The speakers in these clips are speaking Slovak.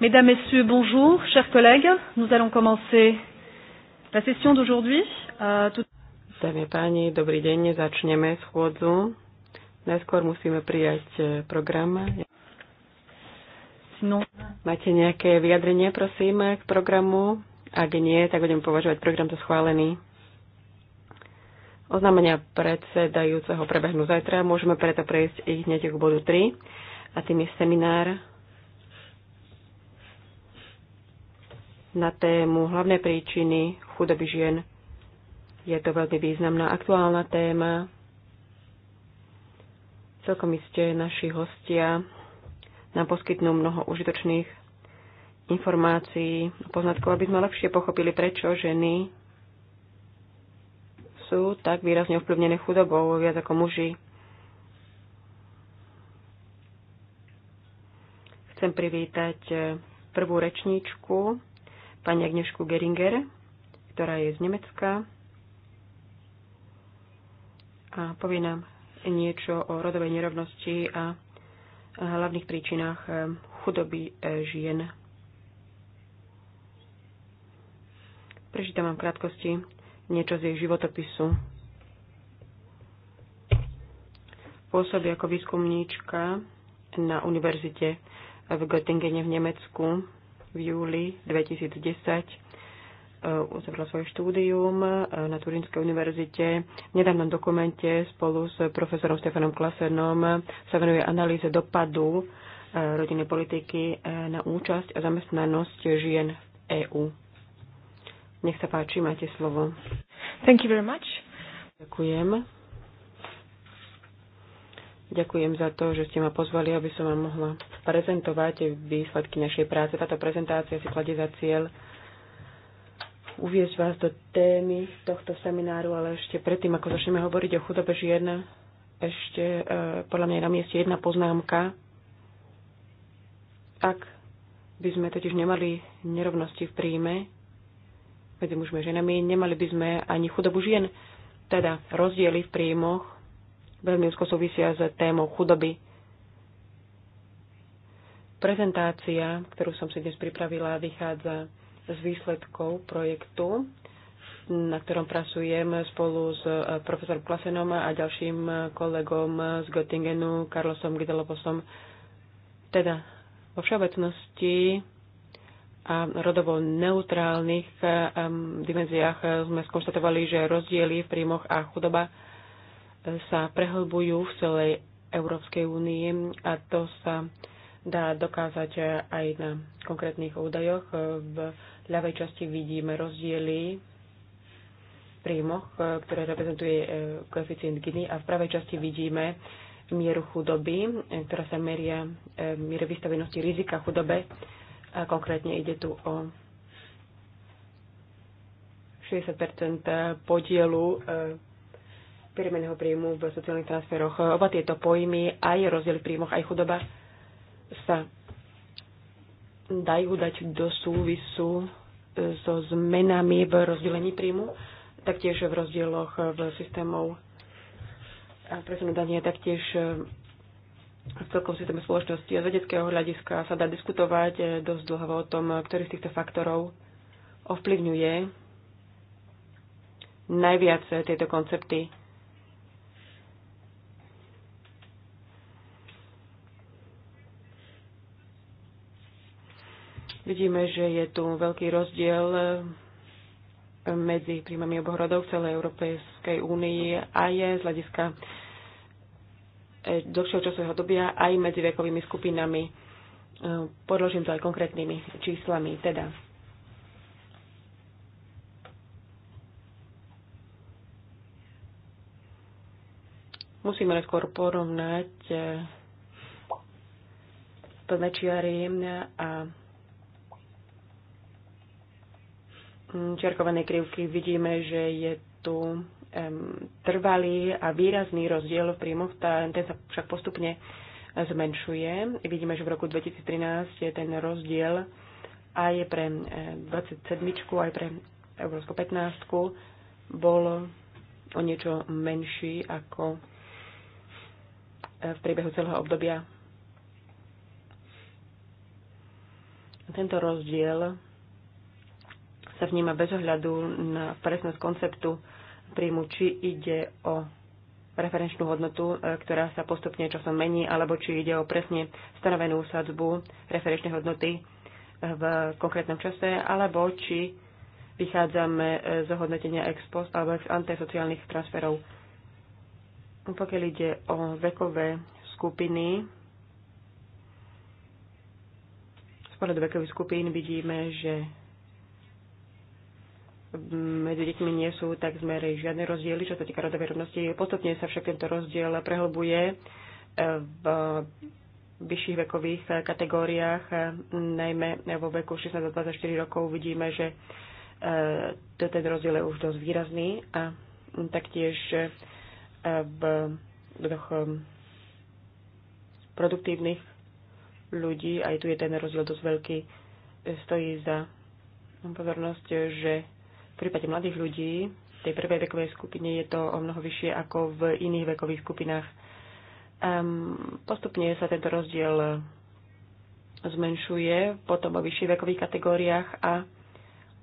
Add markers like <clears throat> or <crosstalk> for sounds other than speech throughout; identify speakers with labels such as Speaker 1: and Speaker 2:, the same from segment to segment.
Speaker 1: Mesdames, Messieurs, bonjour, chers collègues. Nous allons commencer la session d'aujourd'hui. Euh,
Speaker 2: Dámy páni, dobrý deň, začneme schôdzu. Najskôr musíme prijať e, program. No. Máte nejaké vyjadrenie, prosím, k programu? Ak nie, tak budem považovať program za schválený. Oznámenia predsedajúceho prebehnú zajtra, môžeme preto prejsť ich hneď k bodu 3 a tým je seminár na tému hlavné príčiny chudoby žien. Je to veľmi významná aktuálna téma. Celkom iste naši hostia nám poskytnú mnoho užitočných informácií a poznatkov, aby sme lepšie pochopili, prečo ženy sú tak výrazne ovplyvnené chudobou viac ako muži. Chcem privítať prvú rečníčku, pani Agnešku Geringer, ktorá je z Nemecka a povie nám niečo o rodovej nerovnosti a hlavných príčinách eh, chudoby eh, žien. Prečítam vám v krátkosti niečo z jej životopisu. Pôsobí ako výskumníčka na univerzite v Göttingene v Nemecku v júli 2010 e, uzavrela svoje štúdium e, na Turínskej univerzite. V nedávnom dokumente spolu s profesorom Stefanom Klasenom sa venuje analýze dopadu e, rodinnej politiky na účasť a zamestnanosť žien v EÚ. Nech sa páči, máte slovo. Thank you very much. Ďakujem. Ďakujem za to, že ste ma pozvali, aby som vám mohla prezentovať výsledky našej práce. Táto prezentácia si kladie za cieľ uviezť vás do témy tohto semináru, ale ešte predtým, ako začneme hovoriť o chudobe žien, ešte e, podľa mňa je na mieste jedna poznámka. Ak by sme totiž nemali nerovnosti v príjme medzi mužmi a ženami, nemali by sme ani chudobu žien. Teda rozdiely v príjmoch veľmi úzko súvisia s témou chudoby Prezentácia, ktorú som si dnes pripravila, vychádza z výsledkov projektu, na ktorom pracujem spolu s e, profesorom Klasenom a ďalším e, kolegom z Göttingenu, Karlosom Gidelovosom. Teda vo všeobecnosti a rodovo neutrálnych e, dimenziách sme skonštatovali, že rozdiely v príjmoch a chudoba sa prehlbujú v celej Európskej únii a to sa dá dokázať aj na konkrétnych údajoch. V ľavej časti vidíme rozdiely príjmoch, ktoré reprezentuje eh, koeficient Gini a v pravej časti vidíme mieru chudoby, eh, ktorá sa meria eh, miere vystavenosti rizika chudobe. A konkrétne ide tu o 60 podielu priemerného príjmu v sociálnych transferoch. Oba tieto pojmy, aj rozdiel v príjmoch, aj chudoba, sa dajú dať do súvisu e, so zmenami v rozdelení príjmu, taktiež v rozdieloch e, v systémov presunu dania, taktiež e, v celkom systéme spoločnosti a z vedeckého hľadiska sa dá diskutovať dosť dlho o tom, ktorý z týchto faktorov ovplyvňuje najviac tieto koncepty. Vidíme, že je tu veľký rozdiel eh, medzi príjmami obohradov v celej Európskej únii a je z hľadiska eh, dlhšieho časového dobia aj medzi vekovými skupinami. Eh, podložím to aj konkrétnymi číslami. Teda musíme skôr porovnať plné čiary a Mm, čiarkovanej krivky vidíme, že je tu um, trvalý a výrazný rozdiel v príjmoch, ten sa však postupne zmenšuje. Vidíme, že v roku 2013 je ten rozdiel aj pre 27, aj pre Európsku 15 bol o niečo menší ako eh, v priebehu celého obdobia. Tento rozdiel sa vníma bez ohľadu na presnosť konceptu príjmu, či ide o referenčnú hodnotu, e, ktorá sa postupne časom mení, alebo či ide o presne stanovenú sadzbu referenčnej hodnoty e, v konkrétnom čase, alebo či vychádzame e, z hodnotenia ex post alebo ex ante sociálnych transferov. Pokiaľ ide o vekové skupiny, z pohľadu vekových skupín vidíme, že medzi deťmi nie sú tak zmerej žiadne rozdiely, čo sa týka rodovej rovnosti. Postupne sa však tento rozdiel prehlbuje eh, v vyšších vekových eh, kategóriách, eh, najmä vo veku 16 do 24 rokov vidíme, že ten rozdiel je už dosť výrazný a taktiež v produktívnych ľudí, aj tu je ten rozdiel dosť veľký, stojí za pozornosť, že prípade mladých ľudí, v tej prvej vekovej skupine je to o mnoho vyššie ako v iných vekových skupinách. Um, postupne sa tento rozdiel zmenšuje, potom o vyšších vekových kategóriách a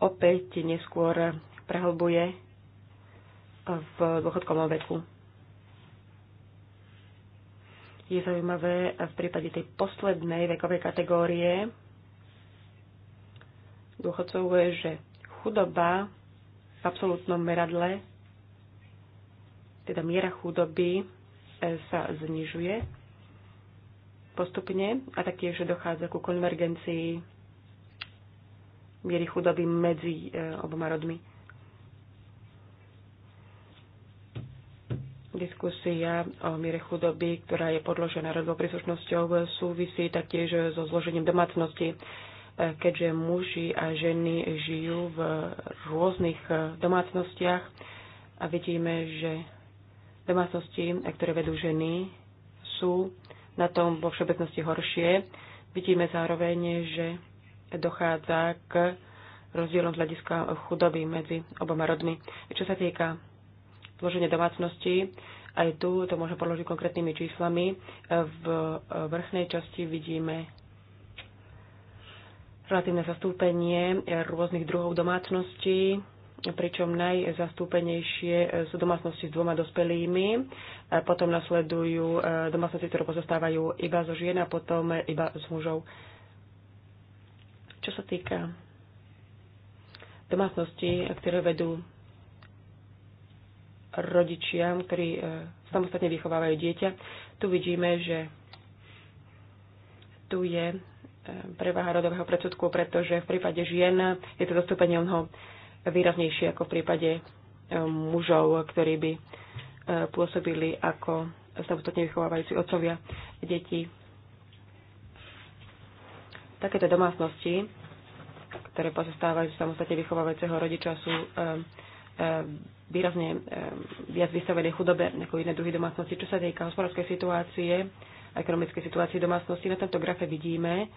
Speaker 2: opäť neskôr prehlbuje v dôchodkovom veku. Je zaujímavé v prípade tej poslednej vekovej kategórie dôchodcov, že chudoba absolútnom meradle, teda miera chudoby e, sa znižuje postupne a taktiež dochádza ku konvergencii miery chudoby medzi e, oboma rodmi. Diskusia o miere chudoby, ktorá je podložená rodovou príslušnosťou, súvisí taktiež so zložením domácnosti keďže muži a ženy žijú v rôznych e, domácnostiach a vidíme, že domácnosti, e, ktoré vedú ženy, sú na tom vo všeobecnosti horšie. Vidíme zároveň, že dochádza k rozdielom z hľadiska chudoby medzi oboma rodmi. Čo sa týka zloženia domácnosti, aj tu to môžem podložiť konkrétnymi číslami. V e, vrchnej časti vidíme relatívne zastúpenie rôznych druhov domácností, pričom najzastúpenejšie sú domácnosti s dvoma dospelými, potom nasledujú e, domácnosti, ktoré pozostávajú iba zo žien a potom iba s mužov. Čo sa týka domácnosti, ktoré vedú rodičia, ktorí e, samostatne vychovávajú dieťa, tu vidíme, že tu je prevaha rodového predsudku, pretože v prípade žien je to zastúpenie mnoho výraznejšie ako v prípade e, mužov, ktorí by e, pôsobili ako samostatne vychovávajúci otcovia detí. Takéto domácnosti, ktoré pozostávajú samostatne vychovávajúceho rodiča, sú e, výrazne viac vystavené chudobe ako iné druhy domácnosti. Čo sa týka hospodárskej situácie, a ekonomickej situácii domácnosti, na tomto grafe vidíme,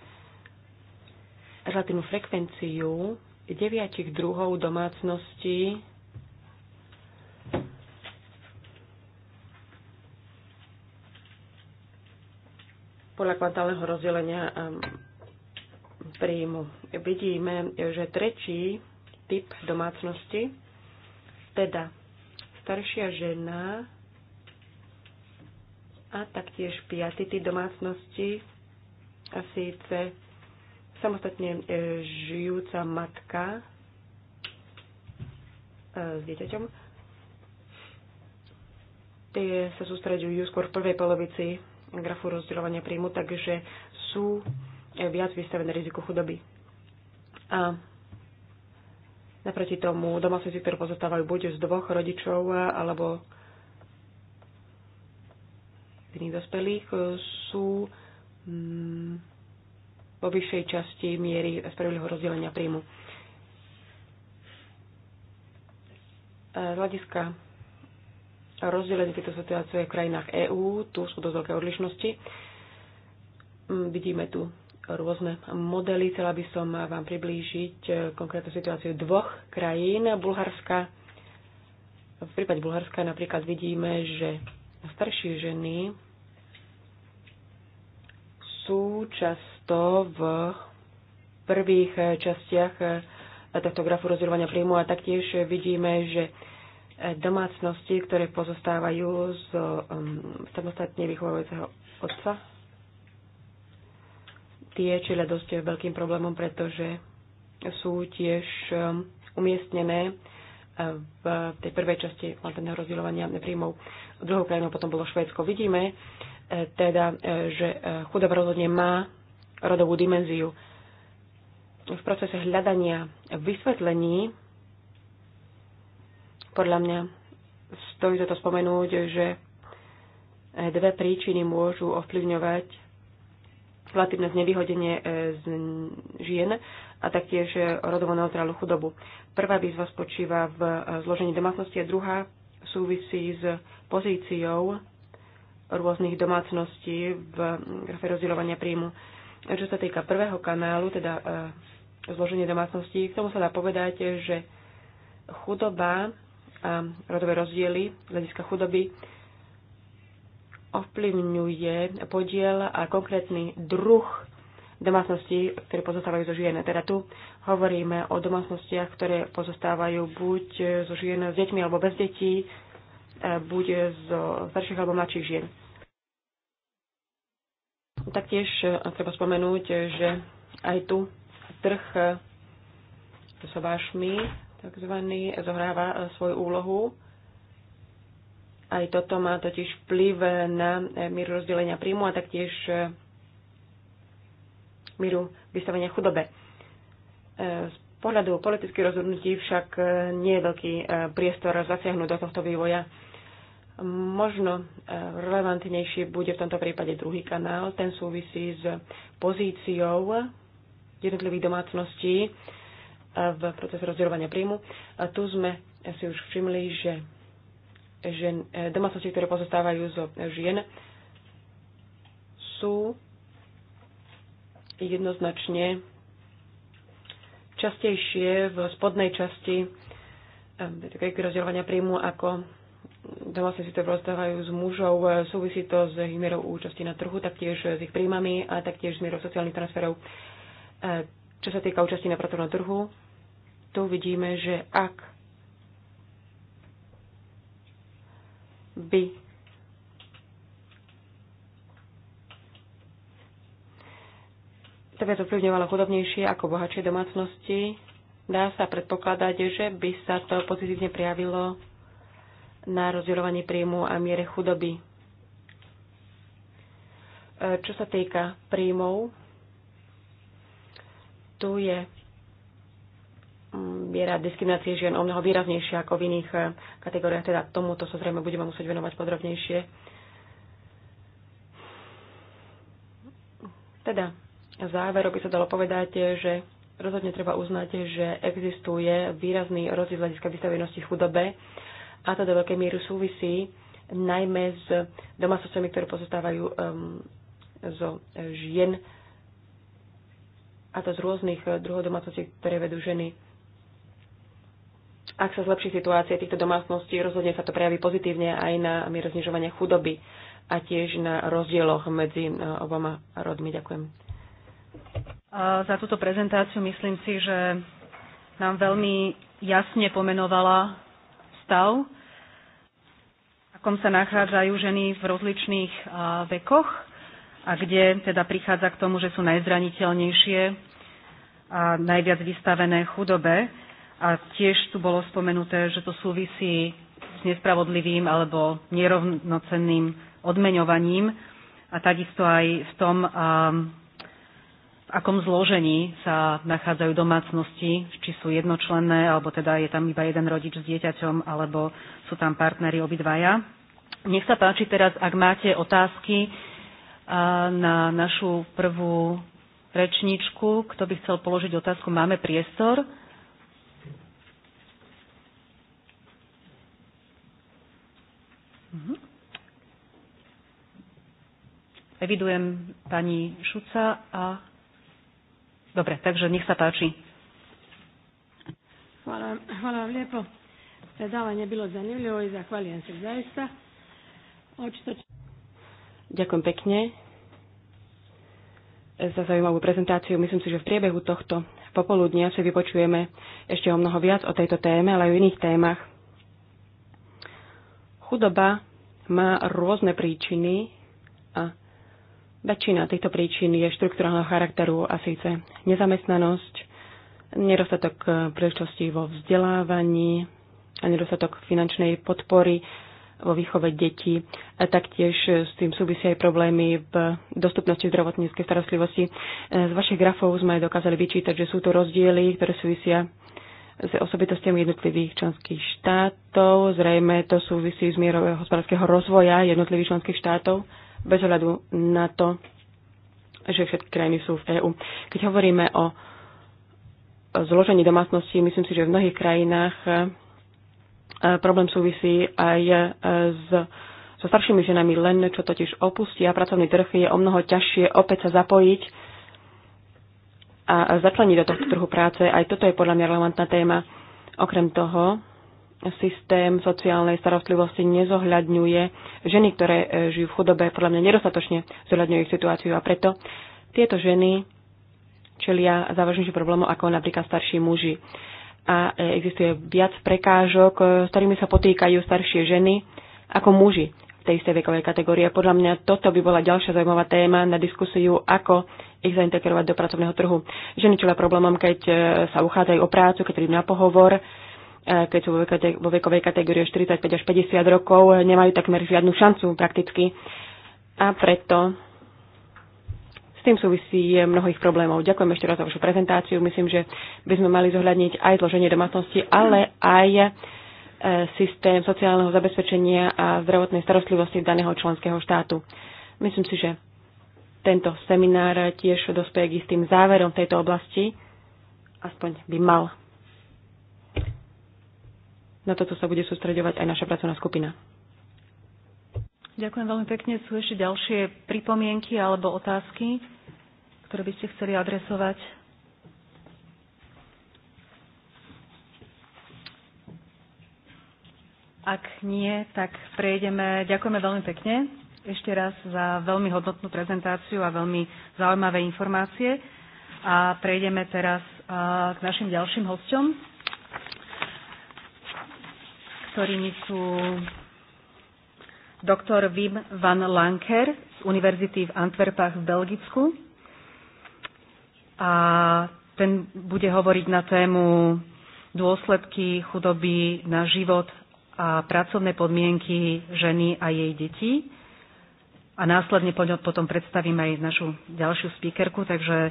Speaker 2: relatívnu frekvenciu deviatich druhov domácností podľa kvantálneho rozdelenia ehm, príjmu. Vidíme, že tretí typ domácnosti, teda staršia žena a taktiež piatý typ domácnosti a síce samostatne e, žijúca matka e, s dieťaťom. Tie sa sústredujú skôr v prvej polovici grafu rozdielovania príjmu, takže sú e, viac vystavené riziku chudoby. A naproti tomu domácnosti, ktoré pozostávajú buď z dvoch rodičov alebo z iných dospelých, sú mm, vo vyššej časti miery spravodlivého rozdelenia príjmu. Z hľadiska rozdelenia tejto situácie v krajinách EÚ, tu sú dosť veľké odlišnosti. Mm, vidíme tu rôzne modely. Chcela by som vám priblížiť e, konkrétnu situáciu dvoch krajín. Bulharska. V prípade Bulharska napríklad vidíme, že staršie ženy sú čas to v prvých eh, častiach eh, tohto grafu rozdielovania príjmu a taktiež vidíme, že eh, domácnosti, ktoré pozostávajú z samostatne vychovávajúceho otca, tie čiže dosť veľkým problémom, pretože sú tiež umiestnené v tej prvej časti hlavného rozdielovania príjmov. Druhou krajinou potom bolo Švédsko. Vidíme teda, že chudoba rozhodne má rodovú dimenziu. V procese hľadania vysvetlení podľa mňa stojí za to spomenúť, že dve príčiny môžu ovplyvňovať relatívne znevýhodenie e, z žien a taktiež e, rodovo neutrálnu chudobu. Prvá výzva spočíva v e, zložení domácnosti a druhá súvisí s pozíciou rôznych domácností v grafe rozdielovania príjmu. Čo sa týka prvého kanálu, teda e, zloženie domácností, k tomu sa dá povedať, že chudoba a rodové rozdiely z hľadiska chudoby ovplyvňuje podiel a konkrétny druh domácností, ktoré pozostávajú zo žien. Teda tu hovoríme o domácnostiach, ktoré pozostávajú buď zo žien s deťmi alebo bez detí, e, buď zo starších alebo mladších žien. Taktiež e, treba spomenúť, e, že aj tu trh e, s vášmi takzvaný zohráva svoju úlohu. Aj toto má totiž vplyv na míru rozdelenia príjmu a taktiež míru vystavenia chudobe. Z pohľadu politických rozhodnutí však nie je veľký priestor zasiahnuť do tohto vývoja. Možno e, relevantnejšie bude v tomto prípade druhý kanál. Ten súvisí s pozíciou jednotlivých domácností e, v procese rozdielovania príjmu. A tu sme si už všimli, že, že e, domácnosti, ktoré pozostávajú zo žien, sú jednoznačne častejšie v spodnej časti rozdielovania príjmu ako domácne si to rozdávajú s mužov, súvisí to s ich mierou účasti na trhu, taktiež s ich príjmami a taktiež s mierou sociálnych transferov. E, čo sa týka účasti na pracovnom trhu, tu vidíme, že ak by to viac ovplyvňovalo chudobnejšie ako bohatšie domácnosti, dá sa predpokladať, že by sa to pozitívne prijavilo na rozdielovanie príjmu a miere chudoby. E, čo sa týka príjmov, tu je mm, miera diskriminácie žien o mnoho výraznejšia ako v iných e, kategóriách, teda tomuto sa so zrejme budeme musieť venovať podrobnejšie. Teda, záver by sa dalo povedať, že rozhodne treba uznať, že existuje výrazný rozdiel hľadiska vystavenosti chudobe a to do veľkej miery súvisí najmä s domácnosťami, ktoré pozostávajú um, zo e, žien a to z rôznych e, druhov domácností, ktoré vedú ženy. Ak sa zlepší situácia týchto domácností, rozhodne sa to prejaví pozitívne aj na mieru znižovania chudoby a tiež na rozdieloch medzi e, oboma rodmi. Ďakujem.
Speaker 1: A za túto prezentáciu myslím si, že
Speaker 2: nám veľmi jasne pomenovala stav, v akom sa nachádzajú ženy v rozličných vekoch a kde teda prichádza k tomu, že sú najzraniteľnejšie a najviac vystavené chudobe. A tiež tu bolo spomenuté, že to súvisí s nespravodlivým alebo nerovnocenným odmeňovaním a takisto aj v tom, akom zložení sa nachádzajú domácnosti, či sú jednočlenné, alebo teda je tam iba jeden rodič s dieťaťom, alebo sú tam partnery obidvaja. Nech sa páči teraz, ak máte otázky na našu prvú rečničku, kto by chcel položiť otázku, máme priestor. Mhm. Evidujem pani Šuca a Dobre, takže nech sa páči.
Speaker 1: Hvala, hvala vam lijepo. Predavanje je bilo zanimljivo i zahvaljujem se zaista. Očito...
Speaker 2: Ďakujem pekne za zaujímavú prezentáciu. Myslím si, že v priebehu tohto popoludnia si vypočujeme ešte o mnoho viac o tejto téme, ale aj o iných témach. Chudoba má rôzne príčiny a Väčšina týchto príčin je štruktúrálneho charakteru a síce nezamestnanosť, nedostatok e, príležitostí vo vzdelávaní a nedostatok finančnej podpory vo výchove detí. A taktiež s tým súvisia aj problémy v dostupnosti zdravotníckej starostlivosti. E, z vašich grafov sme dokázali vyčítať, že sú to rozdiely, ktoré súvisia s osobitostiami jednotlivých členských štátov. Zrejme to súvisí s mierou hospodárskeho rozvoja jednotlivých členských štátov bez ohľadu na to, že všetky krajiny sú v EÚ. Keď hovoríme o zložení domácností, myslím si, že v mnohých krajinách e, problém súvisí aj e, s so staršími ženami len, čo totiž opustia pracovný trh, je o mnoho ťažšie opäť sa zapojiť a začleniť do tohto trhu práce. Aj toto je podľa mňa relevantná téma. Okrem toho, systém sociálnej starostlivosti nezohľadňuje ženy, ktoré e, žijú v chudobe, podľa mňa nedostatočne zohľadňujú ich situáciu a preto tieto ženy čelia závažnejším problémom ako napríklad starší muži. A e, existuje viac prekážok, e, s ktorými sa potýkajú staršie ženy ako muži v tej istej vekovej kategórii. Podľa mňa toto by bola ďalšia zaujímavá téma na diskusiu, ako ich zaintegrovať do pracovného trhu. Ženy čelia problémom, keď sa uchádzajú o prácu, keď prídu na pohovor, E, keď sú vo vekovej kategórii 45 až 50 rokov, e, nemajú takmer žiadnu šancu prakticky. A preto s tým súvisí mnoho ich problémov. Ďakujem ešte raz za vašu prezentáciu. Myslím, že by sme mali zohľadniť aj zloženie domácnosti, ale aj e, systém sociálneho zabezpečenia a zdravotnej starostlivosti daného členského štátu. Myslím si, že tento seminár tiež dospeje k istým záverom v tejto oblasti. Aspoň by mal. Na toto sa bude sústredovať aj naša pracovná skupina.
Speaker 1: Ďakujem veľmi pekne. Sú ešte ďalšie pripomienky alebo
Speaker 2: otázky, ktoré by ste chceli adresovať? Ak nie, tak prejdeme. Ďakujeme veľmi pekne ešte raz za veľmi hodnotnú prezentáciu a veľmi zaujímavé informácie. A prejdeme teraz k našim ďalším hostom ktorými sú doktor Wim van Lanker z Univerzity v Antwerpách v Belgicku. A ten bude hovoriť na tému dôsledky chudoby na život a pracovné podmienky ženy a jej detí. A následne potom predstavím aj našu ďalšiu speakerku, takže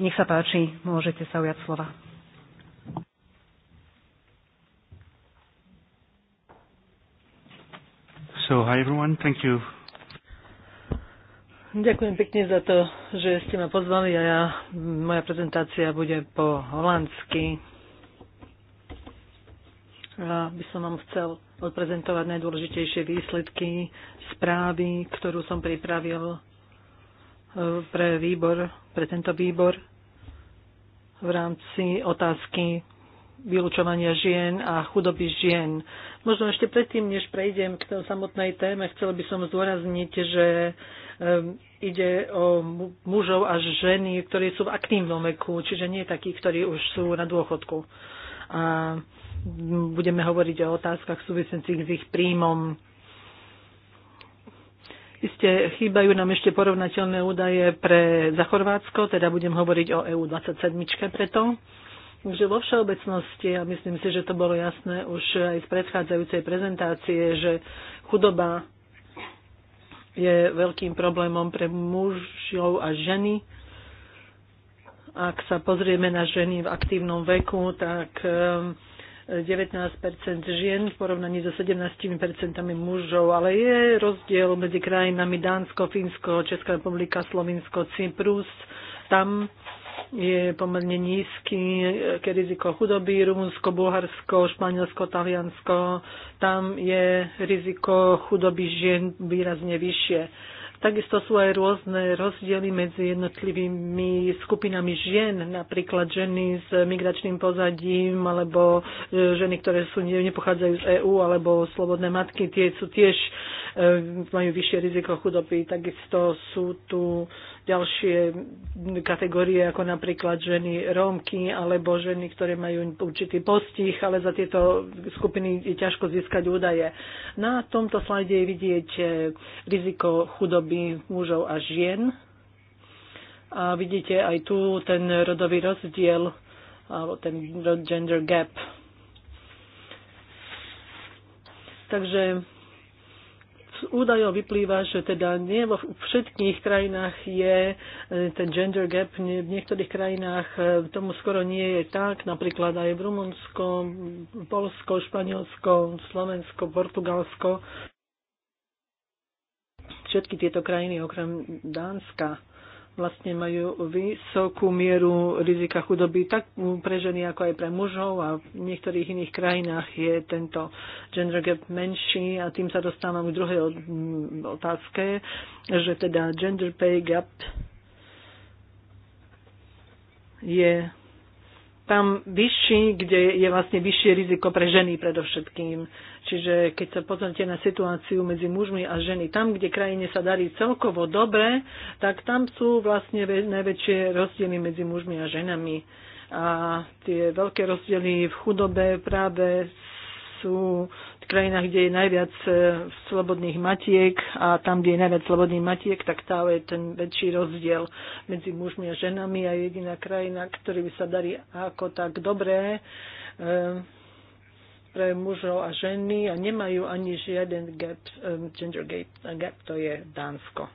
Speaker 2: nech sa páči, môžete sa ujať slova.
Speaker 3: So, hi everyone, thank you.
Speaker 1: Ďakujem pekne za to, že ste ma pozvali a ja, moja prezentácia bude po holandsky. A by som vám chcel odprezentovať najdôležitejšie výsledky správy, ktorú som pripravil e, pre výbor, pre tento výbor v rámci otázky vylúčovania žien a chudoby žien. Možno ešte predtým, než prejdem k tej samotnej téme, chcela by som zdôrazniť, že ide o mužov a ženy, ktorí sú v aktívnom veku, čiže nie takí, ktorí už sú na dôchodku. A budeme hovoriť o otázkach súvisiacich s ich príjmom. Isté chýbajú nám ešte porovnateľné údaje pre, za Chorvátsko, teda budem hovoriť o EU27 preto. Takže vo všeobecnosti, a ja myslím si, že to bolo jasné už aj z predchádzajúcej prezentácie, že chudoba je veľkým problémom pre mužov a ženy. Ak sa pozrieme na ženy v aktívnom veku, tak 19 ehm, žien v porovnaní so 17 mužov, ale je rozdiel medzi krajinami Dánsko, Fínsko, Česká republika, Slovinsko, Cyprus. Tam je pomerne nízky, ke riziko chudoby, Rumunsko, Bulharsko, Španielsko, Taliansko, tam je riziko chudoby žien výrazne vyššie. Takisto sú aj rôzne rozdiely medzi jednotlivými skupinami žien, napríklad ženy s migračným pozadím, alebo e, ženy, ktoré sú, nepochádzajú z EÚ, alebo slobodné matky, tie sú tiež E, majú vyššie riziko chudoby. Takisto sú tu ďalšie kategórie, ako napríklad ženy Rómky alebo ženy, ktoré majú určitý postih, ale za tieto skupiny je ťažko získať údaje. Na tomto slajde je vidieť riziko chudoby mužov a žien. A vidíte aj tu ten rodový rozdiel, alebo ten gender gap. Takže údajov vyplýva, že teda nie vo všetkých krajinách je e, ten gender gap, v niektorých krajinách e, tomu skoro nie je tak, napríklad aj v Rumunsko, Polsko, Španielsko, Slovensko, Portugalsko. Všetky tieto krajiny okrem Dánska vlastne majú vysokú mieru rizika chudoby tak pre ženy ako aj pre mužov a v niektorých iných krajinách je tento gender gap menší a tým sa dostávam k druhej otázke, že teda gender pay gap je tam vyšší, kde je vlastne vyššie riziko pre ženy predovšetkým. Čiže keď sa pozrite na situáciu medzi mužmi a ženy, tam, kde krajine sa darí celkovo dobre, tak tam sú vlastne najväčšie rozdiely medzi mužmi a ženami. A tie veľké rozdiely v chudobe práve sú v krajinách, kde je najviac e, slobodných matiek a tam, kde je najviac slobodných matiek, tak tá je ten väčší rozdiel medzi mužmi a ženami a jediná krajina, ktorý by sa darí ako tak dobré, e, pre mužov a ženy a nemajú ani žiaden gap, gender gap, gap to je Dánsko.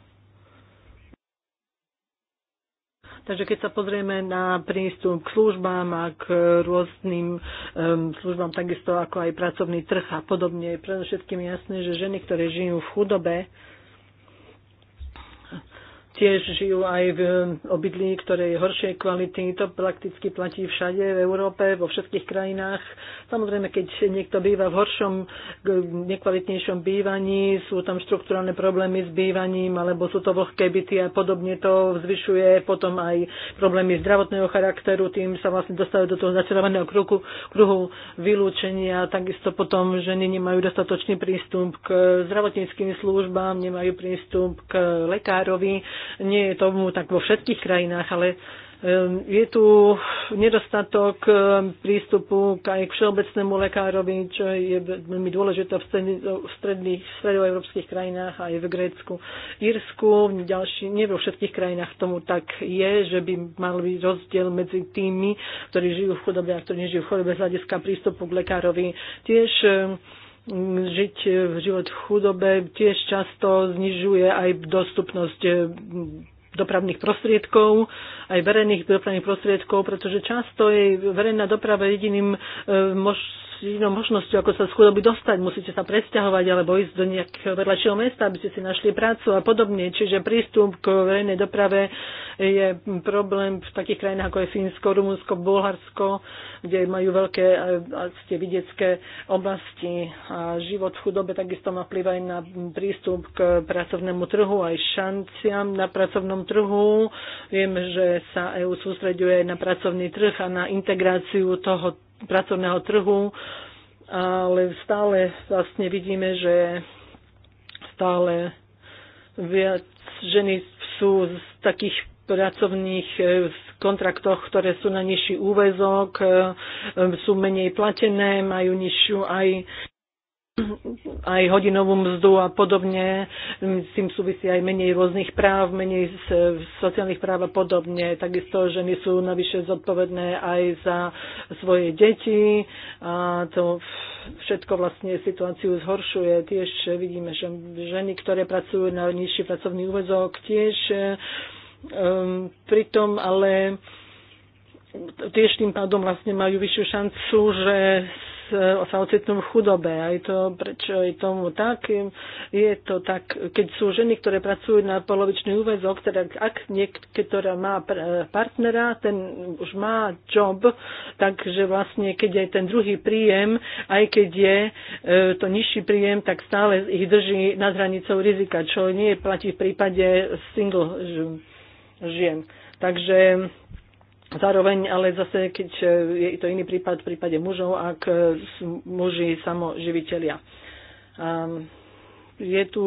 Speaker 1: Takže keď sa pozrieme na prístup k službám a k rôznym um, službám, takisto ako aj pracovný trh a podobne, je všetkým jasné, že ženy, ktoré žijú v chudobe, tiež žijú aj v obydlí, ktoré je horšej kvality. To prakticky platí všade v Európe, vo všetkých krajinách. Samozrejme, keď niekto býva v horšom, nekvalitnejšom bývaní, sú tam štruktúrálne problémy s bývaním, alebo sú to vlhké byty a podobne to zvyšuje potom aj problémy zdravotného charakteru, tým sa vlastne dostávajú do toho začarovaného kruhu, kruhu vylúčenia, takisto potom ženy nemajú dostatočný prístup k zdravotníckým službám, nemajú prístup k lekárovi, nie je tomu tak vo všetkých krajinách, ale je tu nedostatok prístupu aj k všeobecnému lekárovi, čo je veľmi dôležité v stredných, stredoeurópskych krajinách, aj v Grécku, Írsku, ďalší, nie vo všetkých krajinách tomu tak je, že by mal byť rozdiel medzi tými, ktorí žijú v chudobe a ktorí nežijú v chudobe z hľadiska prístupu k lekárovi. Tiež žiť v život v chudobe tiež často znižuje aj dostupnosť eh, dopravných prostriedkov, aj verejných dopravných prostriedkov, pretože často je verejná doprava jediným eh, mož, jedinou možnosťou, ako sa z chudoby dostať. Musíte sa presťahovať alebo ísť do nejakého vedľajšieho mesta, aby ste si našli prácu a podobne. Čiže prístup k verejnej doprave je problém v takých krajinách ako je Fínsko, Rumunsko, Bulharsko, kde majú veľké ste vidiecké oblasti. A život v chudobe takisto má vplyv aj na prístup k pracovnému trhu, aj šanciam na pracovnom trhu. Viem, že sa EU sústreďuje na pracovný trh a na integráciu toho pracovného trhu, ale stále vlastne vidíme, že stále viac ženy sú z takých pracovných e, kontraktoch, ktoré sú na nižší úvezok, e, sú menej platené, majú nižšiu aj aj hodinovú mzdu a podobne. Mm, s tým súvisí aj menej rôznych práv, menej sociálnych práv a podobne. Takisto ženy sú navyše zodpovedné aj za svoje deti a to všetko vlastne situáciu zhoršuje. Tiež vidíme, že ženy, ktoré pracujú na nižší pracovný úvezok, tiež um, pritom ale tiež tým pádom vlastne majú vyššiu šancu, že E, sa ocitnú v chudobe. A je to, prečo je tomu tak? Je to tak, keď sú ženy, ktoré pracujú na polovičný úvezok, teda ak niektorá má partnera, ten už má job, takže vlastne keď aj ten druhý príjem, aj keď je e, to nižší príjem, tak stále ich drží nad hranicou rizika, čo nie platí v prípade single žien. Takže Zároveň ale zase, keď e, je to iný prípad v prípade mužov, ak e, sú muži samoživiteľia. Je tu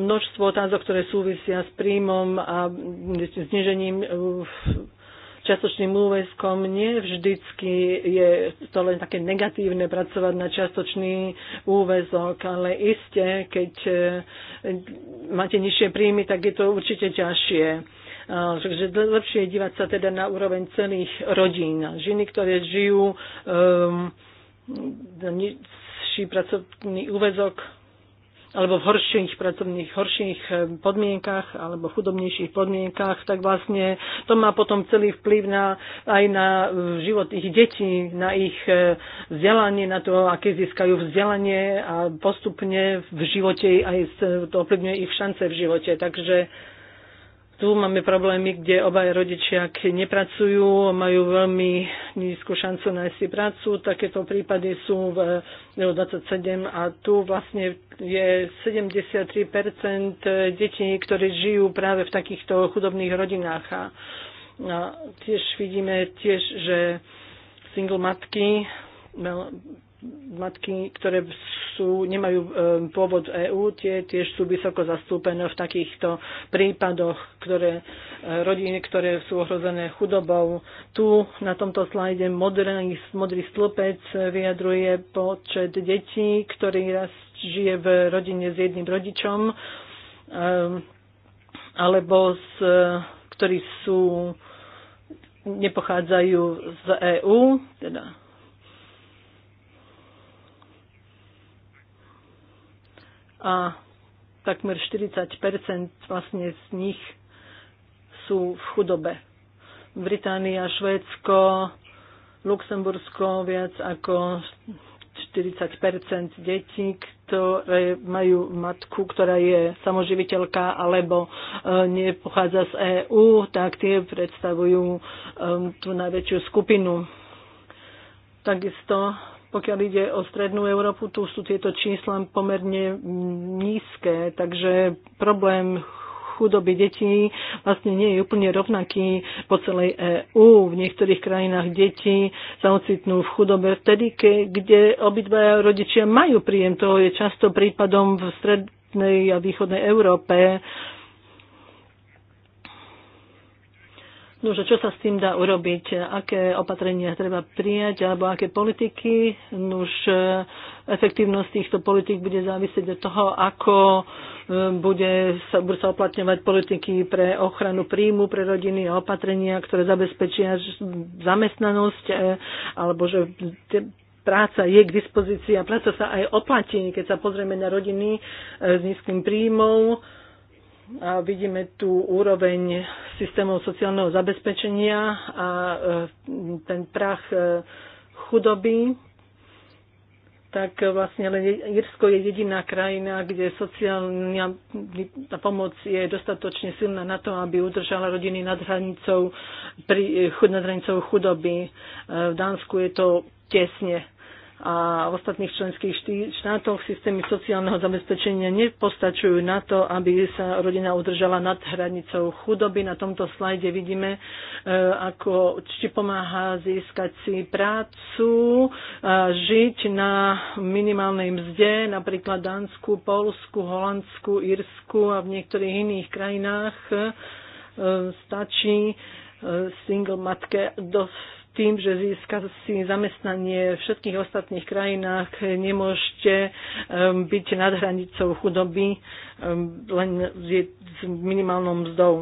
Speaker 1: množstvo otázok, ktoré súvisia s príjmom a znižením e, častočným úväzkom nie vždycky je to len také negatívne pracovať na čiastočný úväzok, ale iste, keď máte nižšie príjmy, tak je to určite ťažšie Eh, takže lepšie je dívať sa teda na úroveň celých rodín. Ženy, ktoré žijú um, nižší pracovný úvezok alebo v horších pracovných, horších eh, podmienkach alebo chudobnejších podmienkach, tak vlastne to má potom celý vplyv na, aj na eh, život ich detí, na ich vzdelanie, na to, aké získajú vzdelanie a postupne v živote aj to ovplyvňuje ich šance v živote. Takže tu máme problémy, kde obaj rodičia nepracujú, majú veľmi nízku šancu nájsť si prácu. Takéto prípady sú v 27 a tu vlastne je 73% detí, ktoré žijú práve v takýchto chudobných rodinách. A, a tiež vidíme tiež, že single matky matky, ktoré sú, nemajú e, pôvod EÚ, tie tiež sú vysoko zastúpené v takýchto prípadoch, ktoré, e, rodiny, ktoré sú ohrozené chudobou. Tu na tomto slajde modrý, modrý stĺpec vyjadruje počet detí, ktorý raz žije v rodine s jedným rodičom, e, alebo s, e, ktorí sú nepochádzajú z EÚ, teda a takmer 40 vlastne z nich sú v chudobe. Británia, Švédsko, Luxembursko viac ako 40 detí, ktoré majú matku, ktorá je samoživiteľka alebo e, nepochádza z EÚ, tak tie predstavujú e, tú najväčšiu skupinu. Takisto pokiaľ ide o strednú Európu, tu sú tieto čísla pomerne nízke, takže problém chudoby detí vlastne nie je úplne rovnaký po celej EÚ. V niektorých krajinách deti sa ocitnú v chudobe vtedy, kde obidva rodičia majú príjem. To je často prípadom v strednej a východnej Európe. No, že čo sa s tým dá urobiť, aké opatrenia treba prijať alebo aké politiky. už eh, efektívnosť týchto politik bude závisieť od toho, ako eh, bude sa, bude sa oplatňovať politiky pre ochranu príjmu pre rodiny a opatrenia, ktoré zabezpečia zamestnanosť eh, alebo že práca je k dispozícii a práca sa aj oplatí, keď sa pozrieme na rodiny s nízkym príjmom, a vidíme tu úroveň systémov sociálneho zabezpečenia a e, ten prach e, chudoby, tak vlastne len Irsko je jediná krajina, kde sociálna tá pomoc je dostatočne silná na to, aby udržala rodiny nad hranicou, pri, e, nad hranicou chudoby. V Dánsku je to tesne a v ostatných členských štátoch systémy sociálneho zabezpečenia nepostačujú na to, aby sa rodina udržala nad hranicou chudoby. Na tomto slajde vidíme, e, ako či pomáha získať si prácu, žiť na minimálnej mzde, napríklad Dánsku, Polsku, Holandsku, Írsku a v niektorých iných krajinách e, stačí e, single matke dos, tým, že získa si zamestnanie v všetkých ostatných krajinách, nemôžete um, byť nad hranicou chudoby um, len s minimálnou mzdou.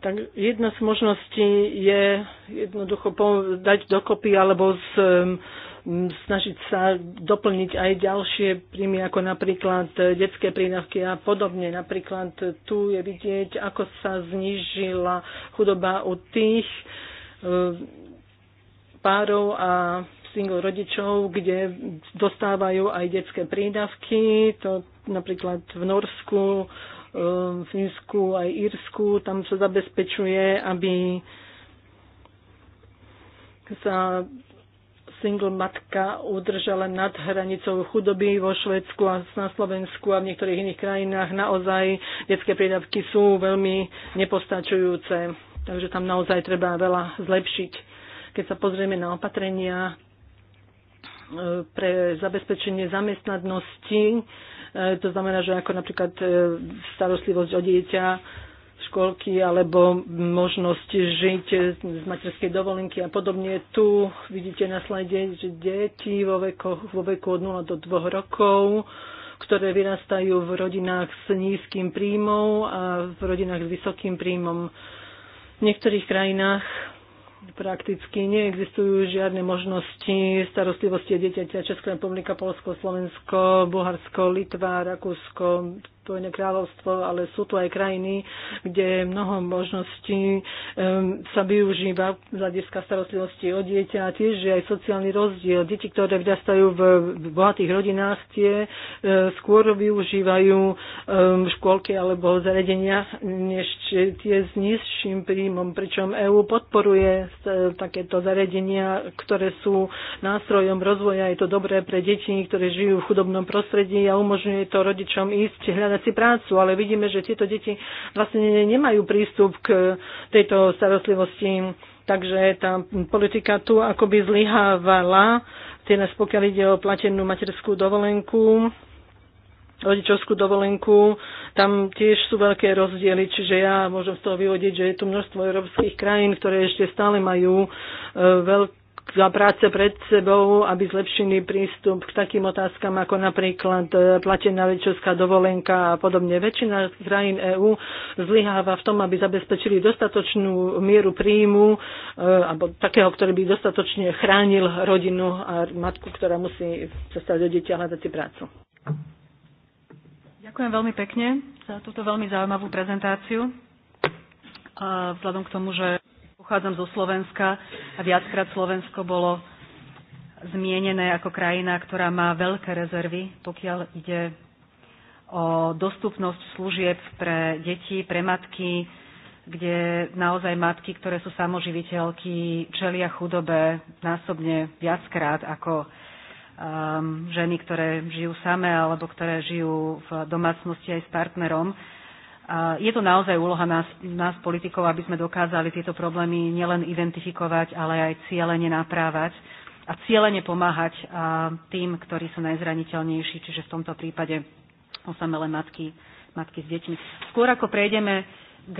Speaker 1: Tak jedna z možností je jednoducho dať dokopy alebo z, snažiť sa doplniť aj ďalšie príjmy, ako napríklad detské prídavky a podobne. Napríklad tu je vidieť, ako sa znížila chudoba u tých e, párov a single rodičov, kde dostávajú aj detské prídavky. To napríklad v Norsku, e, v Fínsku aj Írsku, tam sa zabezpečuje, aby sa single matka udržala nad hranicou chudoby vo Švedsku a na Slovensku a v niektorých iných krajinách naozaj detské prídavky sú veľmi nepostačujúce. Takže tam naozaj treba veľa zlepšiť. Keď sa pozrieme na opatrenia e, pre zabezpečenie zamestnanosti, e, to znamená, že ako napríklad e, starostlivosť o dieťa, školky alebo možnosť žiť z materskej dovolenky a podobne. Tu vidíte na slajde, že deti vo veku, vo veku od 0 do 2 rokov ktoré vyrastajú v rodinách s nízkym príjmom a v rodinách s vysokým príjmom. V niektorých krajinách prakticky neexistujú žiadne možnosti starostlivosti o dieťaťa. Česká republika, Polsko, Slovensko, Bulharsko, Litva, Rakúsko, Spojené kráľovstvo, ale sú tu aj krajiny, kde mnoho možností um, sa využíva z hľadiska starostlivosti o dieťa a tiež je aj sociálny rozdiel. Deti, ktoré vyrastajú v, v bohatých rodinách, tie uh, skôr využívajú um, škôlky alebo zariadenia než tie s nižším príjmom, pričom EÚ podporuje e, takéto zariadenia, ktoré sú nástrojom rozvoja. Je to dobré pre deti, ktoré žijú v chudobnom prostredí a umožňuje to rodičom ísť hľadať si prácu, ale vidíme, že tieto deti vlastne nemajú prístup k tejto starostlivosti. Takže tá politika tu akoby zlyhávala, teraz pokiaľ ide o platenú materskú dovolenku, rodičovskú dovolenku, tam tiež sú veľké rozdiely, čiže ja môžem z toho vyvodiť, že je tu množstvo európskych krajín, ktoré ešte stále majú e, veľké práce pred sebou, aby zlepšili prístup k takým otázkam ako napríklad e, platená rodičovská dovolenka a podobne. Väčšina krajín EÚ zlyháva v tom, aby zabezpečili dostatočnú mieru príjmu e, alebo takého, ktorý by dostatočne chránil rodinu a matku, ktorá musí sa stať do dieťa hľadať si prácu. Ďakujem veľmi pekne za túto veľmi zaujímavú prezentáciu. A vzhľadom k tomu, že Uchádzam zo Slovenska a viackrát Slovensko bolo
Speaker 2: zmienené ako krajina, ktorá má veľké rezervy, pokiaľ ide o dostupnosť služieb pre deti, pre matky, kde naozaj matky, ktoré sú samoživiteľky, čelia chudobe násobne viackrát ako um, ženy, ktoré žijú same alebo ktoré žijú v domácnosti aj s partnerom je to naozaj úloha nás, nás politikov, aby sme dokázali tieto problémy nielen identifikovať, ale aj cieľene naprávať a cieľene pomáhať tým, ktorí sú najzraniteľnejší, čiže v tomto prípade osamelé matky, matky s deťmi. Skôr ako prejdeme k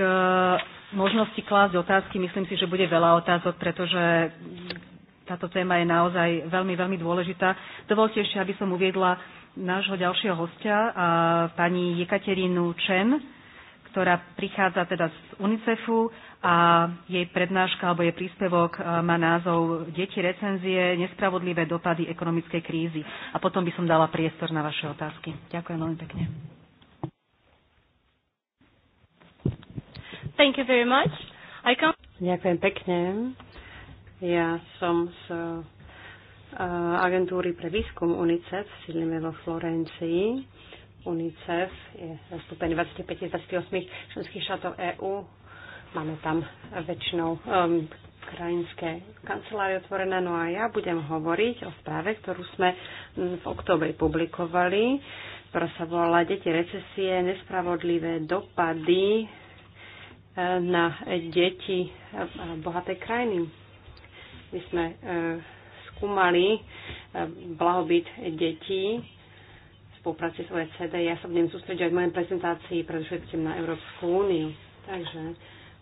Speaker 2: možnosti klásť otázky, myslím si, že bude veľa otázok, pretože táto téma je naozaj veľmi, veľmi dôležitá. Dovolte ešte, aby som uviedla nášho ďalšieho hostia, pani Jekaterínu Čen, ktorá prichádza teda z UNICEFu a jej prednáška alebo jej príspevok e, má názov Deti recenzie, nespravodlivé dopady ekonomickej krízy. A potom by som dala priestor na vaše otázky. Ďakujem veľmi pekne.
Speaker 4: Thank you very much. I come...
Speaker 2: Ďakujem pekne. Ja som z e, agentúry pre výskum UNICEF, sídlime vo Florencii UNICEF je zastúpený 25 28 členských štátov EÚ. Máme tam väčšinou um, krajinské kancelárie otvorené, no a ja budem hovoriť o správe, ktorú sme v oktobri publikovali, ktorá sa volala Deti recesie, nespravodlivé dopady eh, na deti eh, bohatej krajiny. My sme eh, skúmali blahobyt detí spolupráci s OECD. Ja sa budem sústrediť aj v mojej prezentácii predovšetkým na Európsku úniu. Takže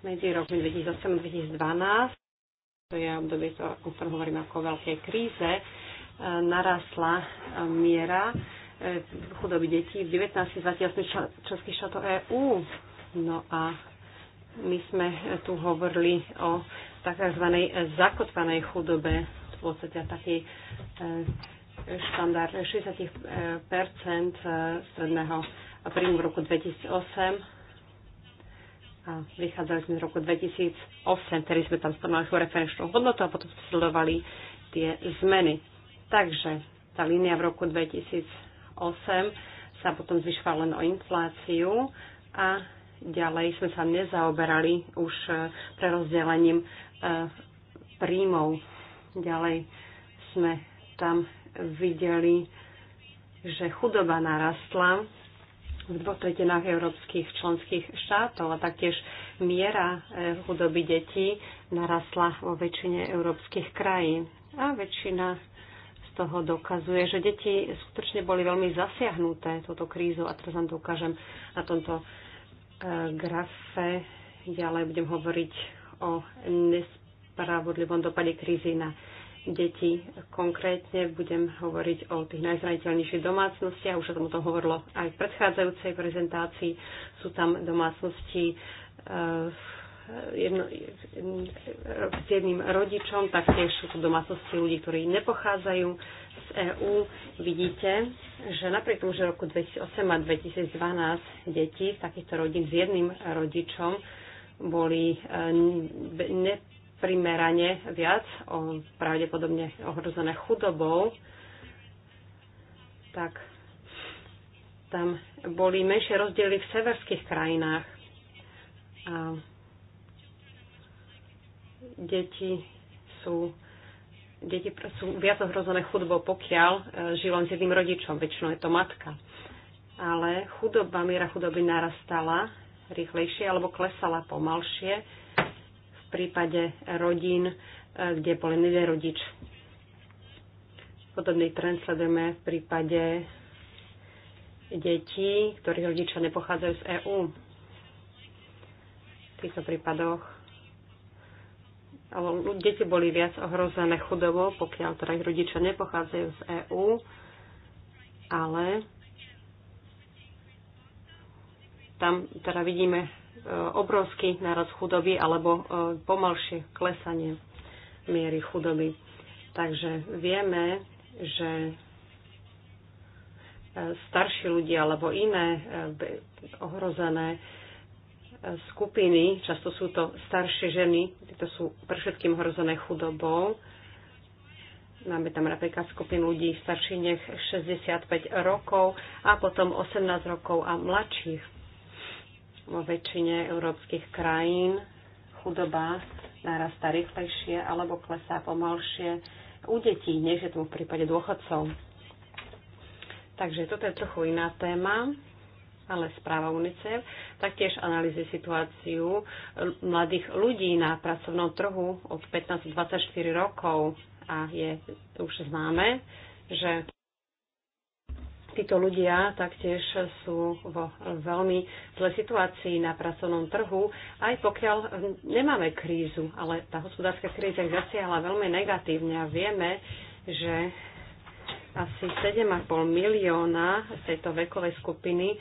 Speaker 2: medzi rokmi 2008 a 2012, to je obdobie, o ktorom hovorím ako o veľkej kríze, e, narastla e, miera e, chudoby detí v 19 28 členských štátov EÚ. No a my sme tu hovorili o takzvanej zakotvanej chudobe, v podstate takej štandard 60 eh, eh, stredného príjmu v roku 2008 a vychádzali sme z roku 2008, ktorý sme tam stanovali referenčnú hodnotu a potom sledovali tie zmeny. Takže tá línia v roku 2008 sa potom zvyšovala len o infláciu a ďalej sme sa nezaoberali už eh, prerozdelením príjmov. Ďalej sme tam videli, že chudoba narastla v dvoch tretinách európskych členských štátov a taktiež miera e, chudoby detí narastla vo väčšine európskych krajín. A väčšina z toho dokazuje, že deti skutočne boli veľmi zasiahnuté touto krízou a teraz vám to ukážem na tomto e, grafe. Ďalej budem hovoriť o nespravodlivom dopade krízy na deti. Konkrétne budem hovoriť o tých najzraniteľnejších domácnostiach. Už som tomu to hovorilo aj v predchádzajúcej prezentácii. Sú tam domácnosti eh, s jedným rodičom, taktiež sú tu domácnosti ľudí, ktorí nepochádzajú z EÚ. Vidíte, že napriek tomu, že v roku 2008 a 2012 deti z takýchto rodín s jedným rodičom boli eh, ne, primerane viac, o, pravdepodobne ohrozené chudobou, tak tam boli menšie rozdiely v severských krajinách. A deti sú, deti sú viac ohrozené chudobou, pokiaľ e, žijú len s jedným rodičom, väčšinou je to matka. Ale chudoba, miera chudoby narastala rýchlejšie alebo klesala pomalšie prípade rodín, e, kde bol len jeden rodič. Podobný trend sledujeme v prípade detí, ktorých rodičia nepochádzajú z EÚ. V týchto prípadoch deti boli viac ohrozené chudobou, pokiaľ teda ich rodičia nepochádzajú z EÚ, ale tam teda vidíme E, obrovský náraz chudoby alebo e, pomalšie klesanie miery chudoby. Takže vieme, že e, starší ľudia alebo iné ohrozené skupiny, často sú to staršie ženy, to sú pre všetkým ohrozené chudobou. Máme tam napríklad skupinu ľudí starších 65 rokov a potom 18 rokov a mladších vo väčšine európskych krajín chudoba narastá rýchlejšie alebo klesá pomalšie u detí, než je tomu v prípade dôchodcov. Takže toto je trochu iná téma, ale správa UNICEF taktiež analýzuje situáciu mladých ľudí na pracovnom trhu od 15 24 rokov a je už známe, že Títo ľudia taktiež sú vo veľmi zlej situácii na pracovnom trhu, aj pokiaľ nemáme krízu, ale tá hospodárska kríza ich zasiahla veľmi negatívne a vieme, že asi 7,5 milióna z tejto vekovej skupiny,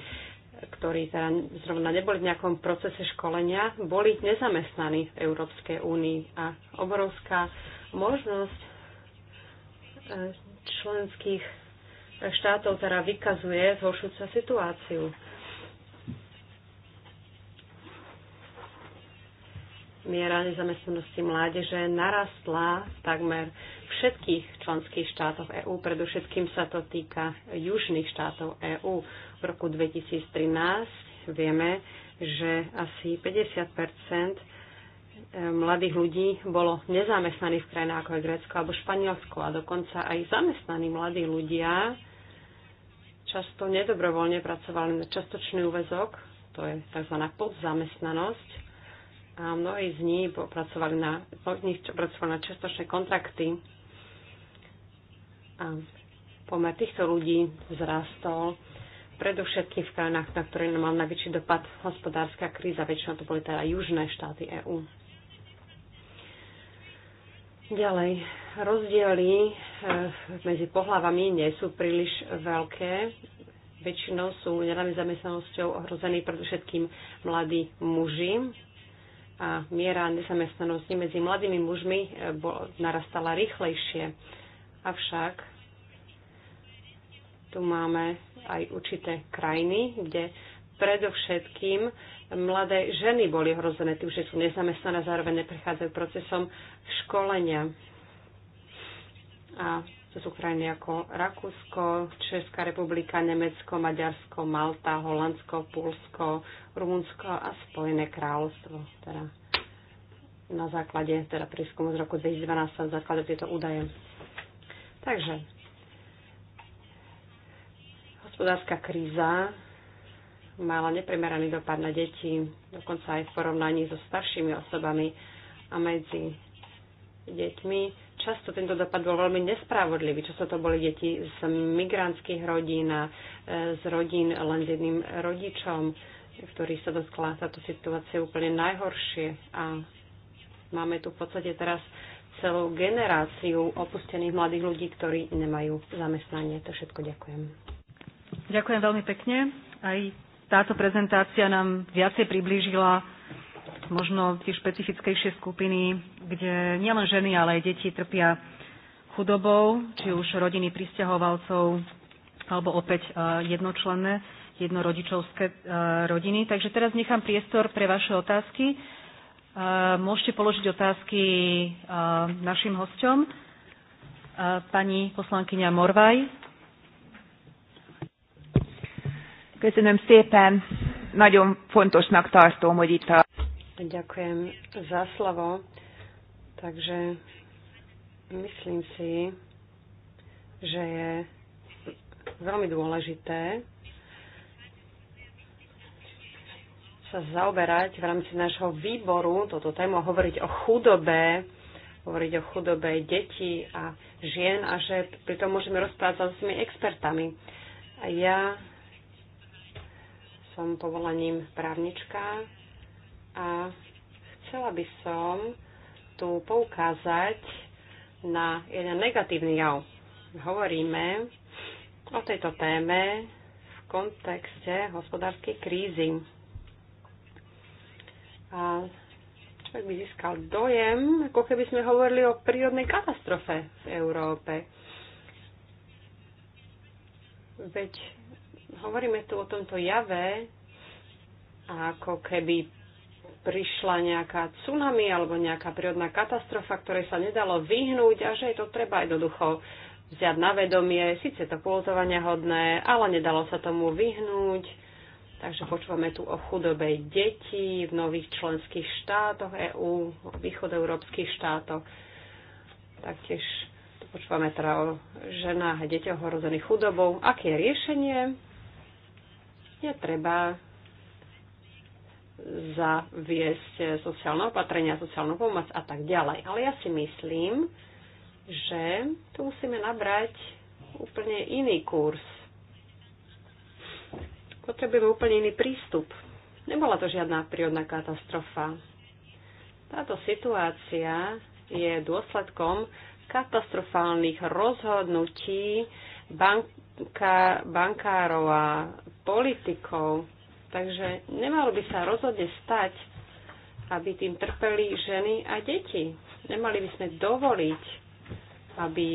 Speaker 2: ktorí teda zrovna neboli v nejakom procese školenia, boli nezamestnaní v Európskej únii a obrovská možnosť eh, členských štátov teda vykazuje zhoršujúca situáciu. Miera nezamestnanosti mládeže narastla v takmer všetkých členských štátoch EÚ, predovšetkým sa to týka južných štátov EÚ. V roku 2013 vieme, že asi 50 e, mladých ľudí bolo nezamestnaných v krajinách ako je Grécko alebo Španielsko a dokonca aj zamestnaní mladí ľudia často nedobrovoľne pracovali na častočný úvezok, to je tzv. podzamestnanosť. A mnohí z nich pracovali na, mnohí pracovali na častočné kontrakty. A pomer týchto ľudí vzrastol predovšetkým v krajinách, na ktoré mal najväčší dopad hospodárska kríza, väčšinou to boli teda južné štáty EÚ. Ďalej, rozdiely e, medzi pohlavami nie sú príliš veľké. Väčšinou sú nezamestnanosťou ohrození predovšetkým mladí muži. A miera nezamestnanosti medzi mladými mužmi e, narastala rýchlejšie. Avšak tu máme aj určité krajiny, kde predovšetkým mladé ženy boli hrozené tým, že sú nezamestnané, zároveň neprechádzajú procesom školenia. A to sú krajiny ako Rakúsko, Česká republika, Nemecko, Maďarsko, Malta, Holandsko, Pulsko, Rumunsko a Spojené kráľovstvo. Teda na základe teda prískumu z roku 2012 sa základe tieto údaje. Takže hospodárska kríza mala neprimeraný dopad na deti, dokonca aj v porovnaní so staršími osobami a medzi deťmi. Často tento dopad bol veľmi nespravodlivý. Často to boli deti z migrantských rodín a e, z rodín len s jedným rodičom, ktorý sa dotkla táto situácia úplne najhoršie. A máme tu v podstate teraz celú generáciu opustených mladých ľudí, ktorí nemajú zamestnanie. To všetko ďakujem. Ďakujem veľmi pekne aj táto prezentácia nám viacej priblížila možno tie špecifickejšie skupiny, kde nielen ženy, ale aj deti trpia chudobou, či už rodiny pristahovalcov, alebo opäť e, jednočlenné, jednorodičovské e, rodiny. Takže teraz nechám priestor pre vaše otázky. E, môžete položiť otázky našim hostom. Pani poslankyňa Morvaj, Köszönöm szépen. Nagyon fontosnak tartom, hogy itt a... Ďakujem za slovo. Takže myslím si, že je veľmi dôležité sa zaoberať v rámci nášho výboru toto tému a hovoriť o chudobe, hovoriť o chudobe detí a žien a že pritom môžeme rozprávať s tými expertami. A ja som povolaním právnička a chcela by som tu poukázať na jeden negatívny jav. Hovoríme o tejto téme v kontexte hospodárskej krízy. A človek by získal dojem, ako keby sme hovorili o prírodnej katastrofe v Európe. Veď Hovoríme tu o tomto jave, ako keby prišla nejaká tsunami alebo nejaká prírodná katastrofa, ktorej sa nedalo vyhnúť a že je to treba jednoducho vziať na vedomie. síce to pôzovania hodné, ale nedalo sa tomu vyhnúť. Takže počúvame tu o chudobe detí v nových členských štátoch EÚ, v východoeurópskych štátoch. Taktiež počúvame teda o ženách a deťoch horozených chudobou. Aké je riešenie? je treba zaviesť sociálne opatrenia, sociálnu pomoc a tak ďalej. Ale ja si myslím, že tu musíme nabrať úplne iný kurz. Potrebujeme úplne iný prístup. Nebola to žiadna prírodná katastrofa. Táto situácia je dôsledkom katastrofálnych rozhodnutí bank, banka, bankárov a politikou. Takže nemalo by sa rozhodne stať, aby tým trpeli ženy a deti. Nemali by sme dovoliť, aby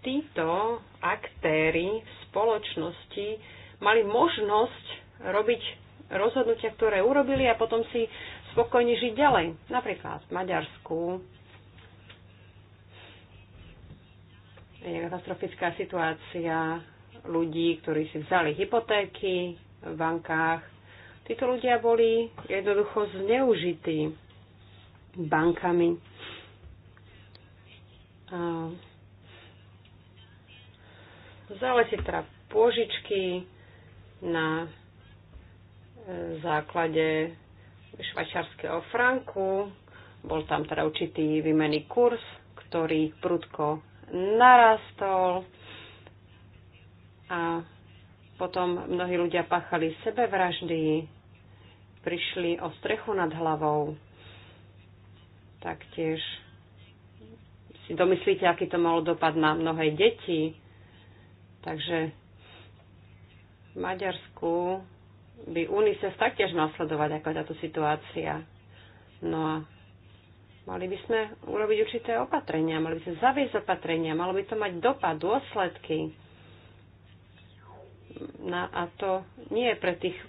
Speaker 2: títo aktéry v spoločnosti mali možnosť robiť rozhodnutia, ktoré urobili a potom si spokojne žiť ďalej. Napríklad v Maďarsku je katastrofická situácia ľudí, ktorí si vzali hypotéky v bankách. Títo ľudia boli jednoducho zneužití bankami. A vzali si teda pôžičky na e, základe švajčarského franku. Bol tam teda určitý výmenný kurz, ktorý prudko narastol a potom mnohí ľudia páchali sebevraždy, prišli o strechu nad hlavou. Taktiež si domyslíte, aký to malo dopad na mnohé deti. Takže v Maďarsku by UNICEF taktiež mal sledovať, ako je táto situácia. No a mali by sme urobiť určité opatrenia, mali by sme zaviesť opatrenia, malo by to mať dopad, dôsledky na, no a to nie je pre tých e,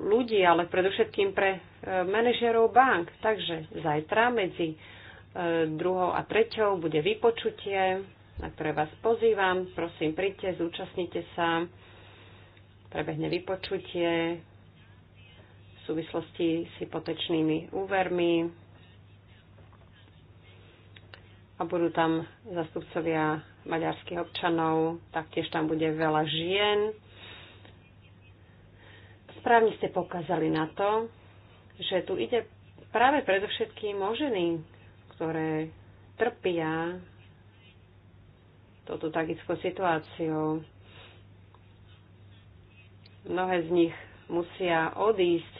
Speaker 2: ľudí, ale predovšetkým pre e, manažerov bank. Takže zajtra medzi e, druhou a treťou bude vypočutie, na ktoré vás pozývam. Prosím, príďte, zúčastnite sa. Prebehne vypočutie v súvislosti s hypotečnými úvermi. A budú tam zastupcovia maďarských občanov, taktiež tam bude veľa žien. Správne ste pokázali na to, že tu ide práve predovšetkým o ženy, ktoré trpia touto tragickou situáciou. Mnohé z nich musia odísť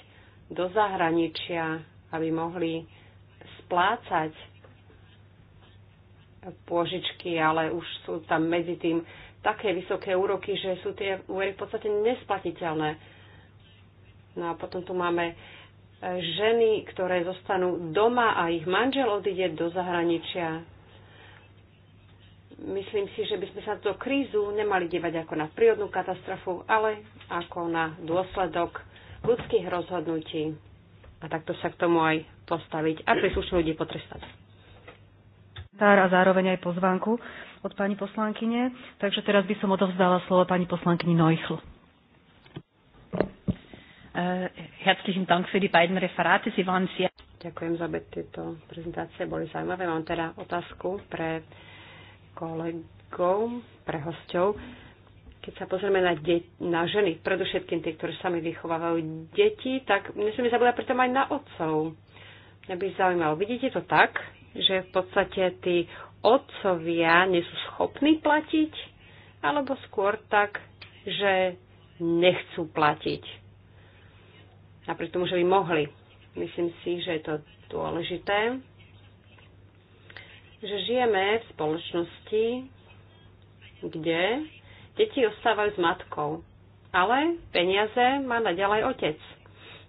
Speaker 2: do zahraničia, aby mohli splácať pôžičky, ale už sú tam medzi tým také vysoké úroky, že sú tie úvery v podstate nesplatiteľné. No a potom tu máme e, ženy, ktoré zostanú doma a ich manžel odíde do zahraničia. Myslím si, že by sme sa do túto krízu nemali dívať ako na prírodnú katastrofu, ale ako na dôsledok ľudských rozhodnutí. A takto sa k tomu aj postaviť a príslušných ľudí potrestať komentár a zároveň aj pozvánku od pani poslankyne. Takže teraz by som odovzdala slovo pani poslankyni Neuchl. Eh, herzlichen Dank für die beiden Referate. Sie waren sehr... Ďakujem za tieto prezentácie, boli zaujímavé. Mám teda otázku pre kolegov, pre hostov. Keď sa pozrieme na, de- na ženy, predovšetkým tie, ktorí sami vychovávajú deti, tak nesmieme zabúdať pritom aj na otcov. Mňa by zaujímalo, vidíte to tak, že v podstate tí otcovia nie sú schopní platiť, alebo skôr tak, že nechcú platiť. Napriek tomu, že by mohli. Myslím si, že je to dôležité, že žijeme v spoločnosti, kde deti ostávajú s matkou, ale peniaze má naďalej otec.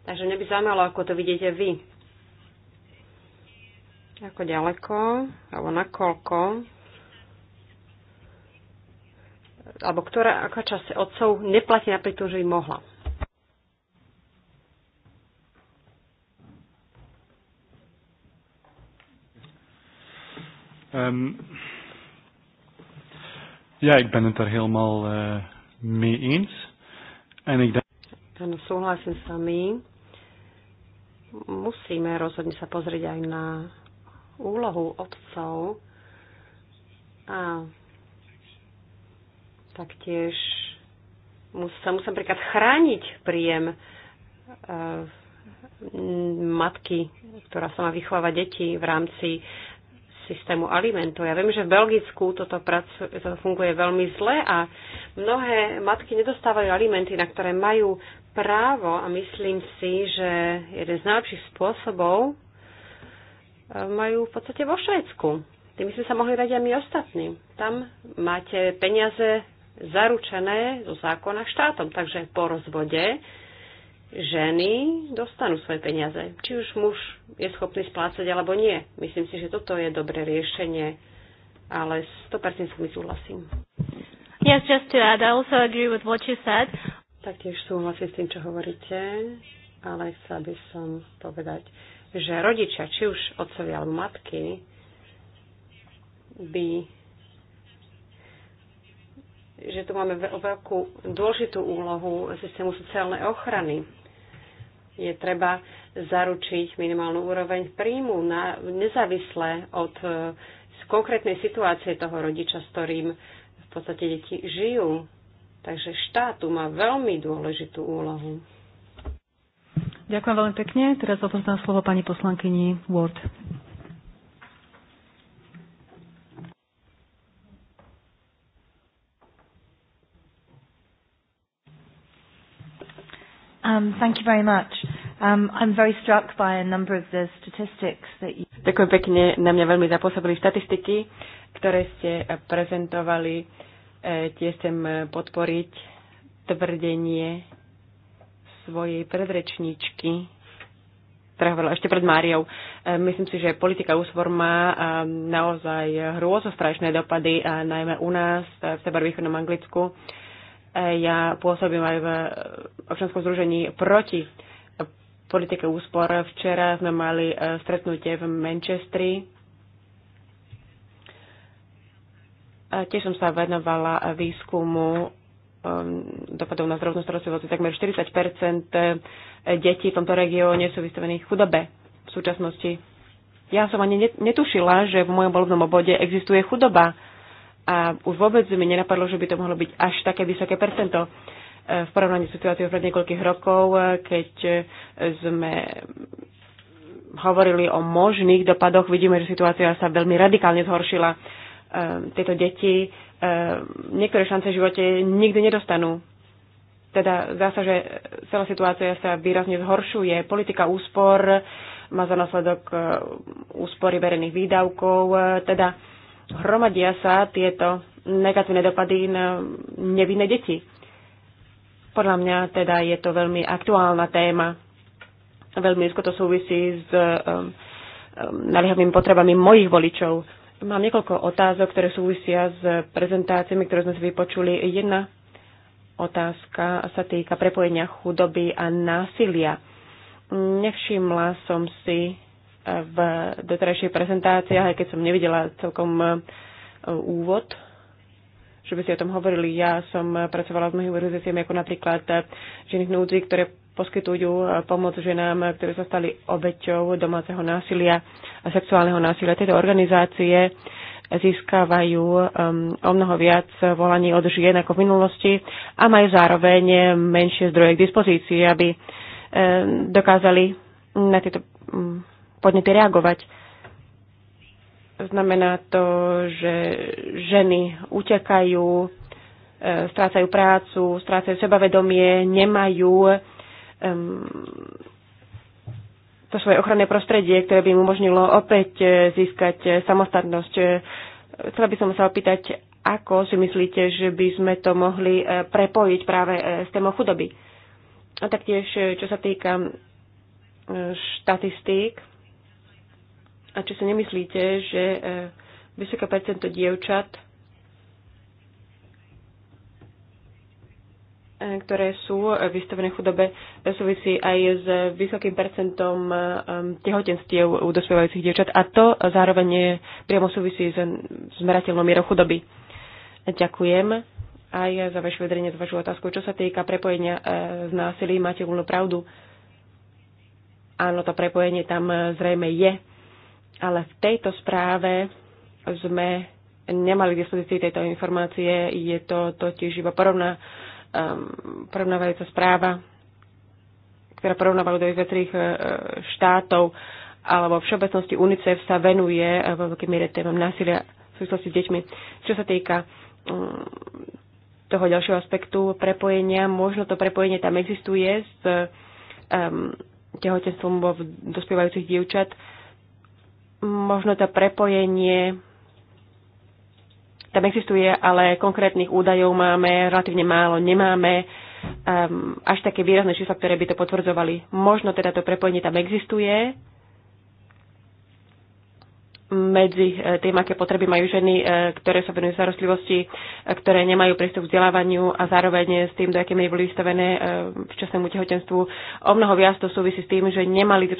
Speaker 2: Takže mňa by zaujímalo, ako to vidíte vy ako ďaleko, alebo nakoľko, alebo ktorá, aká časť otcov neplatí napriek tomu, že by mohla.
Speaker 3: Um, ja, ik ben het er helemaal uh, mee eens. En ik denk... Ano, súhlasím s
Speaker 2: vami. Musíme rozhodne sa pozrieť aj na úlohu otcov a taktiež mus, sa musím napríklad chrániť príjem e, matky, ktorá sa má vychovávať deti v rámci systému alimentov. Ja viem, že v Belgicku toto, pracu- toto funguje veľmi zle a mnohé matky nedostávajú alimenty, na ktoré majú právo a myslím si, že jeden z najlepších spôsobov, majú v podstate vo Švedsku. Tým by sme sa mohli radiť aj my ostatní. Tam máte peniaze zaručené zo zákona štátom, takže po rozvode ženy dostanú svoje peniaze. Či už muž je schopný splácať alebo nie. Myslím si, že toto je dobré riešenie, ale 100% s vami súhlasím. Yes, just to add, I also agree with what you said. Taktiež súhlasím s tým, čo hovoríte, ale chcela by som povedať, že rodičia, či už otcovia alebo matky, by
Speaker 1: že tu máme veľkú
Speaker 2: dôležitú úlohu systému sociálnej ochrany. Je treba zaručiť minimálnu úroveň príjmu na, nezávisle od z e, konkrétnej situácie toho rodiča, s ktorým v podstate deti žijú. Takže štátu má veľmi dôležitú úlohu.
Speaker 1: Ďakujem veľmi pekne. Teraz odovzdám slovo pani poslankyni Ward.
Speaker 4: Um, thank you very much. Um, I'm very struck by a number of the statistics that you... Ďakujem pekne,
Speaker 2: na mňa veľmi zapôsobili štatistiky, ktoré ste prezentovali. E, tiež chcem podporiť tvrdenie svojej predrečničky, ktorá hovorila ešte pred Máriou. E, myslím si, že politika úsvor má e, naozaj hrôzostrašné dopady, a e, najmä u nás v severovýchodnom Anglicku. Ja pôsobím aj v občanskom združení proti politike úspor. Včera sme mali stretnutie v Manchestri. Tiež som sa venovala výskumu Um, dopadov na zdravotnú starostlivosť. Takmer 40 eh, detí v tomto regióne sú vystavených chudobe v súčasnosti. Ja som ani netušila, že v mojom volebnom obode existuje chudoba a už vôbec mi nenapadlo, že by to mohlo byť až také vysoké percento eh, v porovnaní s situáciou pred niekoľkých rokov, eh, keď sme hovorili o možných dopadoch. Vidíme, že situácia sa veľmi radikálne zhoršila. Tieto deti E, niektoré šance v živote nikdy nedostanú. Teda zdá sa, že celá situácia sa výrazne zhoršuje. Politika úspor má za následok e, úspory verejných výdavkov, e, teda hromadia sa tieto negatívne dopady na nevinné deti. Podľa mňa teda je to veľmi aktuálna téma. Veľmi isko to súvisí s um, um, naliehavými potrebami mojich voličov. Mám niekoľko otázok, ktoré súvisia s prezentáciami, ktoré sme si vypočuli. Jedna otázka sa týka prepojenia chudoby a násilia. Nevšimla som si eh, v doterajšej prezentácii, aj keď som nevidela celkom eh, úvod, že by si o tom hovorili. Ja som eh, pracovala s mnohými organizáciami, ako napríklad ženy núdzi, ktoré poskytujú e, pomoc ženám, ktoré sa stali obeťou domáceho násilia a sexuálneho násilia. Tieto organizácie získavajú um, o mnoho viac volaní od žien ako v minulosti a majú zároveň menšie zdroje k dispozícii, aby um, dokázali na tieto um, podnety reagovať. Znamená to, že ženy utekajú, e, strácajú prácu, strácajú sebavedomie, nemajú um, to svoje ochranné prostredie, ktoré by im umožnilo opäť e, získať e, samostatnosť. E, chcela by som sa opýtať, ako si myslíte, že by sme to mohli prepojiť práve s témou chudoby? A taktiež, čo sa týka štatistík, a čo si nemyslíte, že vysoké percento dievčat ktoré sú vystavené chudobe, súvisí aj s vysokým percentom um, tehotenstiev u dospievajúcich dievčat a to zároveň priamo súvisí s zmerateľnou mierou chudoby. Ďakujem aj za vaše vedrenie, za vašu otázku. Čo sa týka prepojenia eh, s násilím, máte úplnú pravdu. Áno, to prepojenie tam eh, zrejme je, ale v tejto správe sme nemali k dispozícii tejto informácie. Je to totiž iba porovná um, ehm, porovnávajúca správa, ktorá porovnáva ľudových viacerých uh, e, štátov, alebo v všeobecnosti UNICEF sa venuje uh, vo veľkej miere témam násilia v súvislosti s deťmi. Čo sa týka um, toho ďalšieho aspektu prepojenia, možno to prepojenie tam existuje s um, tehotenstvom vo dospievajúcich dievčat, možno to prepojenie tam existuje, ale konkrétnych údajov máme relatívne málo, nemáme um, až také výrazné čísla, ktoré by to potvrdzovali. Možno teda to prepojenie tam existuje medzi e, tým, aké potreby majú ženy, e, ktoré sa venujú starostlivosti, e, ktoré nemajú prístup k vzdelávaniu a zároveň s tým, do aké miery boli vystavené v časnému tehotenstvu. O mnoho viac to súvisí s tým, že nemali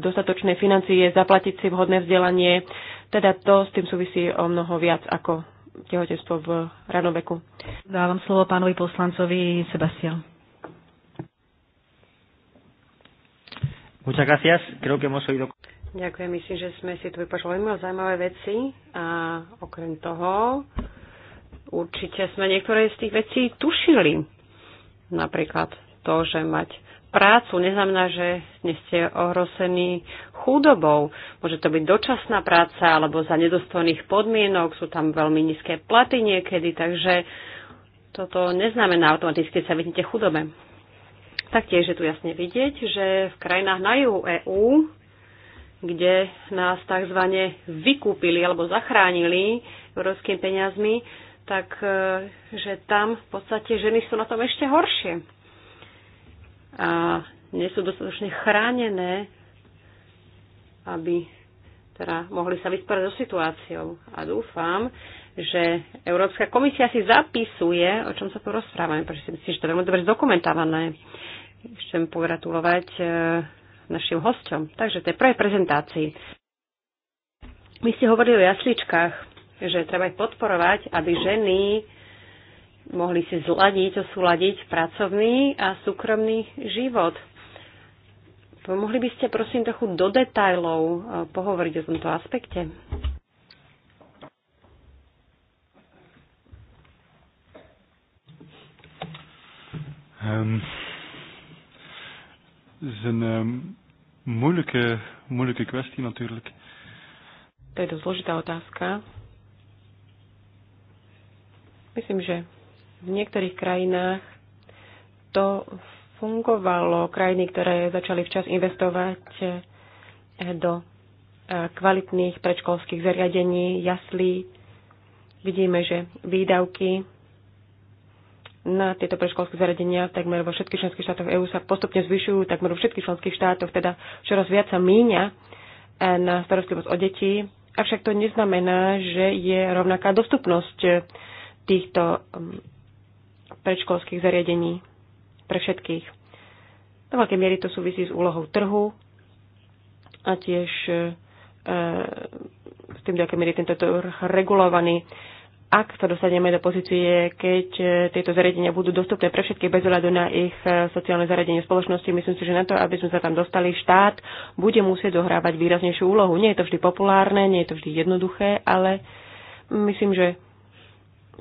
Speaker 2: dostatočné financie zaplatiť si vhodné vzdelanie, teda to s tým súvisí o mnoho viac ako tehotenstvo v ranom veku. Dávam slovo pánovi poslancovi Sebastian.
Speaker 1: Muchas gracias. Creo que hemos oído...
Speaker 2: Ďakujem, myslím, že sme si tu vypočuli veľmi zaujímavé veci a okrem toho určite sme niektoré z tých vecí tušili. Napríklad to, že mať prácu neznamená, že nie ste ohrosení chudobou. Môže to byť dočasná práca alebo za nedostojných podmienok, sú tam veľmi nízke platy niekedy, takže toto neznamená automaticky, sa vidíte chudobe. Taktiež je tu jasne vidieť, že v krajinách na juhu EÚ, kde nás tzv. vykúpili alebo zachránili európskymi peniazmi, tak e, že tam v podstate ženy sú na tom ešte horšie a nie sú dostatočne chránené, aby teda mohli sa vysporiadať so situáciou. A dúfam, že Európska komisia si zapisuje, o čom sa tu rozprávame, pretože si myslím, že to je veľmi dobre zdokumentované. Chcem pogratulovať e, našim hostom. Takže to je prvé prezentácii. My ste hovorili o jasličkách, že treba ich podporovať, aby ženy mohli si zladiť, osúladiť pracovný a súkromný život. Mohli by ste prosím trochu do detajlov e, pohovoriť o tomto aspekte?
Speaker 3: Um, is een um, moeilijke, moeilijke kwestie natuurlijk. To je
Speaker 2: to zložitá otázka. Myslím, že v niektorých krajinách to fungovalo. Krajiny, ktoré začali včas investovať eh, do eh, kvalitných predškolských zariadení, jaslí, vidíme, že výdavky na tieto predškolské zariadenia takmer vo všetkých členských štátoch EÚ sa postupne zvyšujú, takmer vo všetkých členských štátoch, teda čoraz viac sa míňa eh, na starostlivosť o deti. Avšak to neznamená, že je rovnaká dostupnosť týchto mm, predškolských zariadení pre všetkých. Do veľkej miery to súvisí s úlohou trhu a tiež e, e s tým, do akej miery tento trh regulovaný. Ak sa dostaneme do pozície, keď e, tieto zariadenia budú dostupné pre všetkých bez ohľadu na ich e, sociálne zariadenie spoločnosti, myslím si, že na to, aby sme sa tam dostali, štát bude musieť dohrávať výraznejšiu úlohu. Nie je to vždy populárne, nie je to vždy jednoduché, ale myslím, že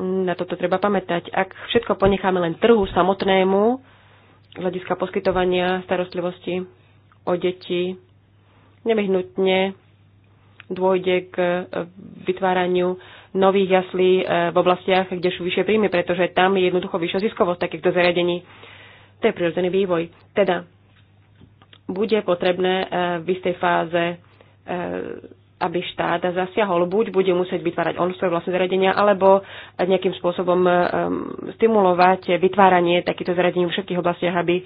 Speaker 2: na toto treba pamätať. Ak všetko ponecháme len trhu samotnému, z hľadiska poskytovania starostlivosti o deti, nevyhnutne dôjde k e, vytváraniu nových jaslí e, v oblastiach, kde sú vyššie príjmy, pretože tam je jednoducho vyššia ziskovosť takýchto zariadení. To je prirodzený vývoj. Teda bude potrebné e, v istej fáze aby štát zasiahol. Buď bude musieť vytvárať on svoje vlastné zariadenia, alebo nejakým spôsobom um, stimulovať vytváranie takýchto zariadení v všetkých oblastiach, aby um,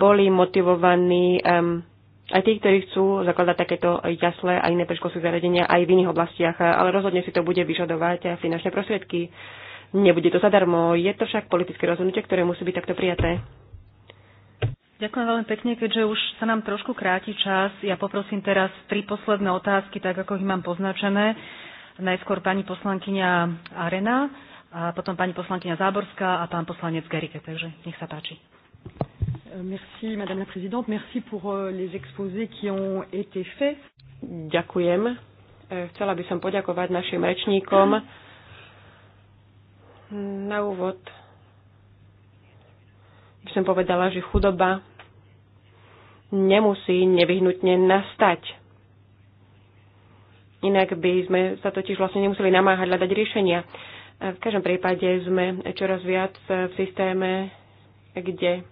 Speaker 2: boli motivovaní um, aj tí, ktorí chcú zakladať takéto jasle a iné predškolské zariadenia aj v iných oblastiach, ale rozhodne si to bude vyžadovať aj finančné prostriedky. Nebude to zadarmo, je to však politické rozhodnutie, ktoré musí byť takto prijaté. Ďakujem veľmi pekne, keďže už sa nám trošku kráti čas. Ja poprosím teraz tri posledné otázky, tak ako ich mám poznačené. Najskôr pani poslankyňa Arena, a potom pani poslankyňa Záborská a pán poslanec Gerike. Takže nech sa páči. Merci, madame la présidente. Merci pour euh, les exposés qui ont été faits. Ďakujem. Eh, chcela by som poďakovať našim rečníkom. Na úvod by som povedala, že chudoba nemusí nevyhnutne nastať. Inak by sme sa totiž vlastne nemuseli namáhať hľadať riešenia. V každom prípade sme čoraz viac v systéme, kde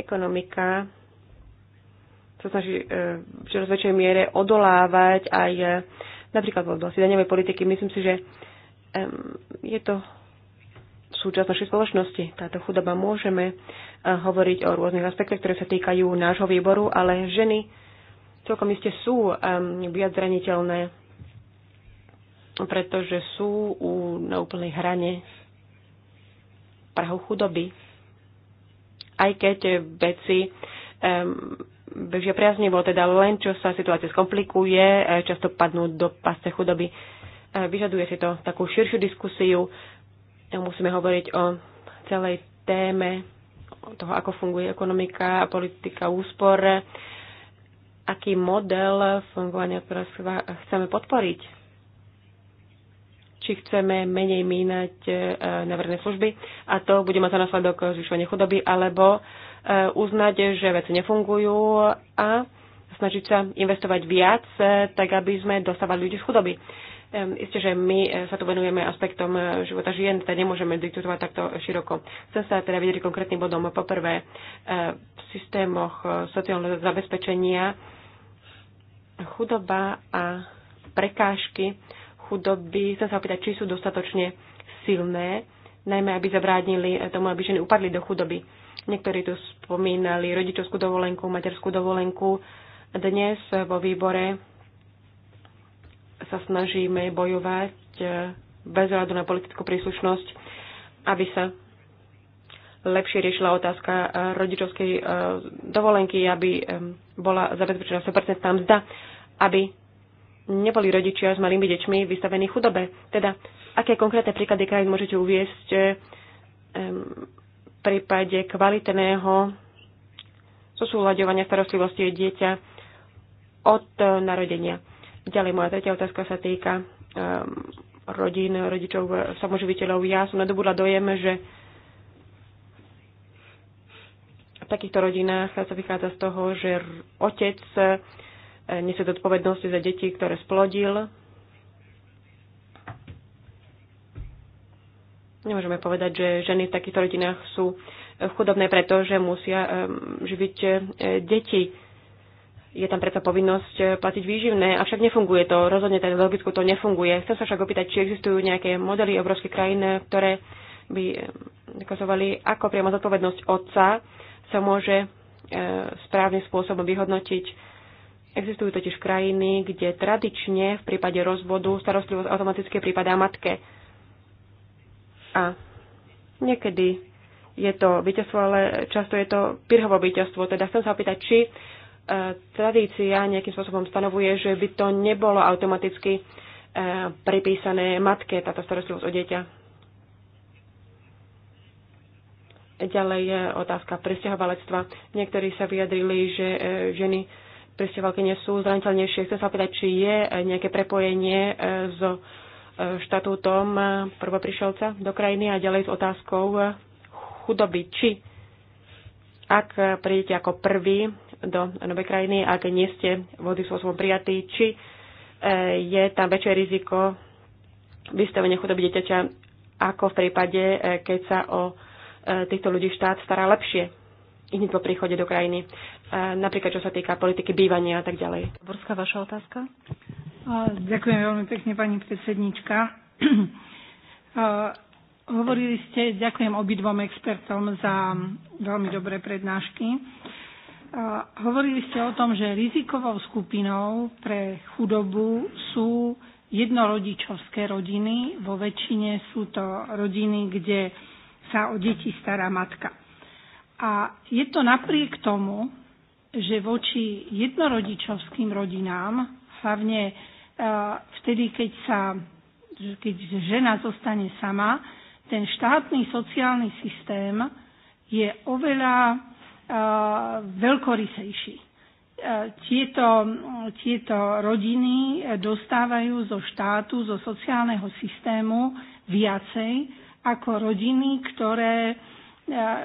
Speaker 2: ekonomika sa snaží e, v čoraz väčšej miere odolávať aj e, napríklad v oblasti daňovej politiky. Myslím si, že je to súčasť našej spoločnosti. Táto chudoba môžeme eh, hovoriť o rôznych aspektoch, ktoré sa týkajú nášho výboru, ale ženy celkom iste sú ehm, viac zraniteľné, pretože sú u, na úplnej hrane prahu chudoby. Aj keď veci um, bežia priaznivo, teda len čo sa situácia skomplikuje, eh, často padnú do pasce chudoby. Eh, vyžaduje si to takú širšiu diskusiu, Musíme hovoriť o celej téme toho, ako funguje ekonomika a politika úspor, aký model fungovania ktoré chceme podporiť. Či chceme menej mínať e, na verejné služby a to bude mať za následok zvyšovanie chudoby, alebo e, uznať, že veci nefungujú a snažiť sa investovať viac, e, tak aby sme dostávali ľudí z chudoby. Isté, že my e, sa tu venujeme aspektom e, života žien, teda nemôžeme diktovať takto široko. Chcem sa teda vidieť konkrétnym bodom. Poprvé, e, v systémoch sociálneho zabezpečenia chudoba a prekážky chudoby, chcem sa opýtať, či sú dostatočne silné, najmä aby zabránili tomu, aby ženy upadli do chudoby. Niektorí tu spomínali rodičovskú dovolenku, materskú dovolenku. Dnes vo výbore sa snažíme bojovať e, bez hľadu na politickú príslušnosť, aby sa lepšie riešila otázka e, rodičovskej e, dovolenky, aby bola zabezpečená 100% zda, aby neboli rodičia s malými deťmi vystavení chudobe. Teda, aké konkrétne príklady krajín môžete uviesť v prípade kvalitného zosúľadovania starostlivosti dieťa od narodenia? Ďalej moja tretia otázka sa týka um, rodín, rodičov, samoživiteľov. Ja som nadobudla dojem, že v takýchto rodinách sa vychádza z toho, že otec eh, nesie zodpovednosť za deti, ktoré splodil. Nemôžeme povedať, že ženy v takýchto rodinách sú eh, chudobné preto, že musia ehm, živiť eh, deti je tam predsa povinnosť eh, platiť výživné, avšak nefunguje to, rozhodne teda logicky to nefunguje. Chcem sa však opýtať, či existujú nejaké modely obrovských krajín, eh, ktoré by dokazovali, eh, ako priamo zodpovednosť otca sa môže správnym spôsobom vyhodnotiť. Existujú totiž krajiny, kde tradične v prípade rozvodu starostlivosť automaticky prípada matke. A niekedy je to víťazstvo, ale často je to pirhovo víťazstvo. Teda chcem sa opýtať, či tradícia nejakým spôsobom stanovuje, že by to nebolo automaticky e, pripísané matke, táto starostlivosť o dieťa. Ďalej je otázka presťahovalectva. Niektorí sa vyjadrili, že e, ženy nie sú zraniteľnejšie. Chcem sa opýtať, či je nejaké prepojenie e, so štatútom prvoprišelca do krajiny a ďalej s otázkou chudoby. Či ak prídete ako prvý do novej krajiny, ak nie ste vhodným spôsobom prijatí, či e, je tam väčšie riziko vystavenia chudoby dieťaťa ako v prípade, e, keď sa o e, týchto ľudí štát stará lepšie hneď po príchode do krajiny. Napríklad, čo sa týka politiky bývania a tak ďalej. Borská, vaša
Speaker 4: otázka? Ďakujem veľmi pekne, pani predsednička. <clears throat> Hovorili ste, ďakujem obidvom expertom za mm, veľmi dobré prednášky. Hovorili ste o tom, že rizikovou skupinou pre chudobu sú jednorodičovské rodiny. Vo väčšine sú to rodiny, kde sa o deti stará matka. A je to napriek tomu, že voči jednorodičovským rodinám, hlavne e, vtedy, keď, sa, keď žena zostane sama, ten štátny sociálny systém je oveľa Eh, veľkorysejší. Eh, tieto, tieto rodiny eh, dostávajú zo štátu, zo sociálneho systému viacej ako rodiny, ktoré,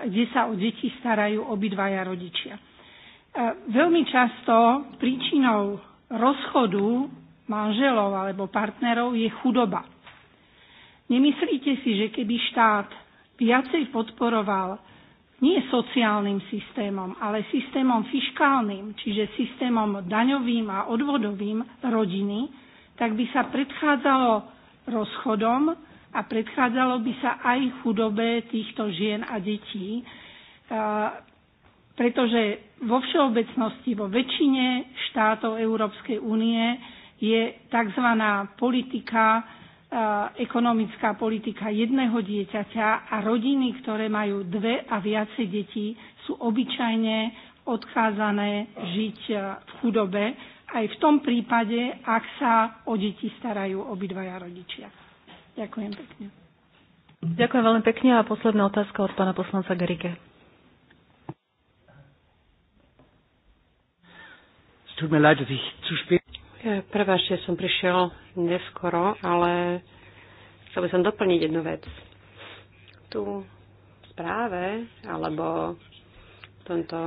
Speaker 4: kde sa o deti starajú obidvaja rodičia. Veľmi často príčinou rozchodu manželov alebo partnerov je chudoba. Nemyslíte si, že keby štát viacej podporoval nie sociálnym systémom, ale systémom fiškálnym, čiže systémom daňovým a odvodovým rodiny, tak by sa predchádzalo rozchodom a predchádzalo by sa aj chudobe týchto žien a detí, e, pretože vo všeobecnosti, vo väčšine štátov Európskej únie je tzv. politika Eh, ekonomická politika jedného dieťaťa a rodiny, ktoré majú dve a viacej detí, sú obyčajne odkázané žiť eh, v chudobe, aj v tom prípade, ak sa o deti starajú obidvaja rodičia. Ďakujem pekne.
Speaker 2: Ďakujem veľmi pekne a posledná otázka od pána poslanca Gerike.
Speaker 3: Es tut mir leid, dass ich zu spät
Speaker 2: ešte som prišiel neskoro, ale chcel by som doplniť jednu vec. Tu v správe, alebo v tomto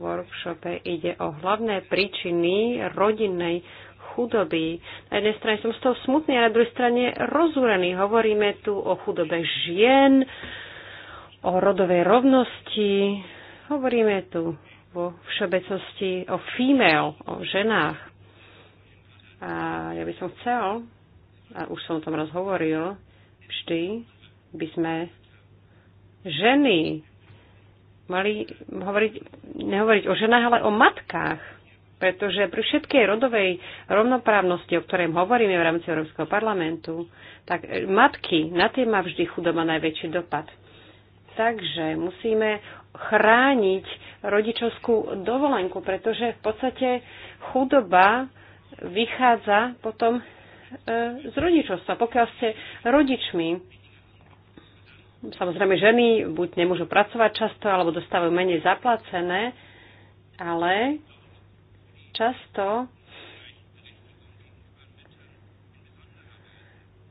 Speaker 2: workshope ide o hlavné príčiny rodinnej chudoby. Na jednej strane som z toho smutný, a na druhej strane rozúrený. Hovoríme tu o chudobe žien, o rodovej rovnosti, hovoríme tu vo všeobecnosti o female, o ženách. A ja by som chcel, a už som o tom raz hovoril, vždy by sme ženy mali hovoriť, nehovoriť o ženách, ale o matkách. Pretože pri všetkej rodovej rovnoprávnosti, o ktorej hovoríme v rámci Európskeho parlamentu, tak matky, na tie má vždy chudoba najväčší dopad. Takže musíme chrániť rodičovskú dovolenku, pretože v podstate chudoba vychádza potom e, z rodičovstva. Pokiaľ ste rodičmi, samozrejme ženy buď nemôžu pracovať často, alebo dostávajú menej zaplacené, ale často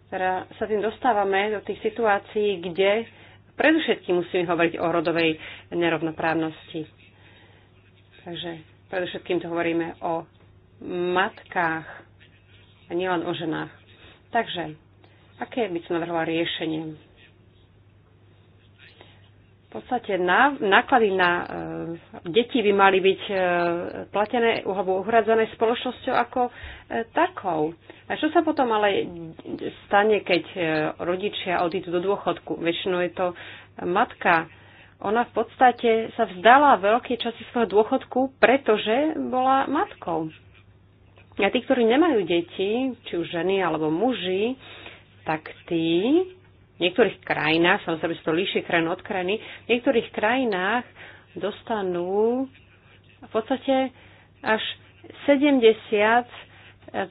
Speaker 2: teda sa tým dostávame do tých situácií, kde predovšetkým musíme hovoriť o rodovej nerovnoprávnosti. Takže predovšetkým to hovoríme o matkách a nielen o ženách. Takže, aké by som navrhla riešenie? V podstate na, náklady na e, deti by mali byť e, platené alebo uhradzané spoločnosťou ako e, takou. A čo sa potom ale stane, keď e, rodičia odídu do dôchodku? Väčšinou je to matka. Ona v podstate sa vzdala veľké časti svojho dôchodku, pretože bola matkou. A tí, ktorí nemajú deti, či už ženy alebo muži, tak tí v niektorých krajinách, samozrejme sa to líši krajín od krajiny, v niektorých krajinách dostanú v podstate až 70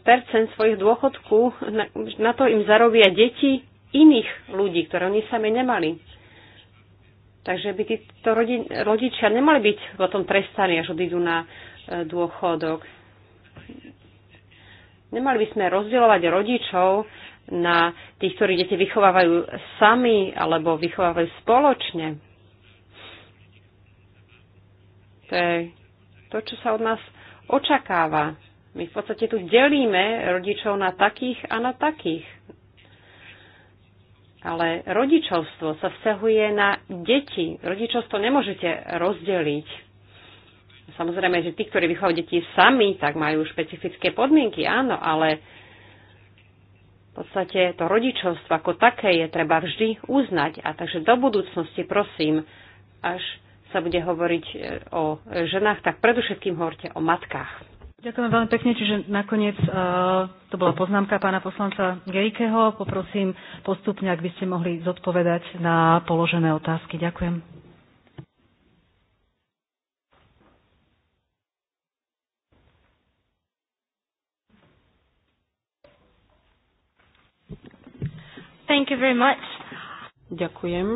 Speaker 2: percent svojich dôchodku, na, na to im zarobia deti iných ľudí, ktoré oni sami nemali. Takže by títo rodičia nemali byť potom trestaní, až odídu na e, dôchodok. Nemali by sme rozdielovať rodičov na tých, ktorí deti vychovávajú sami alebo vychovávajú spoločne. To je to, čo sa od nás očakáva. My v podstate tu delíme rodičov na takých a na takých. Ale rodičovstvo sa vzťahuje na deti. Rodičovstvo nemôžete rozdeliť. Samozrejme, že tí, ktorí vychovajú deti sami, tak majú špecifické podmienky, áno, ale v podstate to rodičovstvo ako také je treba vždy uznať. A takže do budúcnosti, prosím, až sa bude hovoriť e, o ženách, tak predovšetkým hovorte o matkách.
Speaker 1: Ďakujem veľmi pekne, čiže nakoniec uh, to bola poznámka pána poslanca Gejkeho. Poprosím postupne, ak by
Speaker 2: ste mohli zodpovedať na položené otázky. Ďakujem.
Speaker 3: Thank you very much.
Speaker 2: Ďakujem.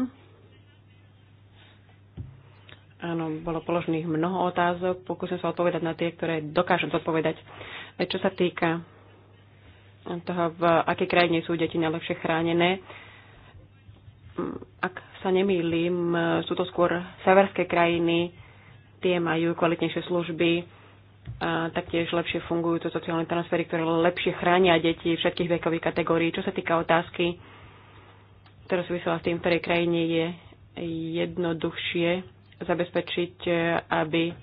Speaker 2: Áno, bolo položených mnoho otázok. Pokúsim sa odpovedať na tie, ktoré dokážem zodpovedať. E, čo sa týka toho, v akej krajine sú deti najlepšie chránené, mm, ak sa nemýlim, sú to skôr severské krajiny, tie majú kvalitnejšie služby, a taktiež lepšie fungujú to sociálne transfery, ktoré lepšie chránia deti všetkých vekových kategórií. Čo sa týka otázky, ktorá súvisela s tým, v ktorej krajine je jednoduchšie zabezpečiť, eh, aby um,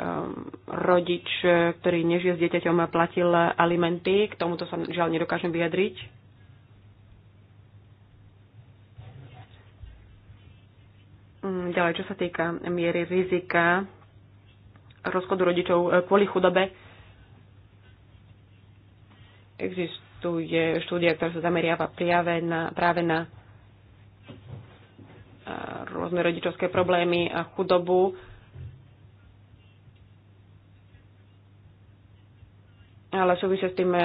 Speaker 2: um, rodič, ktorý nežije s dieťaťom, platil alimenty. K tomuto sa žiaľ nedokážem vyjadriť. Mm, ďalej, čo sa týka miery rizika rozchodu rodičov eh, kvôli chudobe, tu je štúdia, ktorá sa zameriava práve na, práve na rôzne rodičovské problémy a chudobu. Ale súvisia s tým um,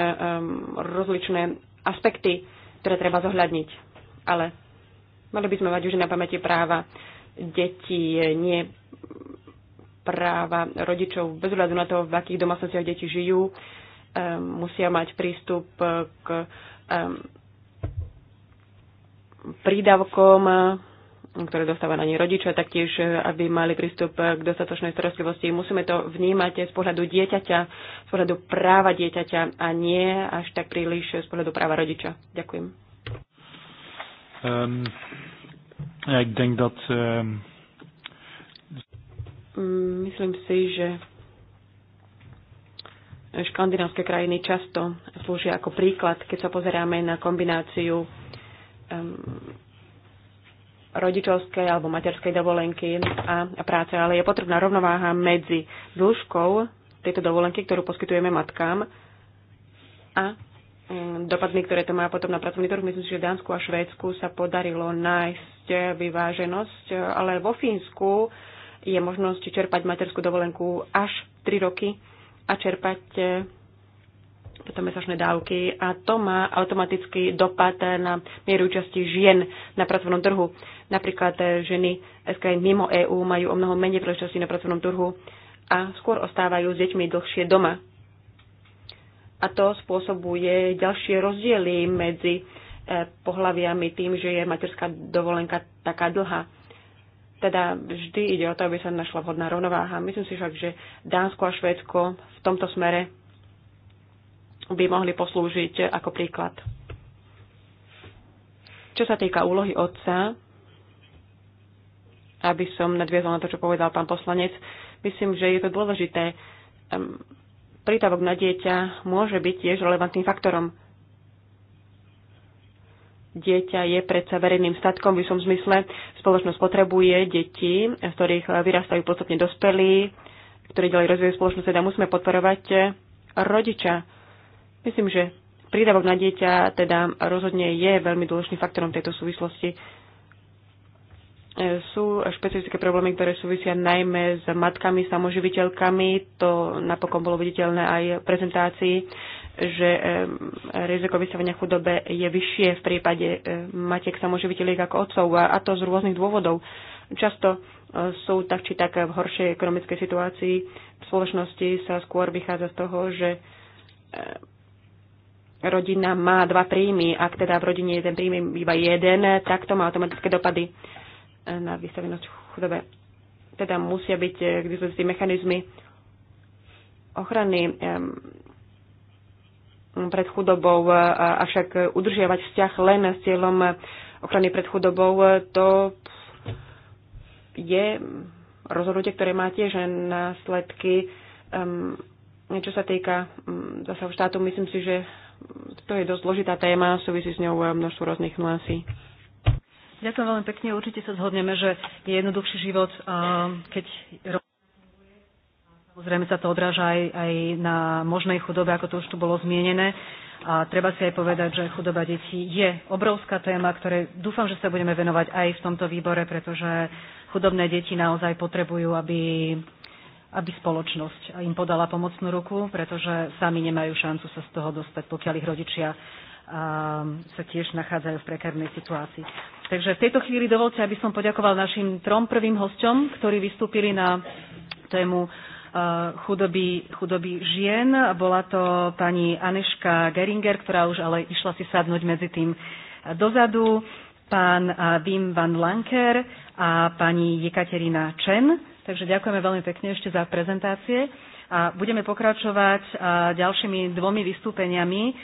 Speaker 2: rozličné aspekty, ktoré treba zohľadniť. Ale mali by sme mať už na pamäti práva detí, nie práva rodičov, bez hľadu na to, v akých domácnostiach deti žijú. Uh, musia mať prístup eh, k prídavkom, eh, ktoré dostáva na ne rodičia, taktiež, eh, aby mali prístup k dostatočnej starostlivosti. Musíme to vnímať z pohľadu dieťaťa, z pohľadu práva dieťaťa a nie až tak príliš z pohľadu práva rodiča. Ďakujem.
Speaker 3: Um, ja, denk dat,
Speaker 2: um... Myslím si, že Škandinávské krajiny často slúžia ako príklad, keď sa pozeráme na kombináciu um, rodičovskej alebo materskej dovolenky a, a práce, ale je potrebná rovnováha medzi dĺžkou tejto dovolenky, ktorú poskytujeme matkám a dopadmi, ktoré to má potom na pracovný trh. Myslím, si, že v Dánsku a Švédsku sa podarilo nájsť vyváženosť, ale vo Fínsku je možnosť čerpať materskú dovolenku až 3 roky a čerpať potom e, mesačné dávky a to má automatický dopad na mieru účasti žien na pracovnom trhu. Napríklad e, ženy z krajín mimo EÚ majú o mnoho menej príležitostí na pracovnom trhu a skôr ostávajú s deťmi dlhšie doma. A to spôsobuje ďalšie rozdiely medzi e, pohľaviami tým, že je materská dovolenka taká dlhá. Teda vždy ide o to, aby sa našla vhodná rovnováha. Myslím si však, že Dánsko a Švédsko v tomto smere by mohli poslúžiť ako príklad. Čo sa týka úlohy otca, aby som nadviezol na to, čo povedal pán poslanec, myslím, že je to dôležité. Prítavok na dieťa môže byť tiež relevantným faktorom dieťa je predsa verejným statkom v istom zmysle. Spoločnosť potrebuje deti, z ktorých vyrastajú podstatne dospelí, ktorí ďalej rozvíjajú spoločnosť, teda musíme podporovať rodiča. Myslím, že prídavok na dieťa teda rozhodne je veľmi dôležitým faktorom tejto súvislosti. Sú špecifické problémy, ktoré súvisia najmä s matkami, samoživiteľkami. To napokon bolo viditeľné aj v prezentácii že riziko vystavenia chudobe je vyššie v prípade matiek samoživiteľiek ako otcov a to z rôznych dôvodov. Často e, sú tak či tak v horšej ekonomickej situácii. V spoločnosti sa skôr vychádza z toho, že e, rodina má dva príjmy. Ak teda v rodine je ten príjmy iba jeden, tak to má automatické dopady e, na vystavenosť chudobe. Teda musia byť k dispozícii mechanizmy ochrany pred chudobou, avšak udržiavať vzťah len s cieľom ochrany pred chudobou, to je rozhodnutie, ktoré má tiež následky. Čo sa týka zase štátu, myslím si, že to je dosť zložitá téma, súvisí s ňou množstvo rôznych nuancí. Ďakujem veľmi pekne. Určite sa zhodneme, že je jednoduchší život, keď Samozrejme sa to odráža aj, aj na možnej chudobe, ako to už tu bolo zmienené. A treba si aj povedať, že chudoba detí je obrovská téma, ktoré dúfam, že sa budeme venovať aj v tomto výbore, pretože chudobné deti naozaj potrebujú, aby, aby spoločnosť im podala pomocnú ruku, pretože sami nemajú šancu sa z toho dostať, pokiaľ ich rodičia sa tiež nachádzajú v prekárnej situácii. Takže v tejto chvíli dovolte, aby som poďakoval našim trom prvým hostom, ktorí vystúpili na tému Eh, chudoby, chudoby žien. Bola to pani Aneška Geringer, ktorá už ale išla si sadnúť medzi tým eh, dozadu, pán eh, Wim van Lanker a pani Jekaterina Čen. Takže ďakujeme veľmi pekne ešte za prezentácie a budeme pokračovať ďalšími dvomi vystúpeniami.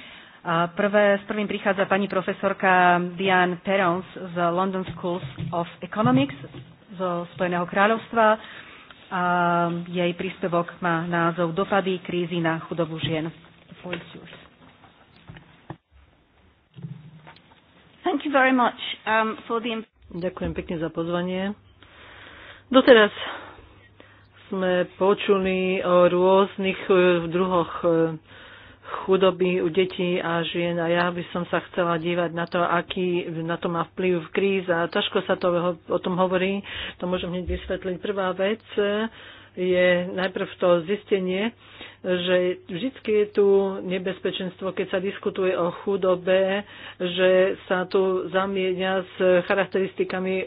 Speaker 2: Prvé, s prvým prichádza pani profesorka Diane Perons z London Schools of Economics zo Spojeného kráľovstva a jej príspevok má názov Dopady krízy na chudobu žien.
Speaker 4: Thank you very much, um, for the...
Speaker 1: Ďakujem pekne za pozvanie. Doteraz sme počuli o rôznych eh, druhoch eh, chudoby u detí a žien a ja by som sa chcela dívať na to, aký na to má vplyv kríza. Ťažko sa to o tom hovorí, to môžem hneď vysvetliť. Prvá vec je najprv to zistenie, že vždy je tu nebezpečenstvo, keď sa diskutuje o chudobe, že sa tu zamieňa s charakteristikami e,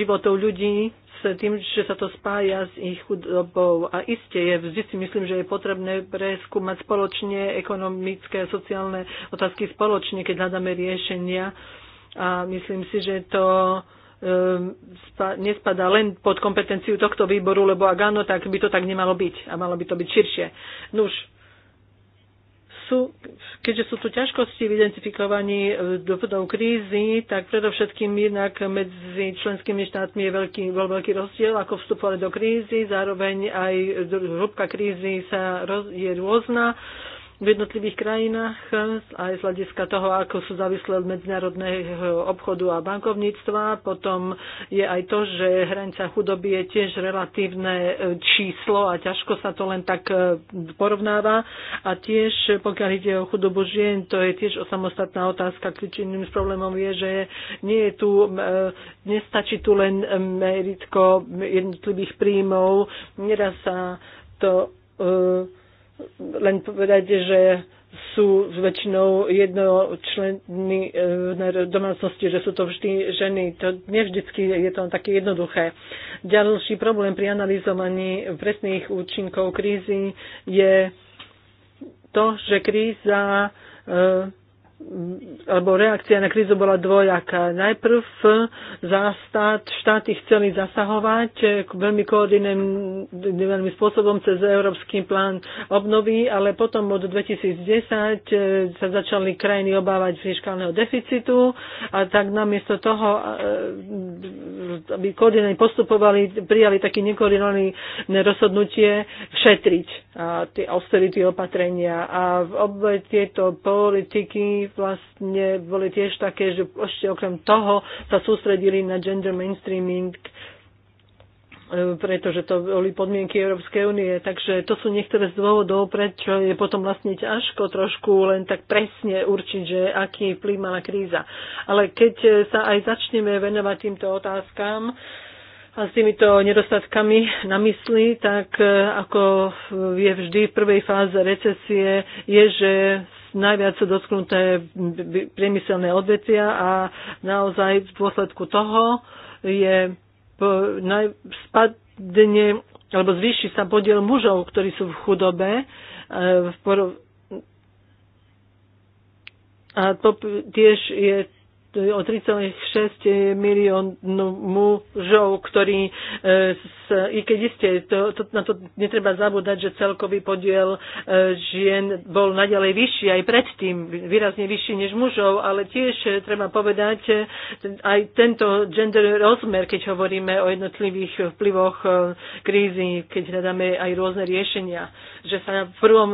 Speaker 1: životov ľudí, s tým, že sa to spája s ich chudobou. A iste je, vždy si myslím, že je potrebné preskúmať spoločne ekonomické a sociálne otázky spoločne, keď hľadáme riešenia. A myslím si, že to ehm, nespadá len pod kompetenciu tohto výboru, lebo ak áno, tak by to tak nemalo byť a malo by to byť širšie. Nuž, sú, keďže sú tu ťažkosti v identifikovaní e, dopadov krízy, tak predovšetkým inak medzi členskými štátmi je veľký, bol veľký rozdiel, ako vstupovali do krízy, zároveň aj hĺbka krízy sa roz, je rôzna v jednotlivých krajinách, aj z hľadiska toho, ako sú závislé od medzinárodného obchodu a bankovníctva. Potom je aj to, že hranica chudoby je tiež relatívne e, číslo a ťažko sa to len tak e, porovnáva. A tiež, pokiaľ ide o chudobu žien, to je tiež samostatná otázka. Kľúčným problémom je, že nie je tu, e, nestačí tu len meritko jednotlivých príjmov. Nedá sa to uh, len povedať, že sú väčšinou jednočlenní e, domácnosti, že sú to vždy ženy. To nevždycky je to také jednoduché. Ďalší problém pri analyzovaní presných účinkov krízy je to, že kríza e, alebo reakcia na krízu bola dvojaká. Najprv za stát, štáty chceli zasahovať veľmi koordinovaným spôsobom cez Európsky plán obnovy, ale potom od 2010 sa začali krajiny obávať fiskálneho deficitu a tak namiesto toho, eh, aby koordinovaní postupovali, prijali také nekoordinované rozhodnutie šetriť a eh, tie austerity opatrenia. A v obe tieto politiky vlastne boli tiež také, že ešte okrem toho sa sústredili na gender mainstreaming, e, pretože to boli podmienky Európskej únie. Takže to sú niektoré z dôvodov, prečo je potom vlastne ťažko trošku len tak presne určiť, že aký vplyv mala kríza. Ale keď sa aj začneme venovať týmto otázkam, a s týmito nedostatkami na mysli, tak e, ako je vždy v prvej fáze recesie, je, že najviac sú dotknuté priemyselné odvetvia a naozaj v dôsledku toho je spadne alebo zvýši sa podiel mužov, ktorí sú v chudobe e, a to tiež je o 3,6 miliónu mužov, ktorí, e, i keď iste, to, to, na to netreba zabúdať, že celkový podiel e, žien bol naďalej vyšší aj predtým, výrazne vyšší než mužov, ale tiež e, treba povedať aj tento gender rozmer, keď hovoríme o jednotlivých vplyvoch krízy, keď hľadáme aj rôzne riešenia, že sa v prvom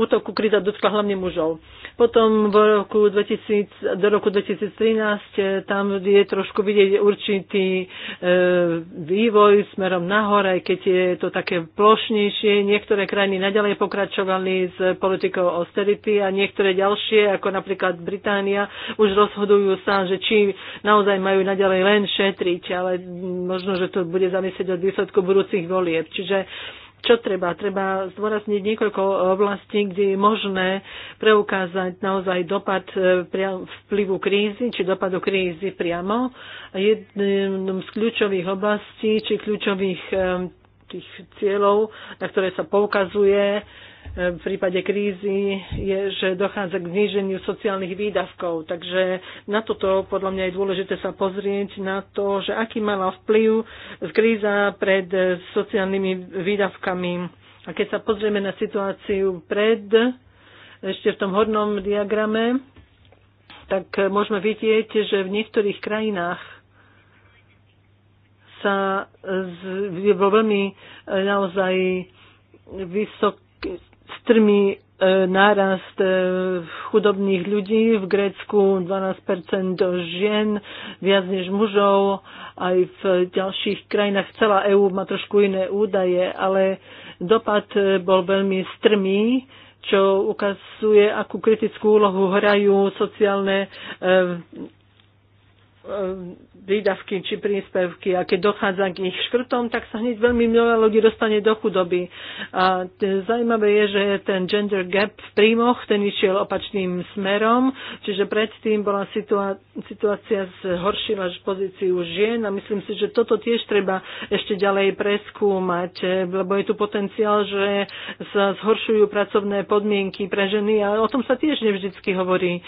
Speaker 1: útoku kríza dotkla hlavne mužov. Potom v roku 2000, do roku 2013 eh, tam je trošku vidieť určitý e, vývoj smerom nahor, aj keď je to také plošnejšie. Niektoré krajiny naďalej pokračovali s politikou austerity a niektoré ďalšie, ako napríklad Británia, už rozhodujú sa, že či naozaj majú naďalej len šetriť, ale možno, že to bude zamyslieť od výsledku budúcich volieb. Čiže čo treba? Treba zdôrazniť niekoľko oblastí, kde je možné preukázať naozaj dopad e, vplyvu krízy, či dopadu krízy priamo. Jedným z kľúčových oblastí, či kľúčových e, tých cieľov, na ktoré sa poukazuje, v prípade krízy je, že dochádza k zníženiu sociálnych výdavkov. Takže na toto podľa mňa je dôležité sa pozrieť na to, že aký mala vplyv kríza pred sociálnymi výdavkami. A keď sa pozrieme na situáciu pred, ešte v tom hornom diagrame, tak môžeme vidieť, že v niektorých krajinách sa bol veľmi naozaj vysoký strmý e, nárast e, chudobných ľudí, v Grécku 12% žien, viac než mužov, aj v ďalších krajinách celá EÚ má trošku iné údaje, ale dopad e, bol veľmi strmý, čo ukazuje, akú kritickú úlohu hrajú sociálne výdavky či príspevky a keď dochádza k ich škrtom, tak sa hneď veľmi mnoho ľudí dostane do chudoby. A zaujímavé je, že ten gender gap v príjmoch, ten išiel opačným smerom, čiže predtým bola situá- situácia zhoršila pozíciu žien a myslím si, že toto tiež treba ešte ďalej preskúmať, lebo je tu potenciál, že sa zhoršujú pracovné podmienky pre ženy a o tom sa tiež nevždycky hovorí. E,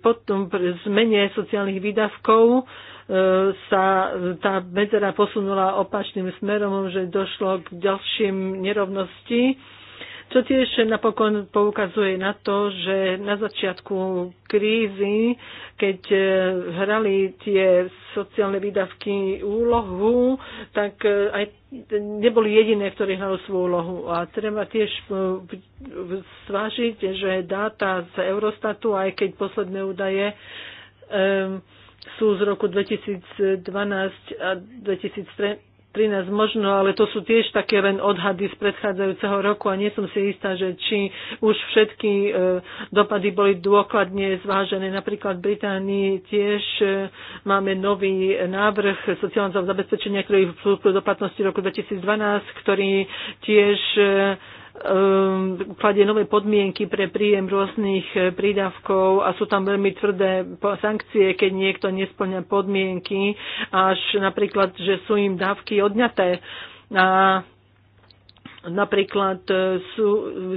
Speaker 1: potom zmene sociálnych výdavkov sa tá medzera posunula opačným smerom, že došlo k ďalším nerovnosti, čo tiež napokon poukazuje na to, že na začiatku krízy, keď e, hrali tie sociálne výdavky úlohu, tak e, aj neboli jediné, ktorí hrali svoju úlohu. A treba tiež svážiť, e, že dáta z Eurostatu, aj keď posledné údaje um, sú z roku 2012 a 2013 možno, ale to sú tiež také len odhady z predchádzajúceho roku a nie som si istá, že či už všetky e, dopady boli dôkladne zvážené. Napríklad v Británii tiež e, máme nový návrh sociálneho zabezpečenia, ktorý v do platnosti roku 2012, ktorý tiež e, Ehm, kladie nové podmienky pre príjem rôznych eh, prídavkov a sú tam veľmi tvrdé sankcie, keď niekto nesplňa podmienky, až napríklad, že sú im dávky odňaté. A Napríklad e, sú,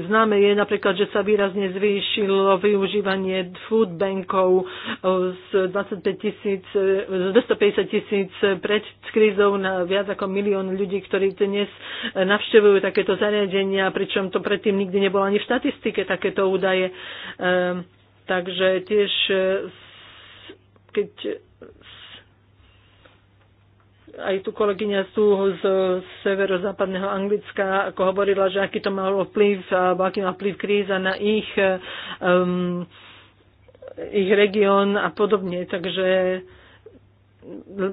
Speaker 1: známe je napríklad, že sa výrazne zvýšilo využívanie food bankov e, z 25 tisíc, 250 e, tisíc pred krízou na viac ako milión ľudí, ktorí dnes navštevujú takéto zariadenia, pričom to predtým nikdy nebolo ani v štatistike takéto údaje. Takže tiež keď aj tu kolegyňa sú z severozápadného Anglicka, ako hovorila, že aký to malo vplyv, alebo aký má vplyv kríza na ich, um, ich región a podobne. Takže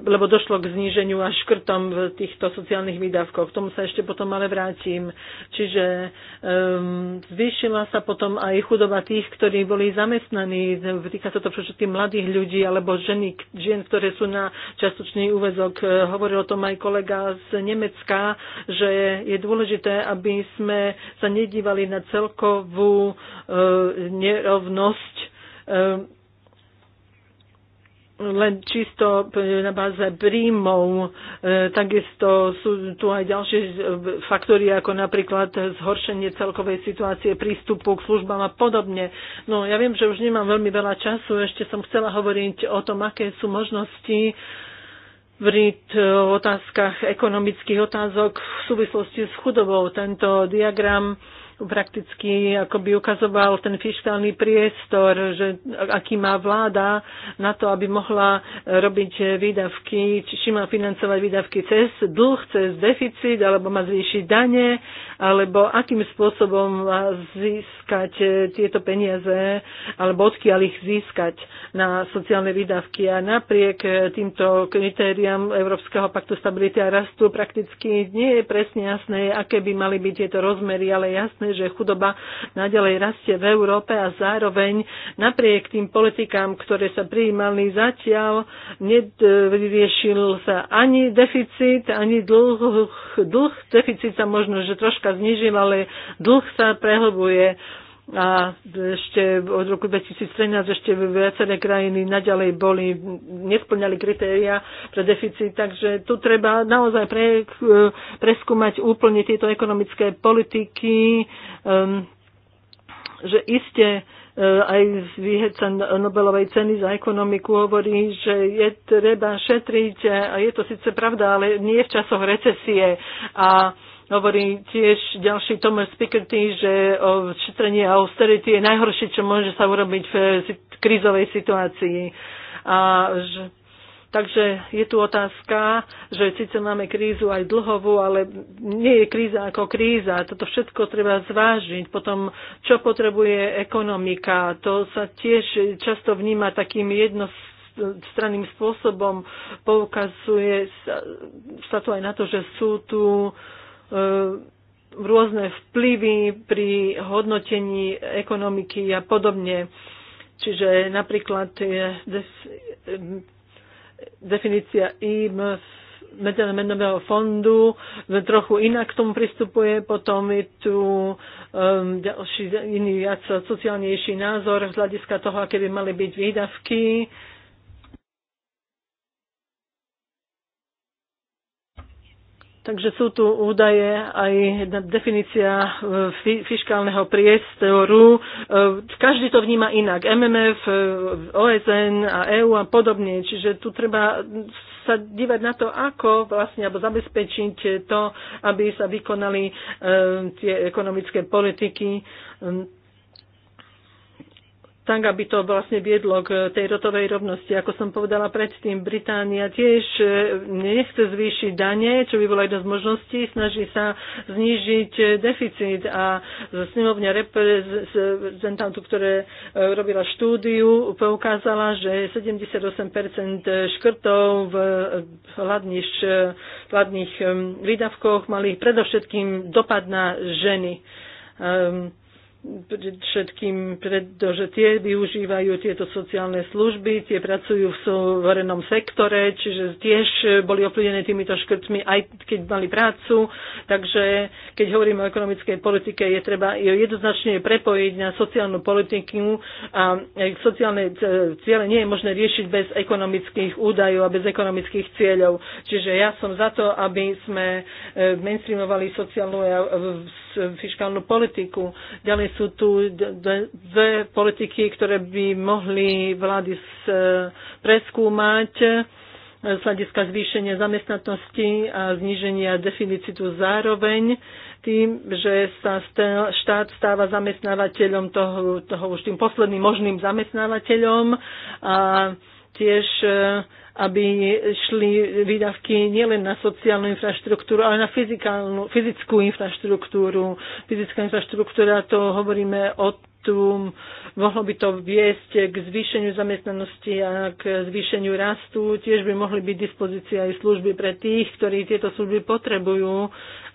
Speaker 1: lebo došlo k zníženiu a škrtom v týchto sociálnych výdavkoch. K tomu sa ešte potom ale vrátim. Čiže um, zvýšila sa potom aj chudoba tých, ktorí boli zamestnaní. Týka sa to všetkých mladých ľudí alebo ženy, žien, ktoré sú na častočný úvezok. E, hovoril o tom aj kolega z Nemecka, že je dôležité, aby sme sa nedívali na celkovú uh, nerovnosť uh, len čisto na báze príjmov. E, takisto sú tu aj ďalšie e, faktory, ako napríklad zhoršenie celkovej situácie, prístupu k službám a podobne. No ja viem, že už nemám veľmi veľa času, ešte som chcela hovoriť o tom, aké sú možnosti v otázkach ekonomických otázok v súvislosti s chudobou. Tento diagram prakticky ako by ukazoval ten fiskálny priestor, že aký má vláda na to, aby mohla robiť výdavky, či má financovať výdavky cez dlh, cez deficit, alebo má zvýšiť dane, alebo akým spôsobom má získať e, tieto peniaze alebo odkiaľ ich získať na sociálne výdavky. A napriek e, týmto kritériám Európskeho paktu stability a rastu prakticky nie je presne jasné, aké by mali byť tieto rozmery, ale jasné, že chudoba nadalej rastie v Európe a zároveň napriek tým politikám, ktoré sa prijímali zatiaľ, nevyriešil sa ani deficit, ani dlh, dlh, deficit sa možno, že troška znižil, ale dlh sa prehlbuje a ešte od roku 2013 ešte viaceré krajiny naďalej boli, nesplňali kritéria pre deficit, takže tu treba naozaj pre, preskúmať úplne tieto ekonomické politiky, um, že iste e, aj výhedca Nobelovej ceny za ekonomiku hovorí, že je treba šetriť a je to síce pravda, ale nie v časoch recesie a Hovorí tiež ďalší Thomas Piketty, že o šetrenie a austerity je najhoršie, čo môže sa urobiť v krízovej situácii. A že, takže je tu otázka, že síce máme krízu aj dlhovú, ale nie je kríza ako kríza. Toto všetko treba zvážiť. Potom, čo potrebuje ekonomika, to sa tiež často vníma takým jednostranným spôsobom poukazuje sa, sa to aj na to, že sú tu uh, E, rôzne vplyvy pri hodnotení ekonomiky a podobne. Čiže napríklad definícia IM medzinárodného fondu trochu inak k tomu pristupuje, potom je tu um, ďalší iný viac sociálnejší názor z hľadiska toho, aké by mali byť výdavky Takže sú tu údaje aj definícia e, fiskálneho priestoru. E, každý to vníma inak. MMF, e, OSN a EU a podobne. Čiže tu treba sa dívať na to, ako vlastne, alebo zabezpečiť to, aby sa vykonali tie ekonomické politiky tak, aby to vlastne viedlo k tej rotovej rovnosti. Ako som povedala predtým, Británia tiež e, nechce zvýšiť dane, čo by bola jedna z možností, snaží sa znížiť deficit a snemovňa reprezentantu, ktoré e, robila štúdiu, poukázala, že 78% škrtov v hladných, e, hladných výdavkoch mali predovšetkým dopad na ženy. Um, všetkým, pretože tie využívajú tieto sociálne služby, tie pracujú v súverenom sektore, čiže tiež boli ovplyvnené týmito škrtmi, aj keď mali prácu. Takže keď hovoríme o ekonomickej politike, je treba jednoznačne prepojiť na sociálnu politiku a e, sociálne e, ciele nie je možné riešiť bez ekonomických údajov a bez ekonomických cieľov. Čiže ja som za to, aby sme e, mainstreamovali sociálnu fiskálnu politiku. Ďalej sú tu dve politiky, ktoré by mohli vlády e, preskúmať e, z hľadiska zvýšenia zamestnatnosti a zníženia deficitu zároveň tým, že sa štát stáva zamestnávateľom toho, toho už tým posledným možným zamestnávateľom a tiež e, aby šli výdavky nielen na sociálnu infraštruktúru, ale na fyzikálnu, fyzickú infraštruktúru. Fyzická infraštruktúra, to hovoríme o tu mohlo by to viesť k zvýšeniu zamestnanosti a k zvýšeniu rastu. Tiež by mohli byť dispozícia aj služby pre tých, ktorí tieto služby potrebujú,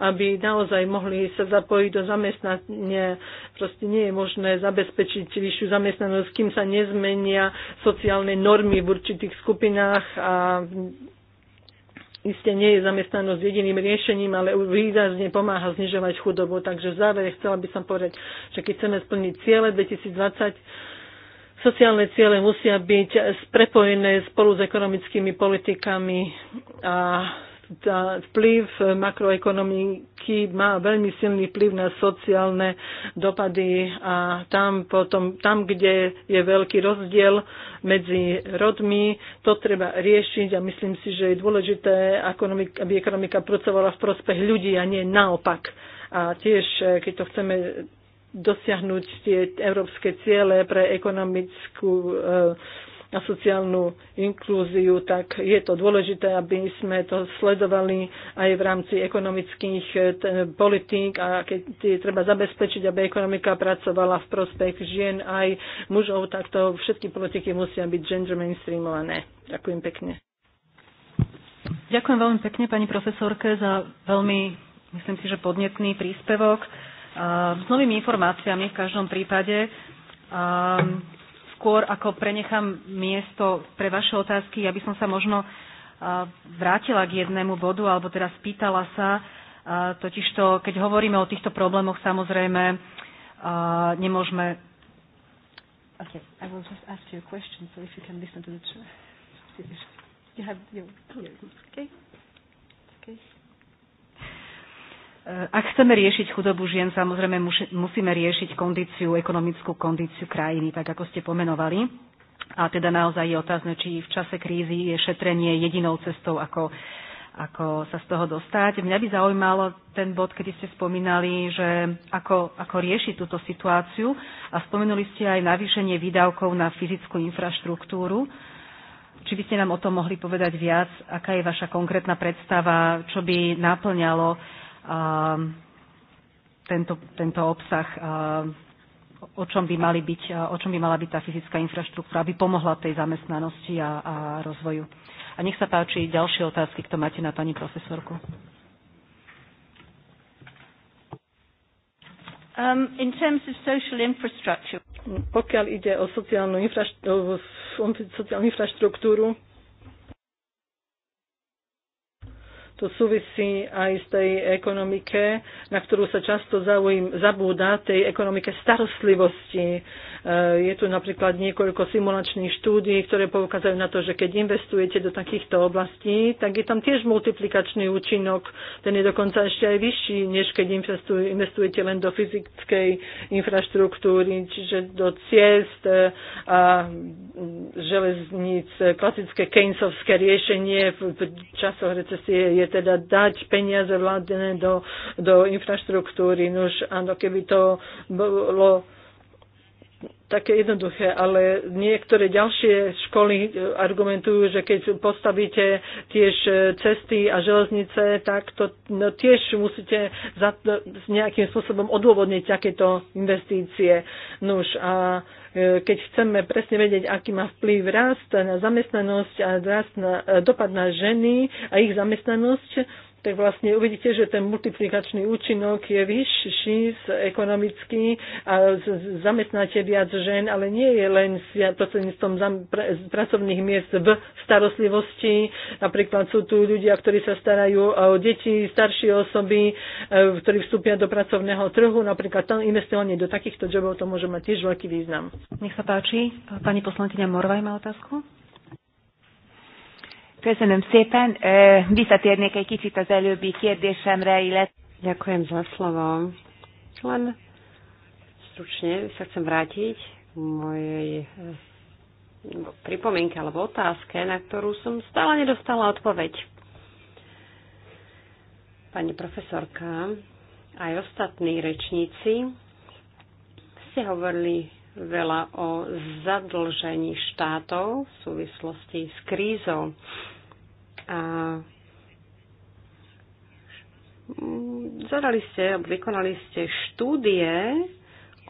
Speaker 1: aby naozaj mohli sa zapojiť do zamestnania. Proste nie je možné zabezpečiť vyššiu zamestnanosť, kým sa nezmenia sociálne normy v určitých skupinách a Isté nie je zamestnanosť jediným riešením, ale výrazne pomáha znižovať chudobu. Takže v závere chcela by som povedať, že keď chceme splniť ciele 2020, sociálne ciele musia byť prepojené spolu s ekonomickými politikami a vplyv makroekonomiky má veľmi silný vplyv na sociálne dopady a tam, potom, tam, kde je veľký rozdiel medzi rodmi, to treba riešiť a myslím si, že je dôležité, aby ekonomika pracovala v prospech ľudí a nie naopak. A tiež, eh, keď to chceme dosiahnuť tie európske ciele pre ekonomickú e, na sociálnu inklúziu, tak je to dôležité, aby sme to sledovali aj v rámci ekonomických eh, politík a keď je treba zabezpečiť, aby ekonomika pracovala v prospech žien aj mužov, tak to všetky politiky musia byť gender mainstreamované. Ďakujem pekne.
Speaker 2: Ďakujem veľmi pekne pani profesorke za veľmi, myslím si, že podnetný príspevok. S novými informáciami v každom prípade skôr ako prenechám miesto pre vaše otázky, ja by som sa možno vrátila k jednému bodu, alebo teraz spýtala sa, totižto keď hovoríme o týchto problémoch, samozrejme nemôžeme. Okay, I will just ask you a question, so if you can listen to the
Speaker 1: You have your, okay.
Speaker 2: E, ak chceme riešiť chudobu žien, samozrejme musíme riešiť kondíciu, ekonomickú kondíciu krajiny, tak ako ste pomenovali. A teda naozaj je otázne, či v čase krízy je šetrenie jedinou cestou, ako, ako sa z toho dostať. Mňa by zaujímalo ten bod, kedy ste spomínali, že ako, ako riešiť túto situáciu a spomenuli ste aj navýšenie výdavkov na fyzickú infraštruktúru. Či by ste nám o tom mohli povedať viac, aká je vaša konkrétna predstava, čo by naplňalo Ehm, tento, tento obsah, ehm, o čom, by mali byť, o čom by mala byť tá fyzická infraštruktúra, aby pomohla tej zamestnanosti a, a rozvoju. A nech sa páči ďalšie otázky, kto máte na pani profesorku.
Speaker 1: Um, in terms of social infrastructure. Pokiaľ ide o sociálnu, infraštru- sociálnu infraštruktúru, to súvisí aj z tej ekonomike, na ktorú sa často zaujím, zabúda, tej ekonomike starostlivosti. Eh, je tu napríklad niekoľko simulačných štúdií, ktoré poukazujú na to, že keď investujete do takýchto oblastí, tak je tam tiež multiplikačný účinok. Ten je dokonca ešte aj vyšší, než keď investujete len do fyzickej infraštruktúry, čiže do ciest eh, a mm, železníc. Eh, klasické Keynesovské riešenie v časoch recesie je teda dať peniaze vládne do, do infraštruktúry. Nož, áno, keby to bolo také jednoduché, ale niektoré ďalšie školy e, argumentujú, že keď postavíte tiež e, cesty a železnice, tak to no, tiež musíte za, e, nejakým spôsobom odôvodniť takéto investície. Nuž a keď chceme presne vedieť, aký má vplyv rast na zamestnanosť a rast na, dopad na ženy a ich zamestnanosť, tak vlastne uvidíte, že ten multiplikačný účinok je vyšší z ekonomický a zamestnáte viac žen, ale nie je len prostredníctvom pracovných miest v starostlivosti. Napríklad sú tu ľudia, ktorí sa starajú o deti, staršie osoby, e, ktorí vstúpia do pracovného trhu. Napríklad tam investovanie do takýchto jobov to môže mať tiež veľký význam. Nech sa páči. Pani poslankyňa Morvaj
Speaker 2: má otázku. Köszönöm szépen. Visszatérnék egy kicsit az előbbi kérdésemre, illetve... Ďakujem za slovo. Len stručne sa chcem vrátiť k mojej e, pripomienke alebo otázke, na ktorú som stále nedostala odpoveď. Pani profesorka, aj ostatní rečníci ste hovorili veľa o zadlžení štátov v súvislosti s krízou. A zadali ste, vykonali ste štúdie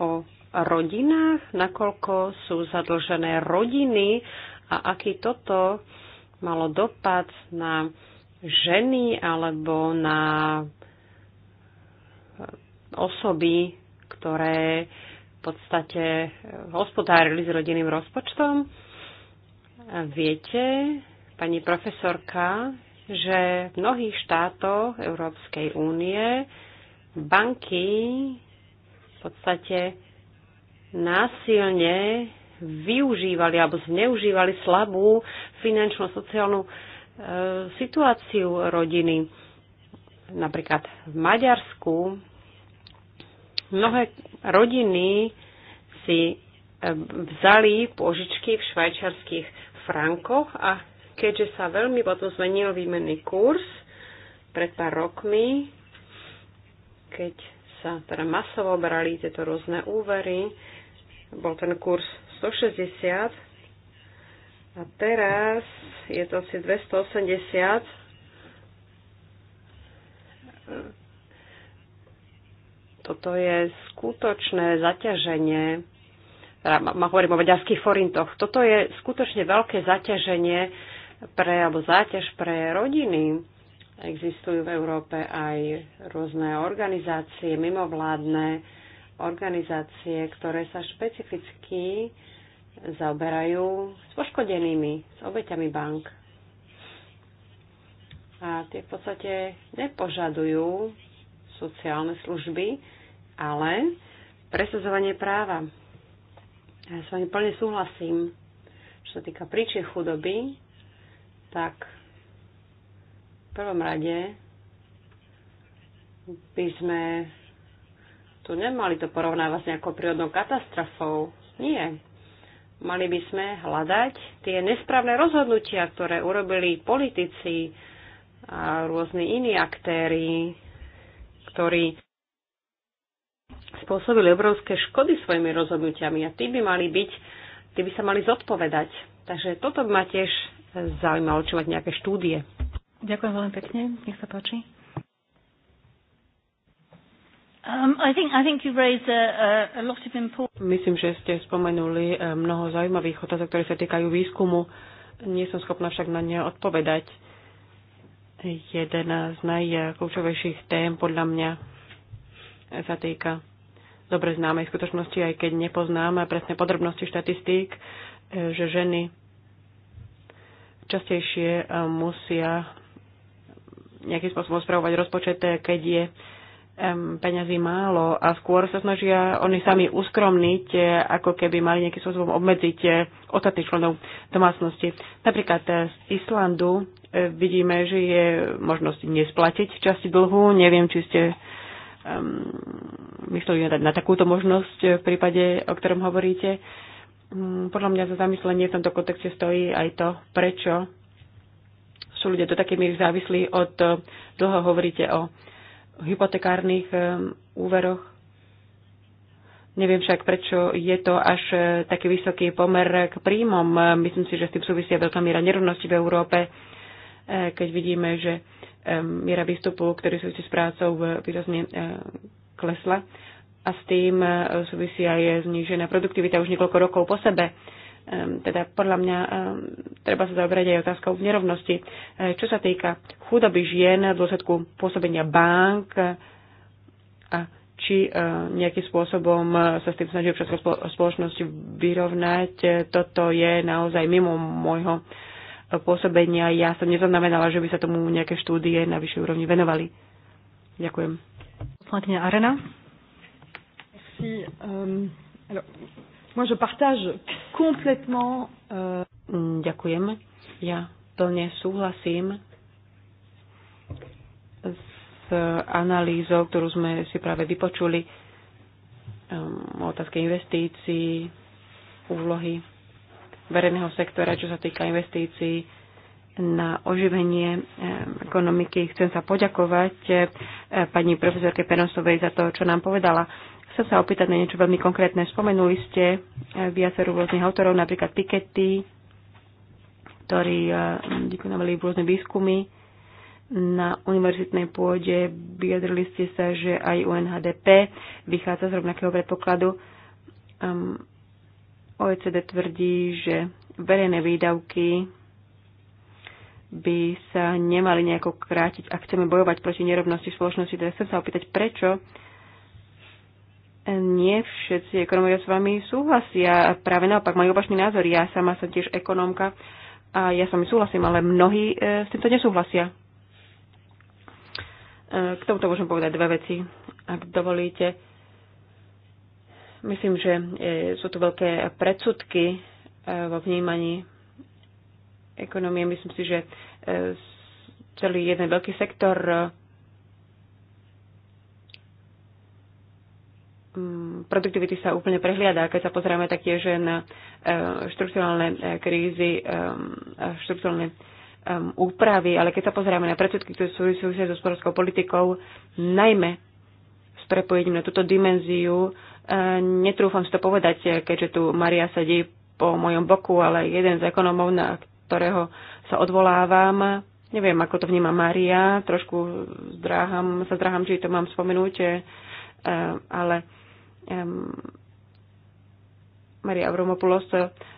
Speaker 2: o rodinách, nakoľko sú zadlžené rodiny a aký toto malo dopad na ženy alebo na osoby, ktoré podstate hospodárili s rodinným rozpočtom. A viete, pani profesorka, že v mnohých štátoch Európskej únie banky v podstate násilne využívali alebo zneužívali slabú finančnú sociálnu e, situáciu rodiny. Napríklad v Maďarsku Mnohé rodiny si e, vzali požičky v švajčarských frankoch a keďže sa veľmi potom zmenil výmenný kurz pred pár rokmi, keď sa teda masovo brali tieto rôzne úvery, bol ten kurz 160 a teraz je to asi 280 toto je skutočné zaťaženie, teda ma, ma hovorím o maďarských forintoch, toto je skutočne veľké zaťaženie pre, alebo záťaž pre rodiny. Existujú v Európe aj rôzne organizácie, mimovládne organizácie, ktoré sa špecificky zaoberajú s poškodenými, s obeťami bank. A tie v podstate nepožadujú sociálne služby, ale presadzovanie práva. Ja s vami plne súhlasím. Čo sa týka príčie chudoby, tak v prvom rade by sme tu nemali to porovnávať s nejakou prírodnou katastrofou. Nie. Mali by sme hľadať tie nesprávne rozhodnutia, ktoré urobili politici a rôzni iní aktéry, ktorí spôsobili obrovské škody svojimi rozhodnutiami a tí by mali byť, tí by sa mali zodpovedať. Takže toto by ma tiež zaujímalo, či mať nejaké štúdie. Ďakujem veľmi pekne, nech sa páči. Um, Myslím, že ste spomenuli eh, mnoho zaujímavých otázok, ktoré sa týkajú výskumu. Nie som schopná však na ne odpovedať. Jeden z najkľúčovejších tém podľa mňa sa týka dobre známej skutočnosti, aj keď nepoznáme presné podrobnosti štatistík, e, že ženy častejšie e, musia nejakým spôsobom spravovať rozpočet, e, keď je peňazí málo a skôr sa snažia oni sami uskromniť, ako keby mali nejakým spôsobom obmedziť ostatných členov domácnosti. Napríklad z Islandu vidíme, že je možnosť nesplatiť časť dlhu. Neviem, či ste Ehm, mysleli teda na takúto možnosť eh, v prípade, o ktorom hovoríte. Mm, podľa mňa za zamyslenie v tomto kontexte stojí aj to, prečo sú ľudia do takej miery závislí od, eh, dlho hovoríte o hypotekárnych ehm, úveroch. Neviem však, prečo je to až eh, taký vysoký pomer k príjmom. Myslím si, že s tým súvisia veľká miera nerovnosti v Európe, keď vidíme, že miera výstupu, ktorý súvisí s prácou, výrazne klesla a s tým e, súvisí aj znížená produktivita už niekoľko rokov po sebe. Teda podľa mňa treba sa zaoberať aj otázkou v nerovnosti. E, čo sa týka chudoby žien v dôsledku pôsobenia bank e, a či nejakým spôsobom sa s tým snaží občianská spoločnosť vyrovnať, toto je naozaj mimo môjho pôsobenia. Ja som nezaznamenala, že by sa tomu nejaké štúdie na vyššej úrovni venovali. Ďakujem. Poslankyňa Arena.
Speaker 1: Merci. Um, alors, moi je partage complètement... Uh...
Speaker 2: Ďakujem. Ja plne súhlasím s analýzou, ktorú sme si práve vypočuli um, otázke investícií, úlohy verejného sektora, čo sa týka investícií na oživenie ekonomiky. Chcem sa poďakovať pani profesorke Penosovej za to, čo nám povedala. Chcem sa opýtať na niečo veľmi konkrétne. Spomenuli ste viacerú rôznych autorov, napríklad Piketty, ktorí vykonávali rôzne výskumy na univerzitnej pôde. Vyjadrili ste sa, že aj UNHDP vychádza z rovnakého predpokladu. OECD tvrdí, že verejné výdavky by sa nemali nejako krátiť, a chceme bojovať proti nerovnosti v spoločnosti. Teda chcem sa opýtať, prečo nie všetci ekonomia s vami súhlasia. Práve naopak, majú opačný názor. Ja sama som tiež ekonómka a ja sami súhlasím, ale mnohí e, s týmto nesúhlasia. E, k tomuto môžem povedať dve veci, ak dovolíte. Myslím, že e, sú tu veľké predsudky e, vo vnímaní ekonomie. Myslím si, že e, celý jeden veľký sektor produktivity sa úplne prehliada. Keď sa pozrieme taktiež na štrukturálne krízy, štrukturálne úpravy, ale keď sa pozrieme na predsudky, ktoré súvisia so sporovskou politikou, najmä s prepojením na túto dimenziu, E, netrúfam si to povedať, e, keďže tu Maria sedí po mojom boku, ale jeden z ekonomov, na ktorého sa odvolávam, neviem, ako to vníma Maria, trošku zdráham, sa zdráham, či to mám spomenúť, e, ale Maria Avromopoulos,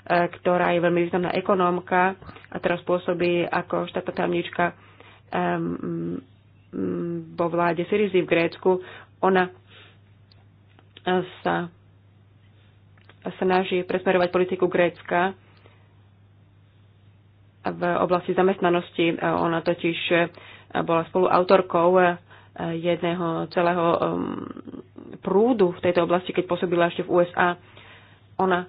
Speaker 2: ktorá je veľmi významná ekonómka a teraz pôsobí ako štátna tajomníčka vo vláde Syrizy v Grécku. Ona sa snaží presmerovať politiku Grécka v oblasti zamestnanosti. Ona totiž bola spoluautorkou jedného celého um, prúdu v tejto oblasti, keď pôsobila ešte v USA. Ona uh,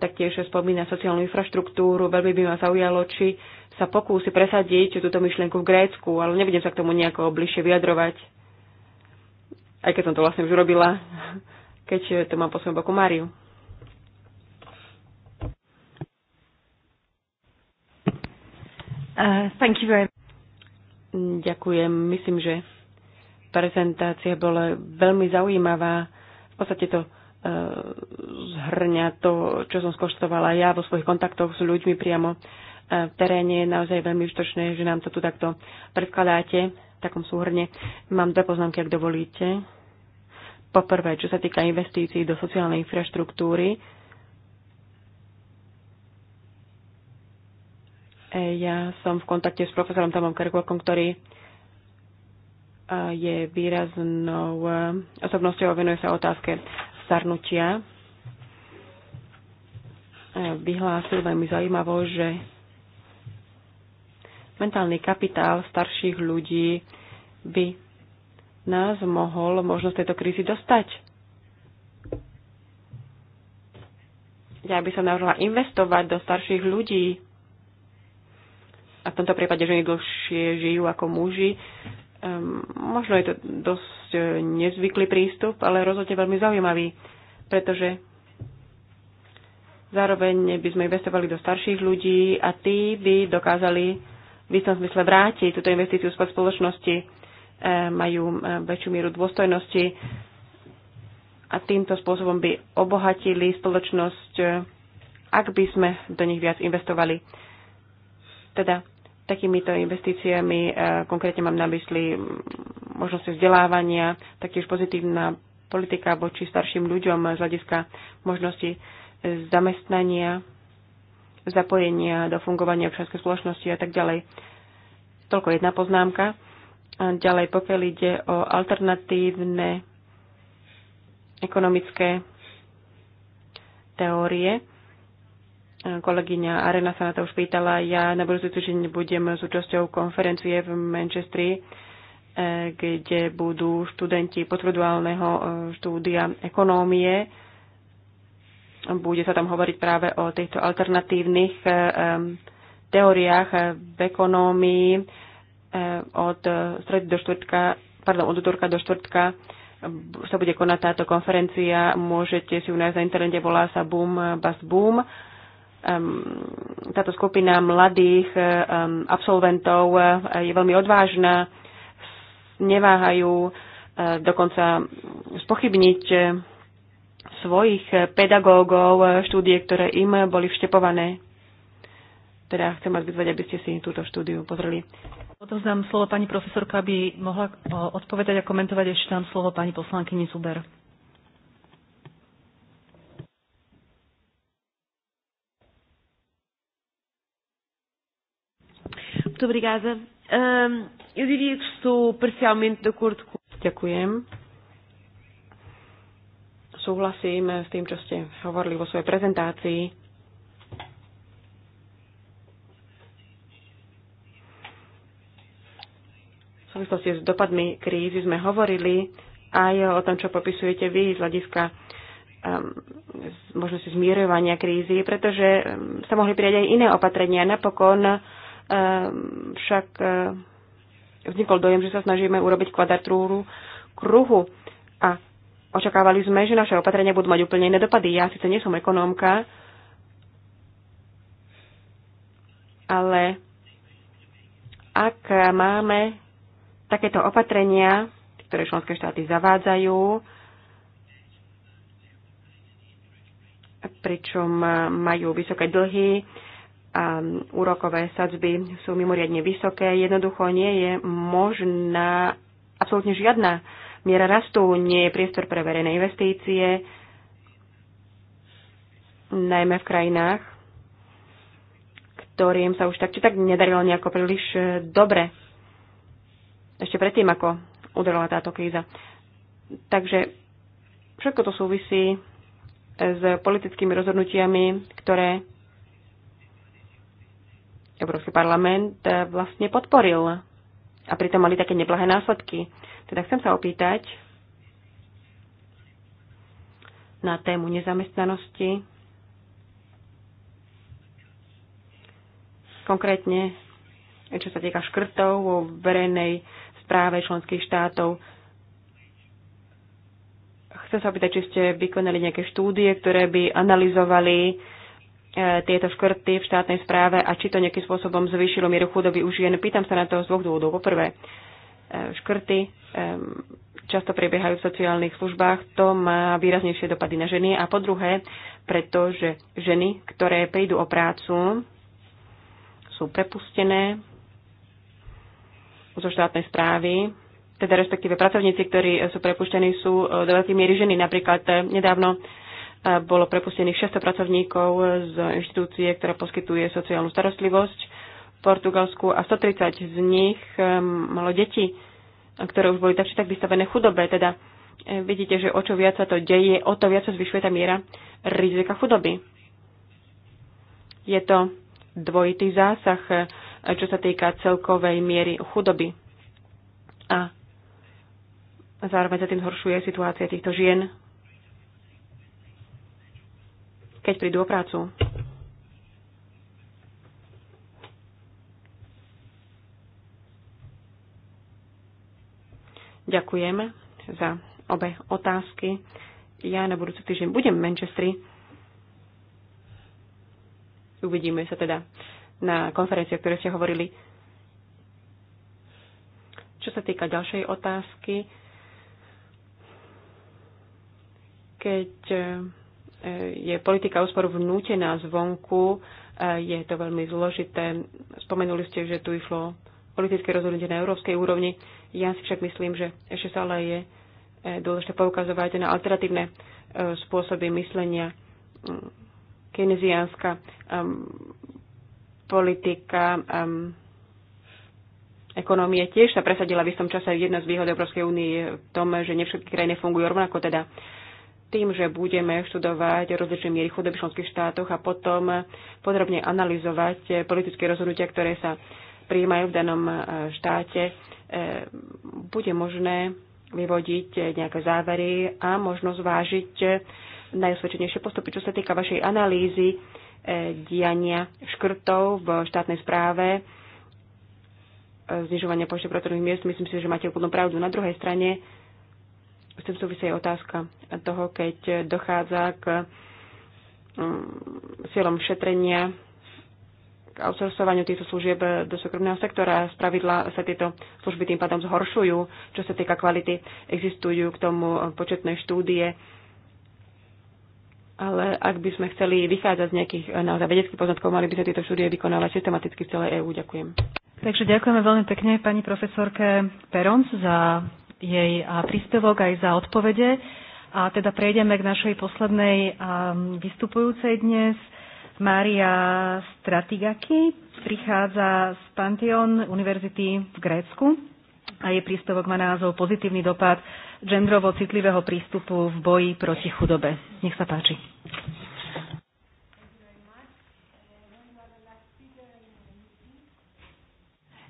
Speaker 2: taktiež spomína sociálnu infraštruktúru. Veľmi by ma zaujalo, či sa pokúsi presadiť túto myšlienku v Grécku, ale nebudem sa k tomu nejako bližšie vyjadrovať, aj keď som to vlastne už urobila keď to mám po svojom boku Máriu. Uh, thank you very much. Ďakujem. Myslím, že prezentácia bola veľmi zaujímavá. V podstate to uh, zhrňa to, čo som skoštovala ja vo svojich kontaktoch s ľuďmi priamo uh, v teréne. Je naozaj veľmi užitočné, že nám to tu takto predkladáte v takom súhrne. Mám dve poznámky, ak dovolíte. Poprvé, čo sa týka investícií do sociálnej infraštruktúry, e, ja som v kontakte s profesorom Tomom Kerkvokom, ktorý e, je výraznou e, osobnosťou a venuje sa otázke starnutia. Vyhlásil veľmi zaujímavo, že mentálny kapitál starších ľudí by nás mohol možno z tejto krízy dostať. Ja by som navrhla investovať do starších ľudí. A v tomto prípade ženy dlhšie žijú ako muži. Um, možno je to dosť e, nezvyklý prístup, ale rozhodne veľmi zaujímavý, pretože zároveň by sme investovali do starších ľudí a tí by dokázali v istom zmysle vrátiť túto investíciu spod spoločnosti E, majú e, väčšiu mieru dôstojnosti a týmto spôsobom by obohatili spoločnosť, e, ak by sme do nich viac investovali. Teda takýmito investíciami, konkrétne mám na mysli možnosti vzdelávania, taktiež pozitívna politika voči starším ľuďom z hľadiska možnosti zamestnania, zapojenia do fungovania občianskej spoločnosti a tak ďalej. Toľko jedna poznámka. A ďalej, pokiaľ ide o alternatívne ekonomické teórie, kolegyňa Arena sa na to už pýtala, ja na budúci týždeň budem súčasťou konferencie v Manchestri, e, kde budú študenti potvrduálneho e, štúdia ekonómie. Bude sa tam hovoriť práve o týchto alternatívnych e, teóriách v ekonómii Eh, od eh, stredy do štvrtka, pardon, od útorka do štvrtka sa bude konať táto konferencia. Môžete si u nás na internete, volá sa Boom eh, Bas Boom. Ehm, táto skupina mladých ehm, absolventov je veľmi odvážna, neváhajú dokonca spochybniť svojich pedagógov štúdie, ktoré im boli vštepované. Teda chcem vás vyzvať, aby ste si túto štúdiu pozreli. Odovzdám slovo pani profesorka, aby mohla odpovedať a komentovať. Ešte tam slovo pani poslankyni Zuber. Muito obrigada. Um, eu diria que estou parcialmente de acordo com. Ďakujem. Súhlasím s tým, čo ste hovorili vo svojej prezentácii. V súvislosti s dopadmi krízy sme hovorili aj o tom, čo popisujete vy z hľadiska um, možnosti zmierovania krízy, pretože um, sa mohli prijať aj iné opatrenia. Napokon um, však um, vznikol dojem, že sa snažíme urobiť kvadratúru kruhu a očakávali sme, že naše opatrenia budú mať úplne iné dopady. Ja síce nie som ekonómka, ale ak máme Takéto opatrenia, ktoré členské štáty zavádzajú, pričom majú vysoké dlhy a úrokové sadzby sú mimoriadne vysoké. Jednoducho nie je možná absolútne žiadna miera rastu, nie je priestor pre verejné investície, najmä v krajinách, ktorým sa už tak či tak nedarilo nejako príliš dobre ešte predtým, ako udrela táto kríza. Takže všetko to súvisí s politickými rozhodnutiami, ktoré Európsky parlament eh, vlastne podporil a pritom mali také neblahé následky. Teda chcem sa opýtať na tému nezamestnanosti. Konkrétne, čo sa týka škrtov vo verejnej správe členských štátov. Chcem sa opýtať, či ste vykonali nejaké štúdie, ktoré by analyzovali e, tieto škrty v štátnej správe a či to nejakým spôsobom zvýšilo mieru chudoby u žien. Pýtam sa na to z dvoch dôvodov. Poprvé, e, škrty e, často prebiehajú v sociálnych službách, to má výraznejšie dopady na ženy. A po druhé, pretože ženy, ktoré prídu o prácu, sú prepustené, zo štátnej správy, teda respektíve pracovníci, ktorí sú prepuštení, sú e, do veľkej miery ženy. Napríklad e, nedávno e, bolo prepustených 600 pracovníkov z inštitúcie, ktorá poskytuje sociálnu starostlivosť v Portugalsku a 130 z nich malo deti, ktoré už boli tak či tak vystavené chudobe. Teda vidíte, že o čo viac sa to deje, o to viac sa zvyšuje tá miera rizika chudoby. Je to dvojitý zásah čo sa týka celkovej miery chudoby. A zároveň sa tým zhoršuje situácia týchto žien, keď prídu o prácu. Ďakujem za obe otázky. Ja na budúci týždeň budem v Manchestri. Uvidíme sa teda na konferencii, o ktorej ste hovorili. Čo sa týka ďalšej otázky, keď e, je politika úspor vnútená zvonku, e, je to veľmi zložité. Spomenuli ste, že tu išlo politické rozhodnutie na európskej úrovni. Ja si však myslím, že ešte stále je e, dôležité poukazovať na alternatívne spôsoby myslenia keynesiánska politika um, ekonomie tiež sa presadila v istom čase jedna z výhod Európskej únie je v tom, že nevšetky krajiny fungujú rovnako teda tým, že budeme študovať rozličné miery chudoby v členských štátoch a potom podrobne analyzovať politické rozhodnutia, ktoré sa prijímajú v danom eh, štáte, eh, bude možné vyvodiť nejaké závery a možno zvážiť eh, najosvedčenejšie postupy. Čo sa týka vašej analýzy diania škrtov v štátnej správe, e, znižovania počtu pracovných miest. Myslím si, že máte úplnú pravdu. Na druhej strane s tým súvisí otázka toho, keď dochádza k mm, cieľom šetrenia k outsourcovaniu týchto služieb do súkromného sektora. Z pravidla sa tieto služby tým pádom zhoršujú, čo sa týka kvality. Existujú k tomu početné štúdie, ale ak by sme chceli vychádzať z nejakých eh, naozaj vedeckých poznatkov, mali by sme tieto štúdie vykonávať systematicky v celej EÚ. Ďakujem.
Speaker 1: Takže ďakujeme veľmi pekne pani profesorke Peronc
Speaker 2: za jej eh, príspevok aj za odpovede. A teda prejdeme k našej poslednej eh, vystupujúcej dnes. Mária Stratigaki prichádza z Pantheon Univerzity v Grécku a jej príspevok má názov Pozitívny dopad genderovo citlivého prístupu v boji proti chudobe. Nech sa páči.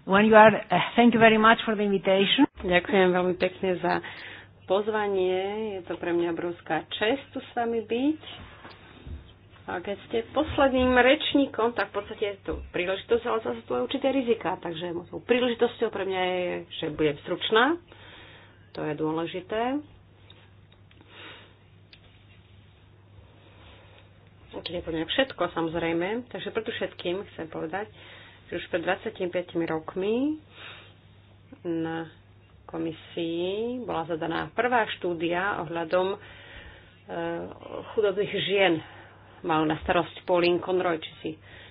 Speaker 2: When you are, uh, thank you very much for the invitation. Ďakujem veľmi pekne za pozvanie. Je to pre mňa obrovská čest tu s vami byť. A keď ste posledným rečníkom, tak v podstate je to príležitosť, ale zase to je určité rizika. Takže tou príležitosťou pre mňa je, že budem stručná to je dôležité. To nepoviem všetko, samozrejme. Takže preto všetkým chcem povedať, že už pred 25 rokmi na komisii bola zadaná prvá štúdia ohľadom e, chudobných žien. Mal na starosť Pauline Conroy, či si,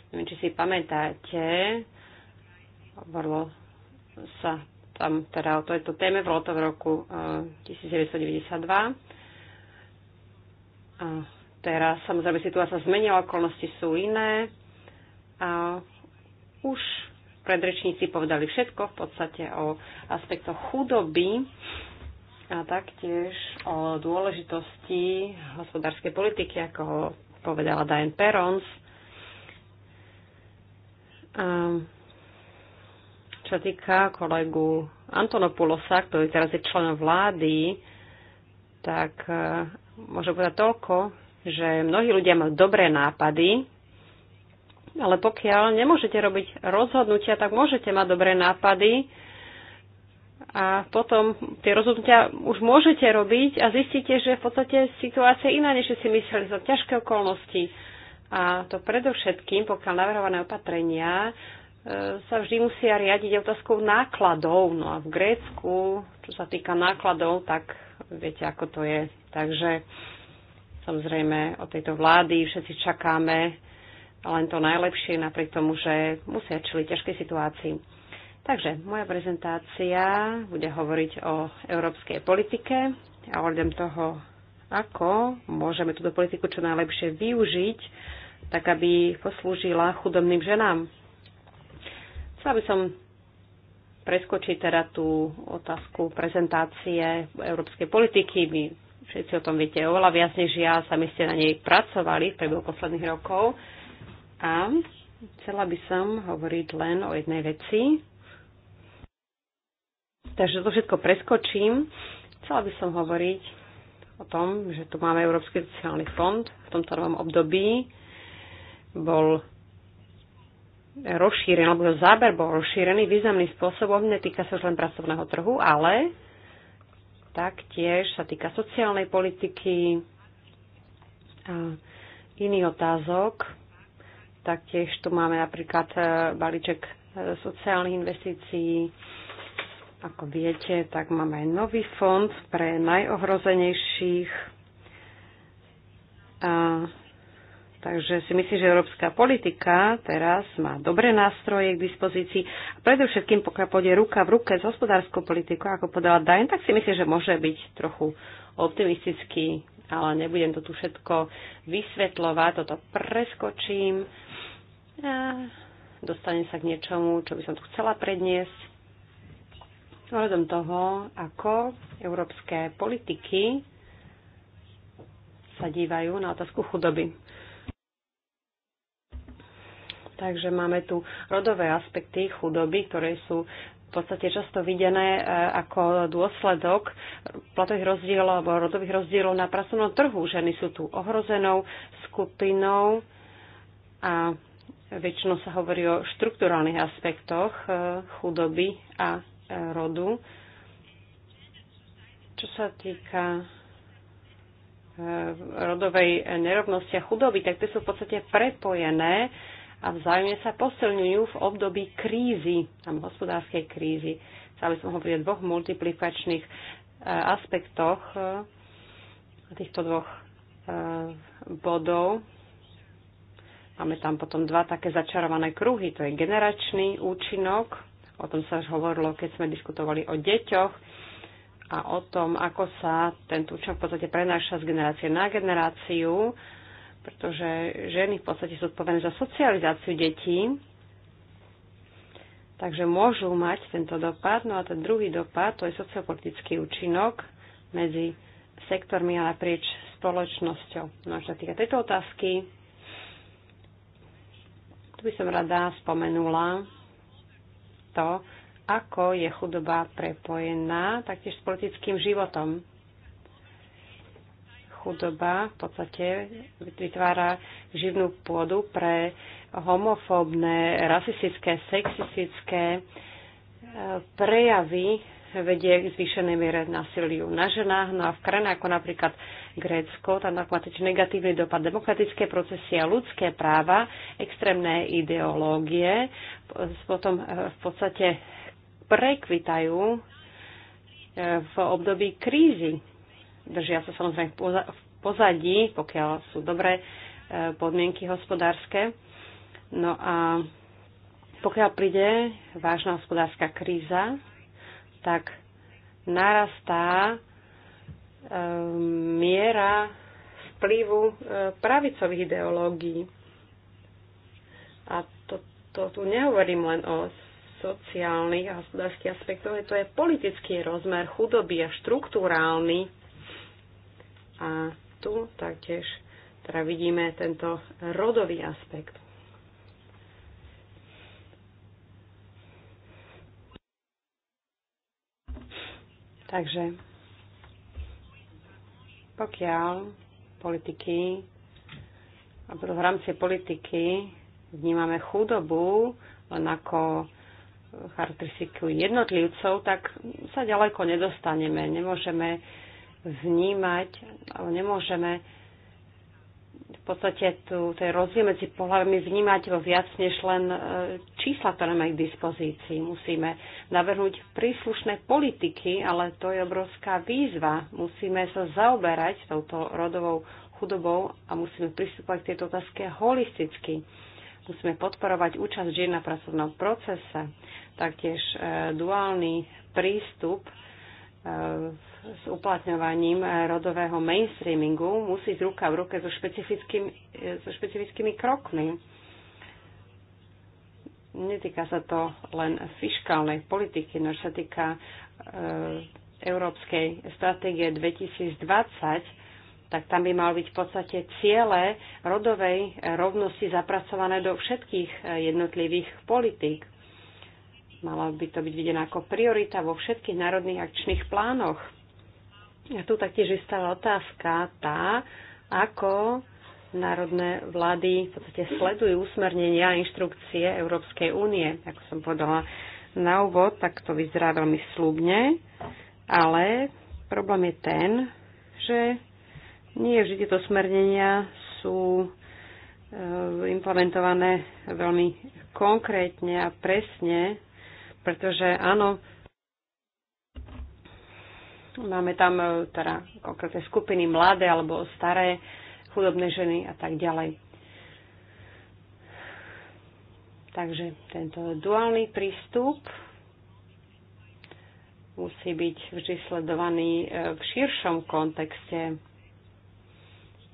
Speaker 2: neviem, či si pamätáte. Hovorilo sa tam teda o tejto téme, bolo to v roku 1992. Eh, a teraz samozrejme situácia zmenila, okolnosti sú iné. A už predrečníci povedali všetko v podstate o aspektoch chudoby a taktiež o dôležitosti hospodárskej politiky, ako ho povedala Diane Perons. Um, čo týka kolegu Antonopulosa, ktorý teraz je členom vlády, tak e, môžem povedať toľko, že mnohí ľudia majú dobré nápady, ale pokiaľ nemôžete robiť rozhodnutia, tak môžete mať dobré nápady a potom tie rozhodnutia už môžete robiť a zistíte, že v podstate situácia je iná, než si mysleli, za ťažké okolnosti. A to predovšetkým, pokiaľ navrhované opatrenia sa vždy musia riadiť otázkou nákladov. No a v Grécku, čo sa týka nákladov, tak viete, ako to je. Takže samozrejme od tejto vlády všetci čakáme len to najlepšie, napriek tomu, že musia čeliť ťažkej situácii. Takže moja prezentácia bude hovoriť o európskej politike a ohľadom toho, ako môžeme túto politiku čo najlepšie využiť, tak aby poslúžila chudobným ženám Chcela by som preskočiť teda tú otázku prezentácie európskej politiky. My všetci o tom viete oveľa viac než ja, sami ste na nej pracovali v priebehu posledných rokov. A chcela by som hovoriť len o jednej veci. Takže to všetko preskočím. Chcela by som hovoriť o tom, že tu máme Európsky sociálny fond v tomto novom období. Bol rozšírený, alebo záber bol rozšírený významným spôsobom, netýka sa už len pracovného trhu, ale taktiež sa týka sociálnej politiky a iných otázok. Taktiež tu máme napríklad e, balíček e, sociálnych investícií. Ako viete, tak máme aj nový fond pre najohrozenejších. A Takže si myslím, že európska politika teraz má dobré nástroje k dispozícii. A predovšetkým, pokiaľ pôjde ruka v ruke s hospodárskou politikou, ako podala Dajen, tak si myslím, že môže byť trochu optimistický, ale nebudem to tu všetko vysvetľovať, toto preskočím. A dostanem sa k niečomu, čo by som tu chcela predniesť. Ohľadom toho, ako európske politiky sa dívajú na otázku chudoby. Takže máme tu rodové aspekty chudoby, ktoré sú v podstate často videné e, ako dôsledok platových rozdielov alebo rodových rozdielov na pracovnom trhu. Ženy sú tu ohrozenou skupinou a väčšinou sa hovorí o štruktúrálnych aspektoch e, chudoby a e, rodu. Čo sa týka rodovej nerovnosti a chudoby, tak tie sú v podstate prepojené a vzájomne sa posilňujú v období krízy, tam hospodárskej krízy. Chceli sme hovoriť o dvoch multiplikačných e, aspektoch e, týchto dvoch e, bodov. Máme tam potom dva také začarované kruhy. To je generačný účinok. O tom sa už hovorilo, keď sme diskutovali o deťoch a o tom, ako sa tento účinok v podstate prenáša z generácie na generáciu pretože ženy v podstate sú odpovedné za socializáciu detí, takže môžu mať tento dopad. No a ten druhý dopad, to je sociopolitický účinok medzi sektormi a naprieč spoločnosťou. No a čo sa týka tejto otázky, tu by som rada spomenula to, ako je chudoba prepojená taktiež s politickým životom chudoba v podstate vytvára živnú pôdu pre homofóbne, rasistické, sexistické e, prejavy vedie k zvýšenej miere násiliu na ženách. No a v krajinách ako napríklad Grécko, tam má negatívny dopad demokratické procesy a ľudské práva, extrémne ideológie, potom e, v podstate prekvitajú e, v období krízy držia sa samozrejme v pozadí, pokiaľ sú dobré e, podmienky hospodárske. No a pokiaľ príde vážna hospodárska kríza, tak narastá e, miera vplyvu e, pravicových ideológií. A to, to tu nehovorím len o sociálnych a hospodárskych aspektoch, to je politický rozmer chudoby a štruktúrálny. A tu taktiež teda vidíme tento rodový aspekt. Takže pokiaľ politiky alebo v rámci politiky vnímame chudobu len ako charakteristiku jednotlivcov, tak sa ďaleko nedostaneme. Nemôžeme vnímať, alebo nemôžeme v podstate tu, ten rozdiel medzi pohľavami vnímať vo viac než len e, čísla, ktoré máme k dispozícii. Musíme navrhnúť príslušné politiky, ale to je obrovská výzva. Musíme sa zaoberať touto rodovou chudobou a musíme pristúpať k tejto otázke holisticky. Musíme podporovať účasť žien na pracovnom procese, taktiež e, duálny prístup e, v s uplatňovaním eh, rodového mainstreamingu musí ísť ruka v ruke so, špecifickým, eh, so špecifickými krokmi. Netýka sa to len fiskálnej politiky, no sa týka e, Európskej stratégie 2020, tak tam by mal byť v podstate ciele rodovej rovnosti zapracované do všetkých jednotlivých politík. Mala by to byť videná ako priorita vo všetkých národných akčných plánoch. A tu taktiež vystala otázka tá, ako národné vlády v podstate sledujú usmernenia a inštrukcie Európskej únie. Ako som povedala na úvod, tak to vyzerá veľmi slúbne, ale problém je ten, že nie vždy tieto smernenia sú e, implementované veľmi konkrétne a presne, pretože áno, Máme tam e, teda konkrétne skupiny mladé alebo staré, chudobné ženy a tak ďalej. Takže tento duálny prístup musí byť vždy sledovaný e, v širšom kontexte.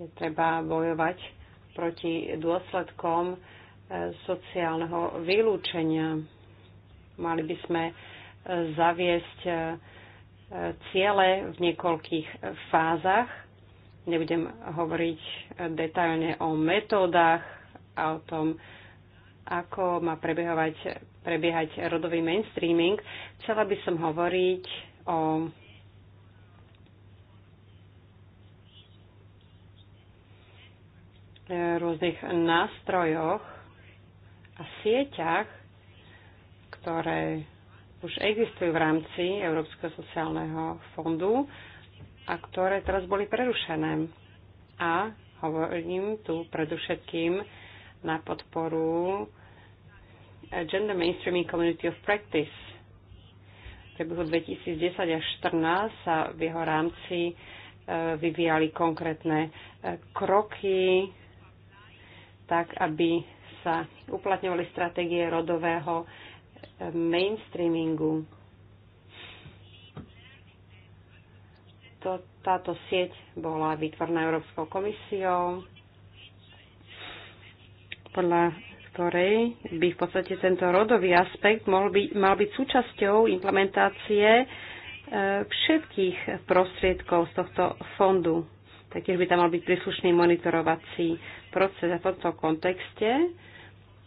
Speaker 2: Je treba bojovať proti dôsledkom e, sociálneho vylúčenia. Mali by sme zaviesť ciele v niekoľkých fázach. Nebudem hovoriť detailne o metódach a o tom, ako má prebiehať, prebiehať rodový mainstreaming. Chcela by som hovoriť o rôznych nástrojoch a sieťach, ktoré už existujú v rámci Európskeho sociálneho fondu a ktoré teraz boli prerušené. A hovorím tu predovšetkým na podporu Gender Mainstreaming Community of Practice. V priebehu 2010 až 2014 sa v jeho rámci e, vyvíjali konkrétne e, kroky, tak aby sa uplatňovali stratégie rodového mainstreamingu. To, táto sieť bola vytvorná Európskou komisiou, podľa ktorej by v podstate tento rodový aspekt mal, by, mal byť súčasťou implementácie e, všetkých prostriedkov z tohto fondu. Taktiež by tam mal byť príslušný monitorovací proces. A v tomto kontexte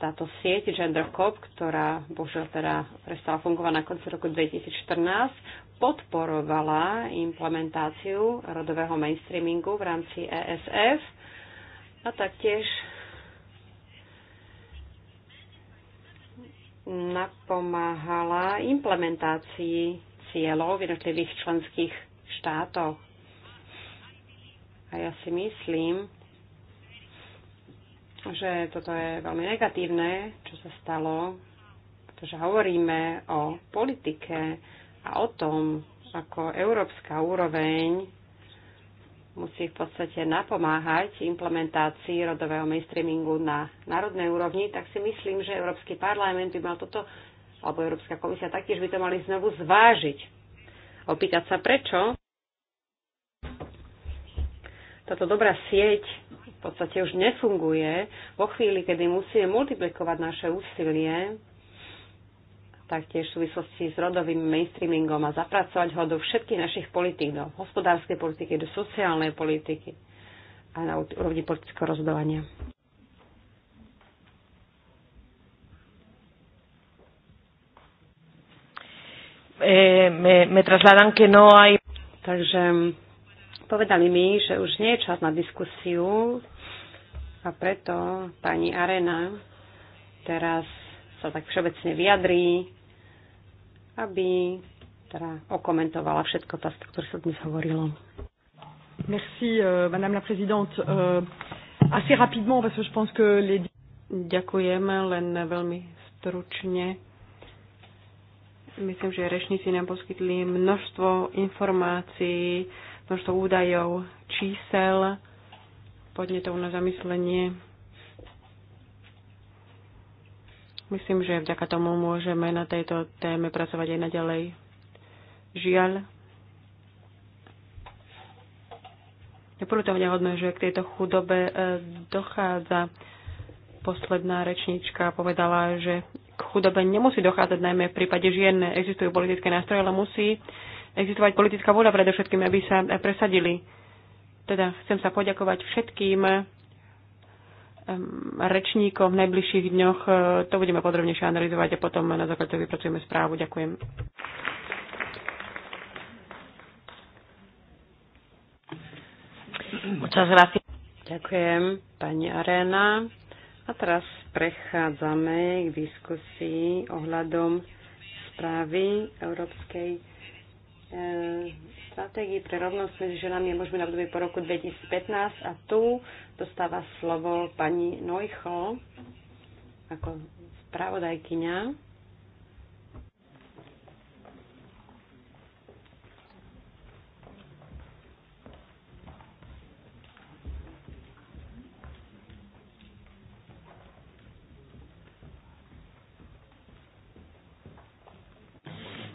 Speaker 2: táto sieť GenderCop, ktorá bohužiaľ teda prestala fungovať na konci roku 2014, podporovala implementáciu rodového mainstreamingu v rámci ESF a taktiež napomáhala implementácii cieľov v jednotlivých členských štátoch. A ja si myslím, že toto je veľmi negatívne, čo sa stalo, pretože hovoríme o politike a o tom, ako európska úroveň musí v podstate napomáhať implementácii rodového mainstreamingu na národnej úrovni, tak si myslím, že Európsky parlament by mal toto, alebo Európska komisia taktiež by to mali znovu zvážiť. Opýtať sa prečo táto dobrá sieť podstate už nefunguje. Vo chvíli, kedy musíme multiplikovať naše úsilie, taktiež v súvislosti s rodovým mainstreamingom a zapracovať ho do všetkých našich politík, do hospodárskej politiky, do sociálnej politiky a na úrovni politického rozhodovania. Eh, me, me trasladan que no hay... Takže povedali mi, že už nie je čas na diskusiu a preto pani Arena teraz sa tak všeobecne vyjadrí, aby teda okomentovala všetko to, o ktoré sa dnes hovorilo. Merci, euh, Madame la Présidente. Euh, assez rapidement, parce que je pense que les... Ďakujem, len veľmi stručne. Myslím, že rečníci nám poskytli množstvo informácií, množstvo údajov, čísel, podnetov na zamyslenie. Myslím, že vďaka tomu môžeme na tejto téme pracovať aj naďalej. Žiaľ, je porutovne hodné, že k tejto chudobe e, dochádza. Posledná rečníčka povedala, že k chudobe nemusí dochádzať najmä v prípade žien. Existujú politické nástroje, ale musí existovať politická vôľa predovšetkým, aby sa presadili. Teda chcem sa poďakovať všetkým rečníkom v najbližších dňoch. E, to budeme podrobnejšie analyzovať a potom na základe vypracujeme správu. Ďakujem. Ďakujem, pani Arena. A teraz prechádzame k diskusii ohľadom správy Európskej e, stratégii pre rovnosť medzi ženami a mužmi na obdobie po roku 2015 a tu dostáva slovo pani Nojcho ako spravodajkyňa.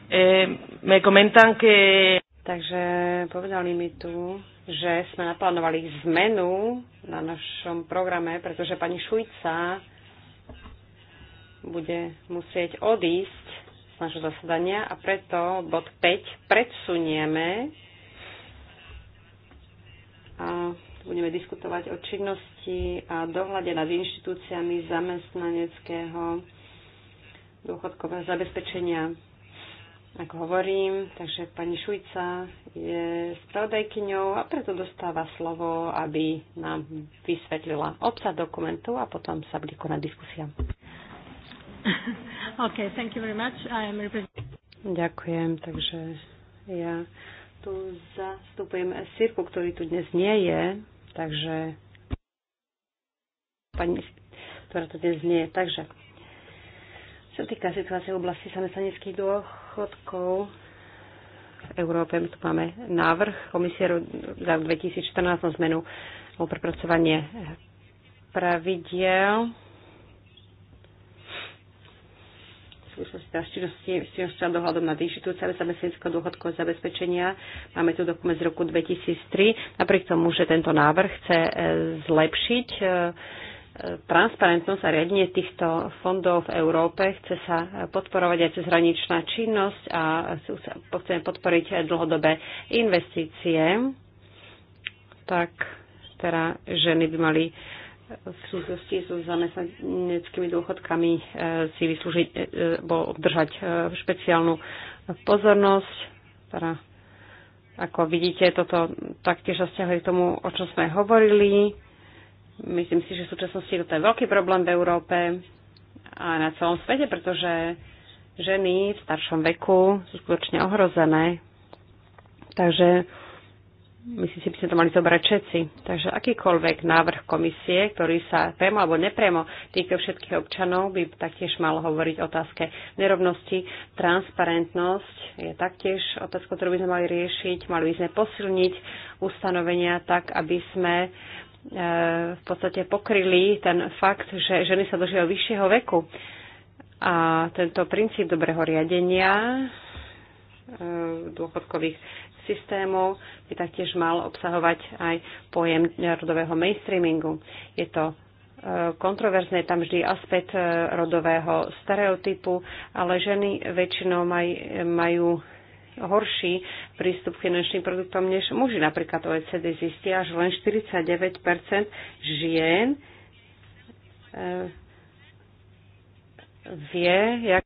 Speaker 1: Eh, me comentan que
Speaker 2: Takže povedali mi tu, že sme naplánovali zmenu na našom programe, pretože pani Šujca bude musieť odísť z našho zasadania a preto bod 5 predsunieme a budeme diskutovať o činnosti a dohľade nad inštitúciami zamestnaneckého dôchodkového zabezpečenia ako hovorím, takže pani Šujca je spravodajkyňou a preto dostáva slovo, aby nám vysvetlila obsah dokumentu a potom sa bude konať diskusia. <laughs> Okay, thank you very much. I am Ďakujem, takže ja tu zastupujem Sirku, ktorý tu dnes nie je, takže pani, ktorá tu dnes nie je. Takže, čo týka situácie v oblasti samestanických dôch, dôchodkov v Európe. My tu máme návrh komisie za 2014 na zmenu o prepracovanie pravidiel teda s činnosťou dohľadom nad inštitúciami zamestnického dôchodkového zabezpečenia. Máme tu dokument z roku 2003. Napriek tomu, že tento návrh chce e, zlepšiť e, transparentnosť a riadenie týchto fondov v Európe. Chce sa podporovať aj cezhraničná činnosť a chceme podporiť aj dlhodobé investície. Tak teda ženy by mali v súvislosti so zamestnaneckými dôchodkami eh, si vyslúžiť, eh, alebo obdržať eh, špeciálnu pozornosť. Teda, ako vidíte, toto taktiež sa k tomu, o čom sme hovorili. Myslím si, že v súčasnosti to je veľký problém v Európe a na celom svete, pretože ženy v staršom veku sú skutočne ohrozené. Takže myslím si, by sme to mali zobrať všetci. Takže akýkoľvek návrh komisie, ktorý sa priamo alebo nepriamo týka všetkých občanov, by taktiež mal hovoriť o otázke nerovnosti. Transparentnosť je taktiež otázka, ktorú by sme mali riešiť. Mali by sme posilniť ustanovenia tak, aby sme E, v podstate pokryli ten fakt, že ženy sa dožívajú vyššieho veku. A tento princíp dobrého riadenia e, dôchodkových systémov by taktiež mal obsahovať aj pojem rodového mainstreamingu. Je to e, kontroverzné, tam vždy aspekt rodového stereotypu, ale ženy väčšinou maj, majú horší prístup k finančným produktom než muži. Napríklad OECD zistia, že len 49 žien eh, vie, jak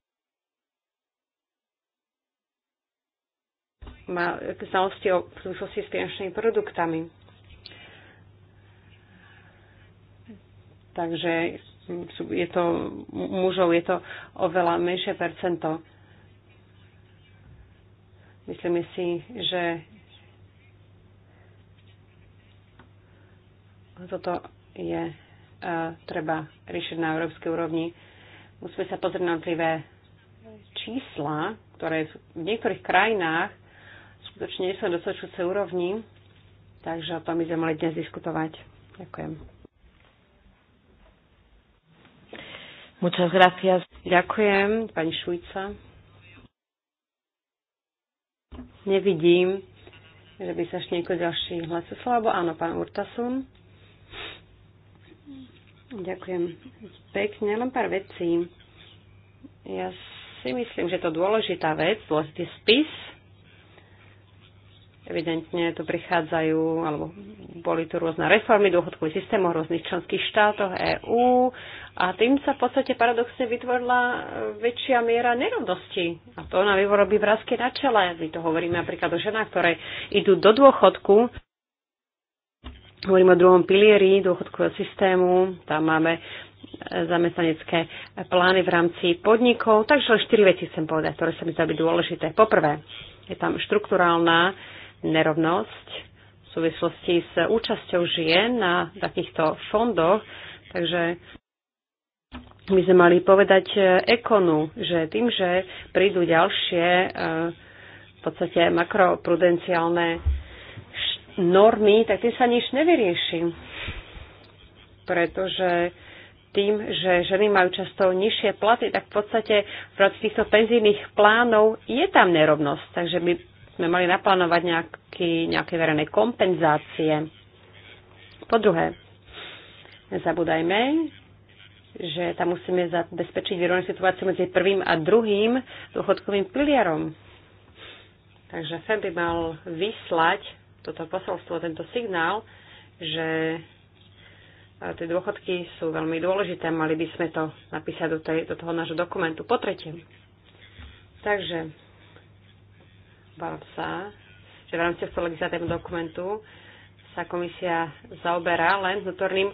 Speaker 2: má znalosti o súvislosti s finančnými produktami. Takže je to, mužov je to oveľa menšie percento. Myslíme si, že toto je e, treba riešiť na európskej úrovni. Musíme sa pozrieť na odlivé čísla, ktoré v niektorých krajinách skutočne nie sú dosačujúce úrovni, takže o tom by sme mali dnes diskutovať. Ďakujem. Muchas gracias. Ďakujem, pani Šujca. Nevidím, že by sa ešte niekto ďalší hlasil slovo. Áno, pán Urtasun. Ďakujem pekne. Len pár vecí. Ja si myslím, že to dôležitá vec, dôležitý spis, Evidentne tu prichádzajú, alebo boli tu rôzne reformy dôchodkových systémov v rôznych členských štátoch EÚ a tým sa v podstate paradoxne vytvorila e, väčšia miera nerovnosti. A to na vyvorobí vrázky na čele. My to hovoríme napríklad o ženách, ktoré idú do dôchodku. Hovoríme o druhom pilieri dôchodkového systému. Tam máme e, zamestnanecké plány v rámci podnikov. Takže len štyri veci chcem povedať, ktoré sa mi zdá byť dôležité. Poprvé, je tam štruktúrálna nerovnosť v súvislosti s účasťou žien na takýchto fondoch. Takže my sme mali povedať ekonu, že tým, že prídu ďalšie e, v podstate makroprudenciálne normy, tak tým sa nič nevyrieši. Pretože tým, že ženy majú často nižšie platy, tak v podstate v rámci týchto penzijných plánov je tam nerovnosť. Takže my sme mali naplánovať nejaký, nejaké verejné kompenzácie. Po druhé, nezabúdajme, že tam musíme zabezpečiť vyrovnanú situáciu medzi prvým a druhým dôchodkovým pilierom. Takže sem by mal vyslať toto posolstvo, tento signál, že e, tie dôchodky sú veľmi dôležité. Mali by sme to napísať do, tej, do toho nášho dokumentu. Po tretie. Takže Balca, sa, že v rámci tohto legislatívneho dokumentu sa komisia zaoberá len vnútorným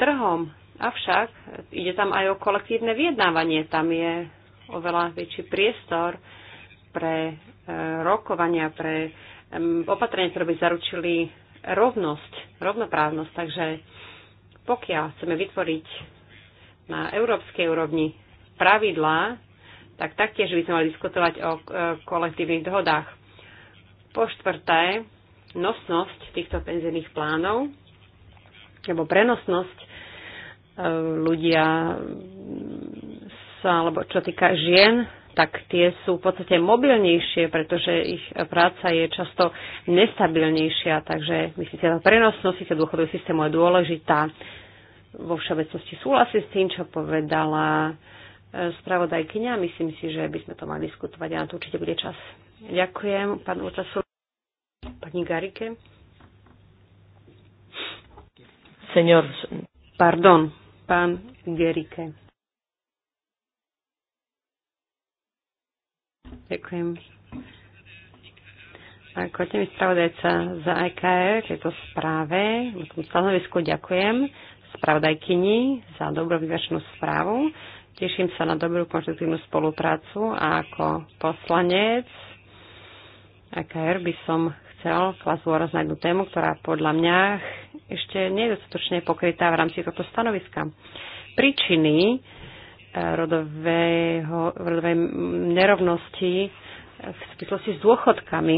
Speaker 2: trhom. Avšak ide tam aj o kolektívne vyjednávanie. Tam je oveľa väčší priestor pre e, rokovania, pre e, opatrenia, ktoré by zaručili rovnosť, rovnoprávnosť. Takže pokiaľ chceme vytvoriť na európskej úrovni pravidlá, tak taktiež by sme mali diskutovať o e, kolektívnych dohodách. Po štvrté, nosnosť týchto penzijných plánov, alebo prenosnosť e, ľudia sa, alebo čo týka žien, tak tie sú v podstate mobilnejšie, pretože ich práca je často nestabilnejšia, takže myslím že tá prenosnosť týchto dôchodových systémov je dôležitá. Vo všeobecnosti súhlasím s tým, čo povedala spravodajkyňa. Myslím si, že by sme to mali diskutovať a na to určite bude čas. Ďakujem, pán Urtasu, pani Garike.
Speaker 1: Senior. Pardon,
Speaker 2: pán Gerike. Ďakujem. Ako tým spravodajca za EKR, tejto správe, v tom stanovisku ďakujem spravodajkyni za dobro správu. Teším sa na dobrú konštruktívnu spoluprácu a ako poslanec AKR by som chcel klasť dôraz na jednu tému, ktorá podľa mňa ešte nie je dostatočne pokrytá v rámci tohto stanoviska. Príčiny eh, rodového, rodovej nerovnosti v súvislosti s dôchodkami.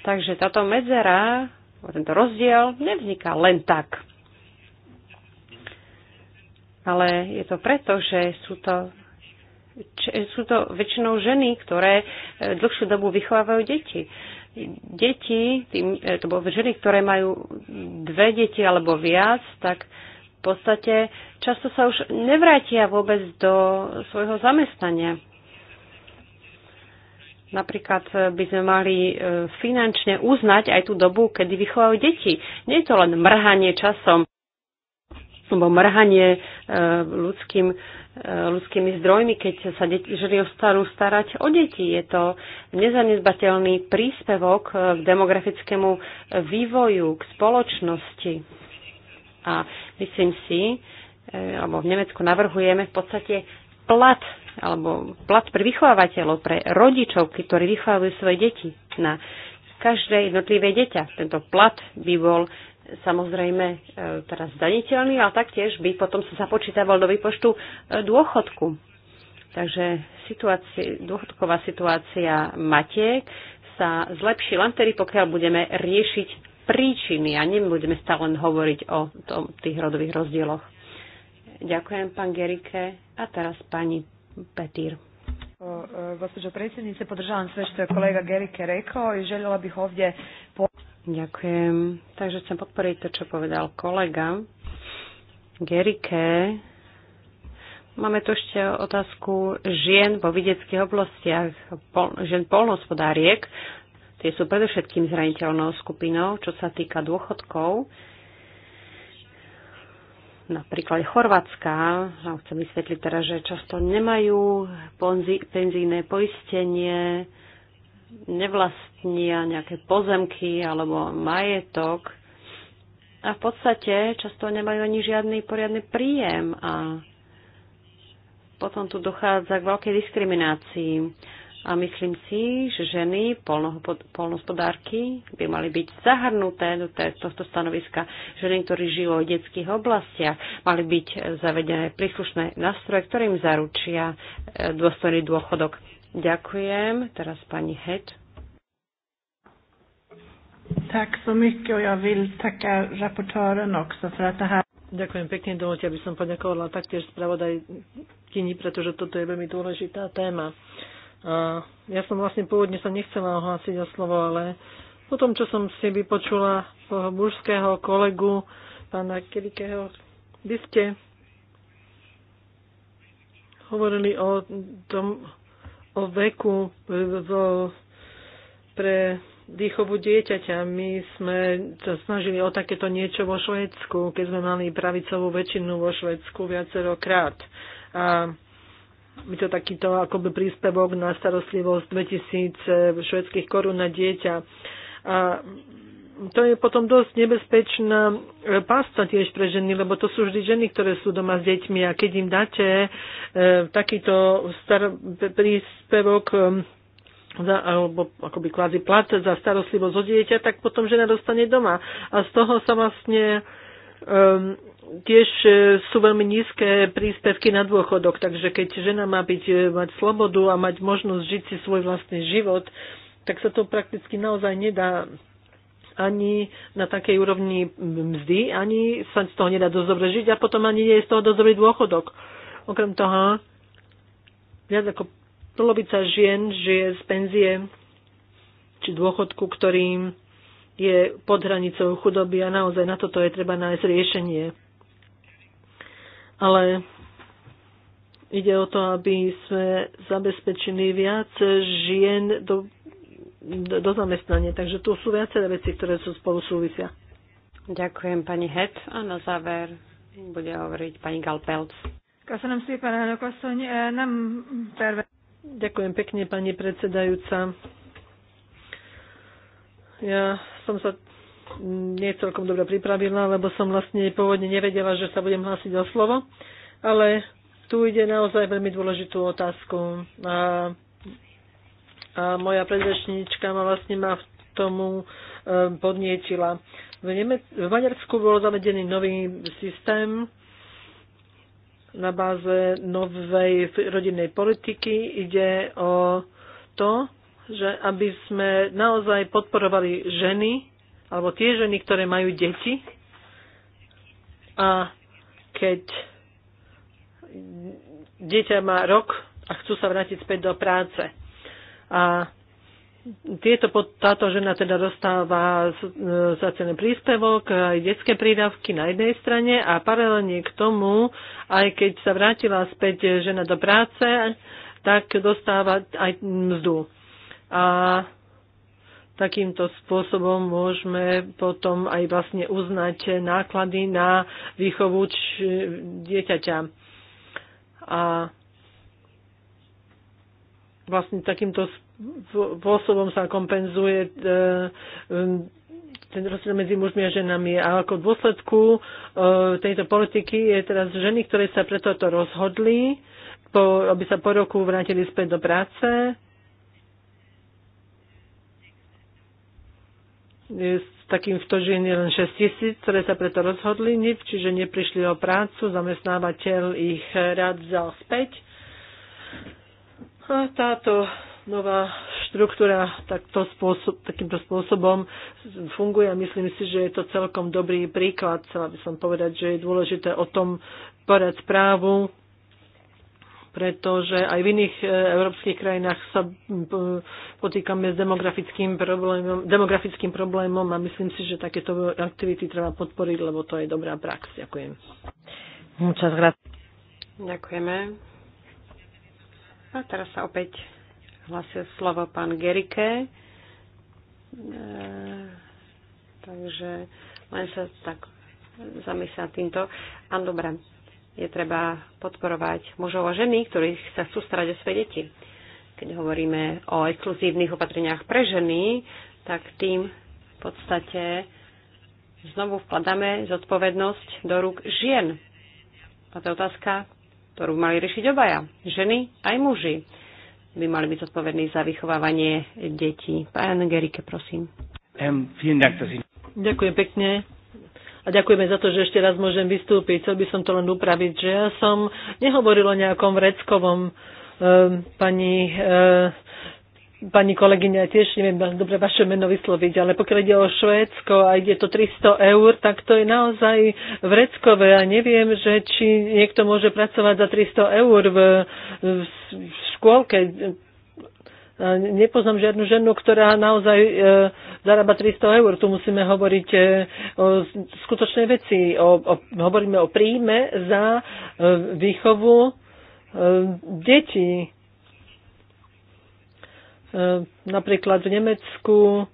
Speaker 2: Takže táto medzera, tento rozdiel nevzniká len tak ale je to preto, že sú to, sú to väčšinou ženy, ktoré e, dlhšiu dobu vychovávajú deti. Deti, tým, e, to bolo ženy, ktoré majú dve deti alebo viac, tak v podstate často sa už nevrátia vôbec do svojho zamestnania. Napríklad by sme mali e, finančne uznať aj tú dobu, kedy vychovajú deti. Nie je to len mrhanie časom alebo mrhanie e, ľudským, e, ľudskými zdrojmi, keď sa deti, žili starať o deti. Je to nezanedbateľný príspevok e, k demografickému vývoju, k spoločnosti. A myslím si, alebo v Nemecku navrhujeme v podstate plat alebo plat pre vychovávateľov, pre rodičov, ktorí vychovávajú svoje deti na každé jednotlivé deťa. Tento plat by bol samozrejme e, teraz zdaniteľný, ale taktiež by potom sa započítaval do výpočtu e, dôchodku. Takže situácia, dôchodková situácia matiek sa zlepší len vtedy, pokiaľ budeme riešiť príčiny a nebudeme stále len hovoriť o tom, tých rodových rozdieloch. Ďakujem, pán Gerike. A teraz pani Petír. E, Gospodžo predsednice, podržávam sve čo je kolega Gerike rekao i željela bych ovdje... Po... Ďakujem. Takže chcem podporiť to, čo povedal kolega Gerike. Máme tu ešte otázku žien vo videckých oblastiach, pol, žien polnospodáriek. Tie sú predovšetkým zraniteľnou skupinou, čo sa týka dôchodkov. Napríklad Chorvátska, a chcem vysvetliť teraz, že často nemajú penzíne poistenie, nevlastnia nejaké pozemky alebo majetok a v podstate často nemajú ani žiadny poriadny príjem a potom tu dochádza k veľkej diskriminácii. A myslím si, že ženy polnohospodárky by mali byť zahrnuté do tohto stanoviska. Ženy, ktorí žijú v detských oblastiach, mali byť zavedené príslušné nástroje, ktorým zaručia e, dôstojný dôchodok. Ďakujem. Teraz pani Het.
Speaker 1: Tak so mycket och jag vill tacka rapportören också för att det här Ďakujem pekne, dovolte, aby som poďakovala taktiež spravodajkyni, pretože toto je veľmi dôležitá téma. A ja som vlastne pôvodne sa nechcela ohlásiť o slovo, ale po tom, čo som si vypočula toho mužského kolegu, pána Kirikeho, vy ste hovorili o tom, o veku e, vo, pre výchovu dieťaťa. My sme sa snažili o takéto niečo vo Švedsku, keď sme mali pravicovú väčšinu vo Švedsku viacerokrát. A my to takýto akoby príspevok na starostlivosť 2000 e, švedských korún na dieťa. A to je potom dosť nebezpečná e, pasta tiež pre ženy, lebo to sú vždy ženy, ktoré sú doma s deťmi a keď im dáte e, takýto star- príspevok e, za, alebo akoby kvázi plat za starostlivosť o dieťa, tak potom žena dostane doma. A z toho sa vlastne e, tiež sú veľmi nízke príspevky na dôchodok, takže keď žena má byť, e, mať slobodu a mať možnosť žiť si svoj vlastný život, tak sa to prakticky naozaj nedá ani na takej úrovni mzdy, ani sa z toho nedá dosť dobre žiť a potom ani nie je z toho dosť dobrý dôchodok. Okrem toho, viac ako polovica žien žije z penzie či dôchodku, ktorým je pod hranicou chudoby a naozaj na toto je treba nájsť riešenie. Ale ide o to, aby sme zabezpečili viac žien do do, do zamestnania. Takže tu sú viaceré veci, ktoré sú spolu súvisia. Ďakujem pani Het a na
Speaker 2: záver bude hovoriť pani Galpelc.
Speaker 1: Eh, Ďakujem pekne, pani predsedajúca. Ja som sa nie celkom dobre pripravila, lebo som vlastne pôvodne nevedela, že sa budem hlásiť o slovo, ale tu ide naozaj veľmi dôležitú otázku. A a moja predrečníčka ma vlastne ma v tomu eh, podnietila. V, Nemec- v Maďarsku bol zavedený nový systém na báze novej rodinnej politiky. Ide o to, že aby sme naozaj podporovali ženy, alebo tie ženy, ktoré majú deti. A keď dieťa má rok a chcú sa vrátiť späť do práce a tieto, táto žena teda dostáva e, za cený príspevok, e, aj detské prídavky na jednej strane a paralelne k tomu, aj keď sa vrátila späť e, žena do práce, tak dostáva aj mzdu. A takýmto spôsobom môžeme potom aj vlastne uznať náklady na výchovu dieťaťa. A vlastne takýmto spôsobom sa kompenzuje e, ten rozdiel medzi mužmi a ženami. A ako dôsledku e, tejto politiky je teraz ženy, ktoré sa pre toto rozhodli, po, aby sa po roku vrátili späť do práce. Je takým v to, že je len 6 tisíc, ktoré sa preto rozhodli, čiže neprišli o prácu, zamestnávateľ ich rád vzal späť a táto nová štruktúra takto spôsob, takýmto spôsobom funguje a myslím si, že je to celkom dobrý príklad. Chcela by som povedať, že je dôležité o tom porať správu, pretože aj v iných e, európskych krajinách sa potýkame s demografickým problémom, demografickým problémom a myslím si, že takéto aktivity treba podporiť, lebo to je dobrá prax. Ďakujem. Muchas gracias. Ďakujeme.
Speaker 2: A teraz sa opäť hlasil slovo pán Gerike. E, takže len sa tak zamyslieť týmto. Áno, dobre, je treba podporovať mužov a ženy, ktorí sa sústrať o svoje deti. Keď hovoríme o exkluzívnych opatreniach pre ženy, tak tým v podstate znovu vkladáme zodpovednosť do rúk žien. A to je otázka, ktorú mali riešiť obaja, ženy aj muži by mali byť zodpovední za vychovávanie detí. Pán Gerike, prosím.
Speaker 1: Ďakujem pekne. A ďakujeme za to, že ešte raz môžem vystúpiť. Chcel by som to len upraviť, že ja som nehovoril o nejakom vreckovom eh, pani eh, pani kolegyňa, ja tiež neviem dobre vaše meno vysloviť, ale pokiaľ ide o Švédsko a ide to 300 eur, tak to je naozaj vreckové a neviem, že či niekto môže pracovať za 300 eur v, v škôlke. Nepoznám žiadnu ženu, ktorá naozaj e, zarába 300 eur. Tu musíme hovoriť e, o skutočnej veci. O, o, hovoríme o príjme za e, výchovu e, detí E, napríklad v Nemecku e,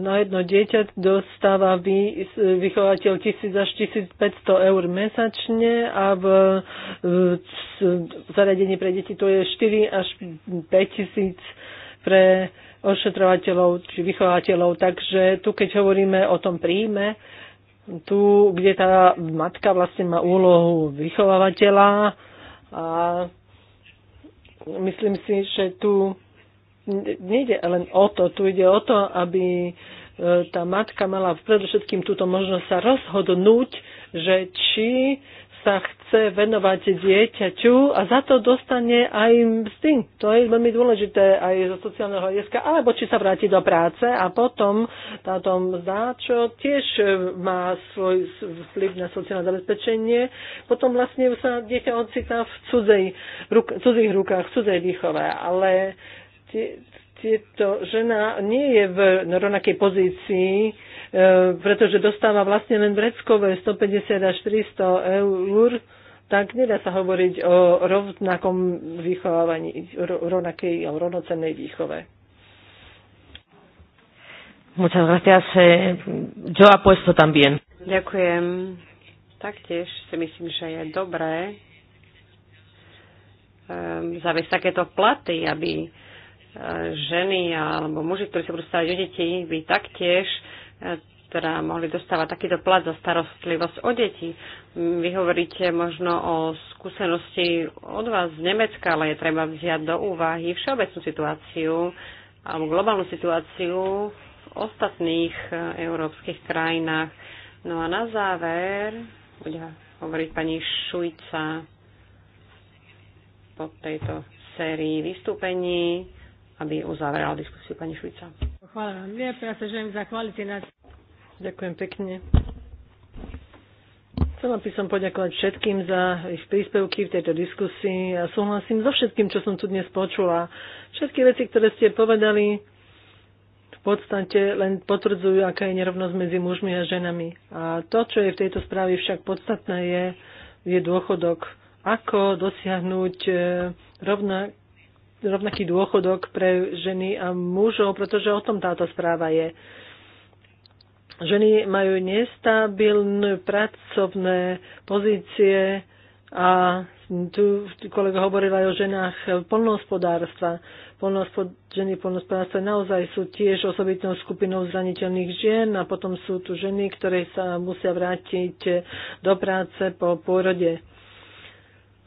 Speaker 1: na jedno dieťa dostáva vy, vychovateľ 1000 až 1500 eur mesačne a v, v zariadení pre deti to je 4 až 5000 pre ošetrovateľov či vychovateľov. Takže tu, keď hovoríme o tom príjme, tu, kde tá matka vlastne má úlohu vychovávateľa a myslím si, že tu nejde len o to, tu ide o to, aby e, tá matka mala predovšetkým túto možnosť sa rozhodnúť, že či sa chce venovať dieťaťu a za to dostane aj mzdy. To je veľmi dôležité aj zo sociálneho hľadiska, alebo či sa vráti do práce a potom táto mzda, čo tiež e, má svoj vplyv na sociálne zabezpečenie, potom vlastne sa dieťa ocitá v cudzej, ruk, cudzých rukách, v cudzej výchove. Ale tieto žena nie je v rovnakej pozícii, e, pretože dostáva vlastne len vreckové 150 až 300 eur, tak nedá sa hovoriť o rovnakom vychovávaní, rovnakej a rovnocennej výchove. Muchas gracias. Eh, yo apuesto también. Ďakujem.
Speaker 2: Taktiež si myslím, že je dobré um, ehm, zavesť takéto platy, aby ženy alebo muži, ktorí sa budú starať o deti, by taktiež eh, teda mohli dostávať takýto plat za starostlivosť o deti. Vy hovoríte možno o skúsenosti od vás z Nemecka, ale je treba vziať do úvahy všeobecnú situáciu alebo globálnu situáciu v ostatných eh, európskych krajinách. No a na záver bude hovoriť pani Šujca po tejto sérii vystúpení aby uzavrela diskusiu pani Švica.
Speaker 1: Hvala vám lijepo, ja sa želim zahvaliti na... Ďakujem pekne. Chcela by som poďakovať všetkým za ich príspevky v tejto diskusii a súhlasím so všetkým, čo som tu dnes počula. Všetky veci, ktoré ste povedali, v podstate len potvrdzujú, aká je nerovnosť medzi mužmi a ženami. A to, čo je v tejto správe však podstatné, je, je dôchodok. Ako dosiahnuť rovnak e, rovnaký dôchodok pre ženy a mužov, pretože o tom táto správa je. Ženy majú nestabilné pracovné pozície a tu kolega hovoril aj o ženách polnohospodárstva. Polnohospod, ženy polnohospodárstva naozaj sú tiež osobitnou skupinou zraniteľných žien a potom sú tu ženy, ktoré sa musia vrátiť do práce po pôrode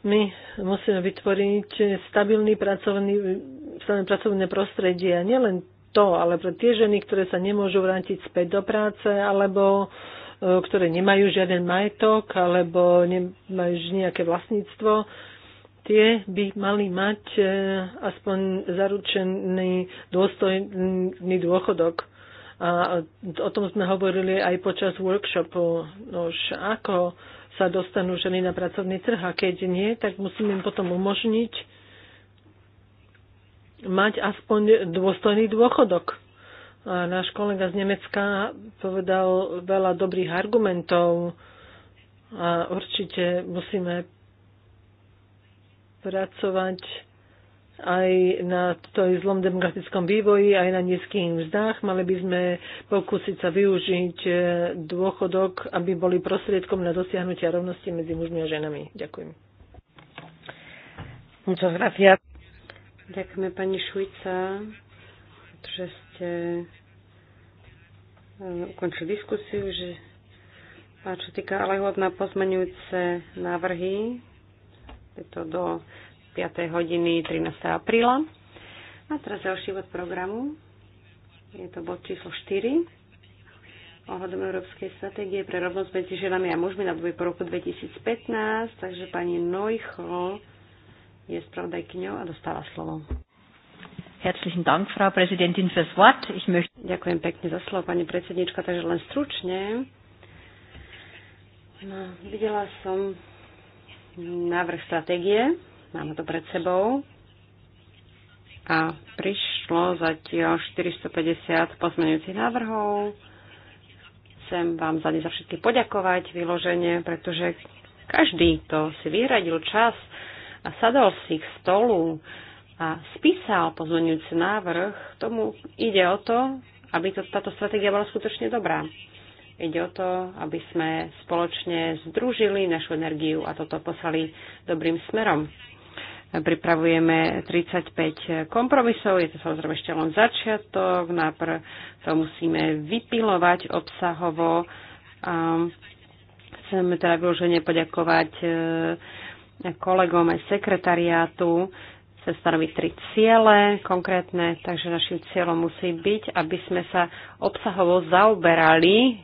Speaker 1: my musíme vytvoriť stabilný pracovný, stabilné pracovné prostredie. A nielen to, ale pre tie ženy, ktoré sa nemôžu vrátiť späť do práce, alebo e, ktoré nemajú žiaden majetok, alebo nemajú nejaké vlastníctvo, tie by mali mať e, aspoň zaručený dôstojný dôchodok. A o tom sme hovorili aj počas workshopu. Nož ako sa dostanú ženy na pracovný trh a keď nie, tak musíme im potom umožniť mať aspoň dôstojný dôchodok. A náš kolega z Nemecka povedal veľa dobrých argumentov a určite musíme pracovať aj na to zlom demokratickom vývoji, aj na nízkych mzdách. Mali by sme pokúsiť sa využiť e, dôchodok, aby boli prostriedkom na dosiahnutie rovnosti medzi mužmi a ženami. Ďakujem. Muchas gracias.
Speaker 2: Ďakujeme pani Šujca, že ste e, ukončili diskusiu, že a čo týka ale na pozmenujúce návrhy, je to do 5. hodiny 13. apríla. A teraz ďalší bod programu. Je to bod číslo 4 ohľadom Európskej stratégie pre rovnosť medzi ženami a mužmi na dobu po roku 2015. Takže pani Neuchl je spravodajkňou a dostáva slovo. Herzlichen Dank, Frau Präsidentin, fürs Wort. Ich möchte... Ďakujem pekne za slovo, pani predsednička, takže len stručne. No, videla som návrh stratégie Máme to pred sebou. A prišlo zatiaľ 450 pozmenujúcich návrhov. Chcem vám za ne za všetky poďakovať vyloženie, pretože každý to si vyhradil čas a sadol si k stolu a spísal pozmenujúci návrh. Tomu ide o to, aby to, táto stratégia bola skutočne dobrá. Ide o to, aby sme spoločne združili našu energiu a toto poslali dobrým smerom pripravujeme 35 kompromisov, je to samozrejme ešte len začiatok, najprv to musíme vypilovať obsahovo. a chceme teda vyloženie poďakovať e, kolegom aj sekretariátu, sa stanoviť tri ciele konkrétne, takže našim cieľom musí byť, aby sme sa obsahovo zaoberali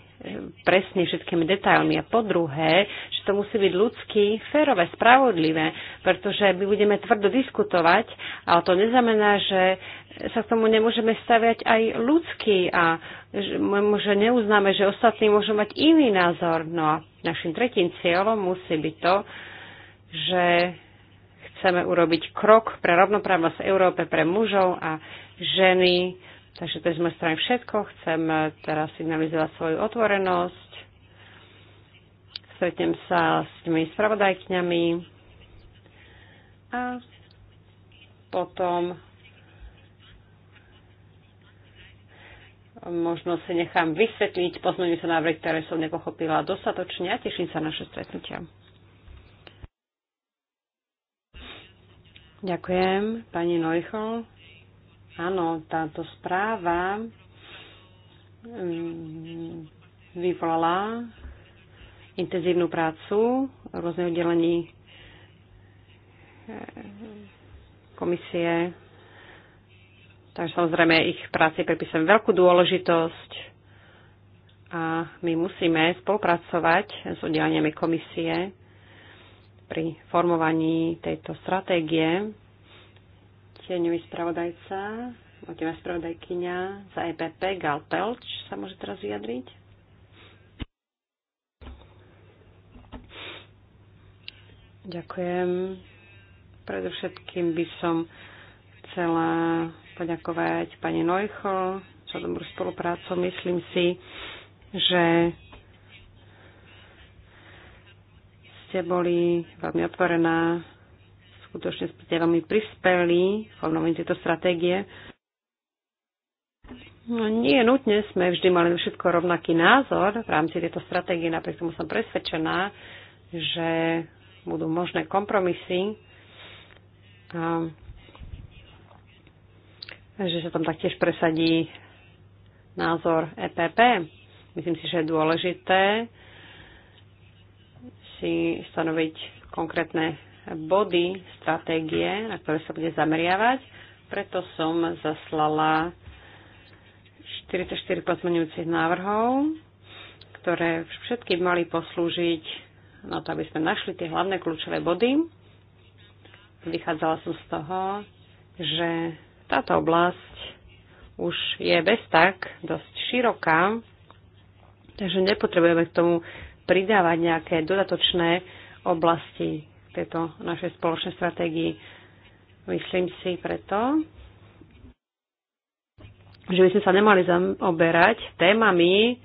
Speaker 2: presne všetkými detailmi. A po druhé, že to musí byť ľudský, férové, spravodlivé, pretože my budeme tvrdo diskutovať, ale to neznamená, že sa k tomu nemôžeme staviať aj ľudský a že neuznáme, že ostatní môžu mať iný názor. No a našim tretím cieľom musí byť to, že chceme urobiť krok pre rovnoprávnosť Európe pre mužov a ženy Takže to je z mojej strany všetko. Chcem eh, teraz signalizovať svoju otvorenosť. Stretnem sa s tými spravodajkňami a potom možno si nechám vysvetliť sa návrhy, ktoré som nepochopila dostatočne a teším sa na naše stretnutia. Ďakujem, pani Neuchel. Áno, táto správa mm, vyvolala intenzívnu prácu rôzne oddelení eh, komisie. Takže samozrejme ich práci pripisujem veľkú dôležitosť a my musíme spolupracovať s oddeleniami komisie pri formovaní tejto stratégie tieňový spravodajca, tieňová spravodajkyňa za EPP, Gal Pelč sa môže teraz vyjadriť. Ďakujem. Predovšetkým by som chcela poďakovať pani Nojcho za dobrú spoluprácu. Myslím si, že ste boli veľmi otvorená skutočne ste veľmi prispeli formovaní tejto stratégie. No, nie nutne sme vždy mali všetko rovnaký názor v rámci tejto stratégie, napriek tomu som presvedčená, že budú možné kompromisy a že sa tam taktiež presadí názor EPP. Myslím si, že je dôležité si stanoviť konkrétne body stratégie, na ktoré sa bude zameriavať. Preto som zaslala 44 pozmeňujúcich návrhov, ktoré všetky mali poslúžiť na to, aby sme našli tie hlavné kľúčové body. Vychádzala som z toho, že táto oblasť už je bez tak dosť široká, takže nepotrebujeme k tomu pridávať nejaké dodatočné oblasti tejto našej spoločnej stratégii. Myslím si preto, že by sme sa nemali zaoberať témami,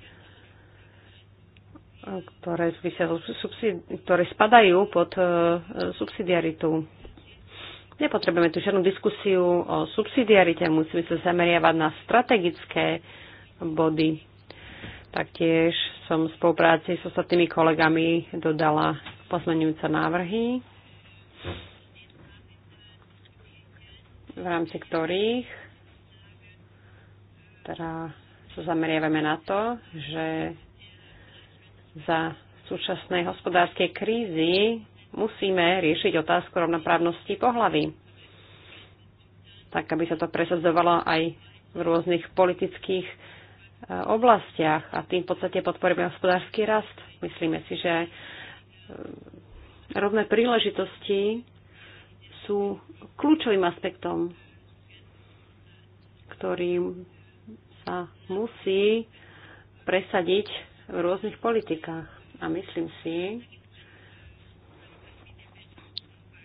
Speaker 2: ktoré, ktoré spadajú pod e, subsidiaritu. Nepotrebujeme tu žiadnu diskusiu o subsidiarite, musíme sa zameriavať na strategické body. Taktiež som v spolupráci s ostatnými kolegami dodala pozmenujúce návrhy, v rámci ktorých teda sa zameriavame na to, že za súčasnej hospodárskej krízy musíme riešiť otázku rovnoprávnosti pohlavy. Tak, aby sa to presadzovalo aj v rôznych politických e, oblastiach a tým v podstate podporíme hospodársky rast. Myslíme si, že E, rovné príležitosti sú kľúčovým aspektom, ktorým sa musí presadiť v rôznych politikách. A myslím si,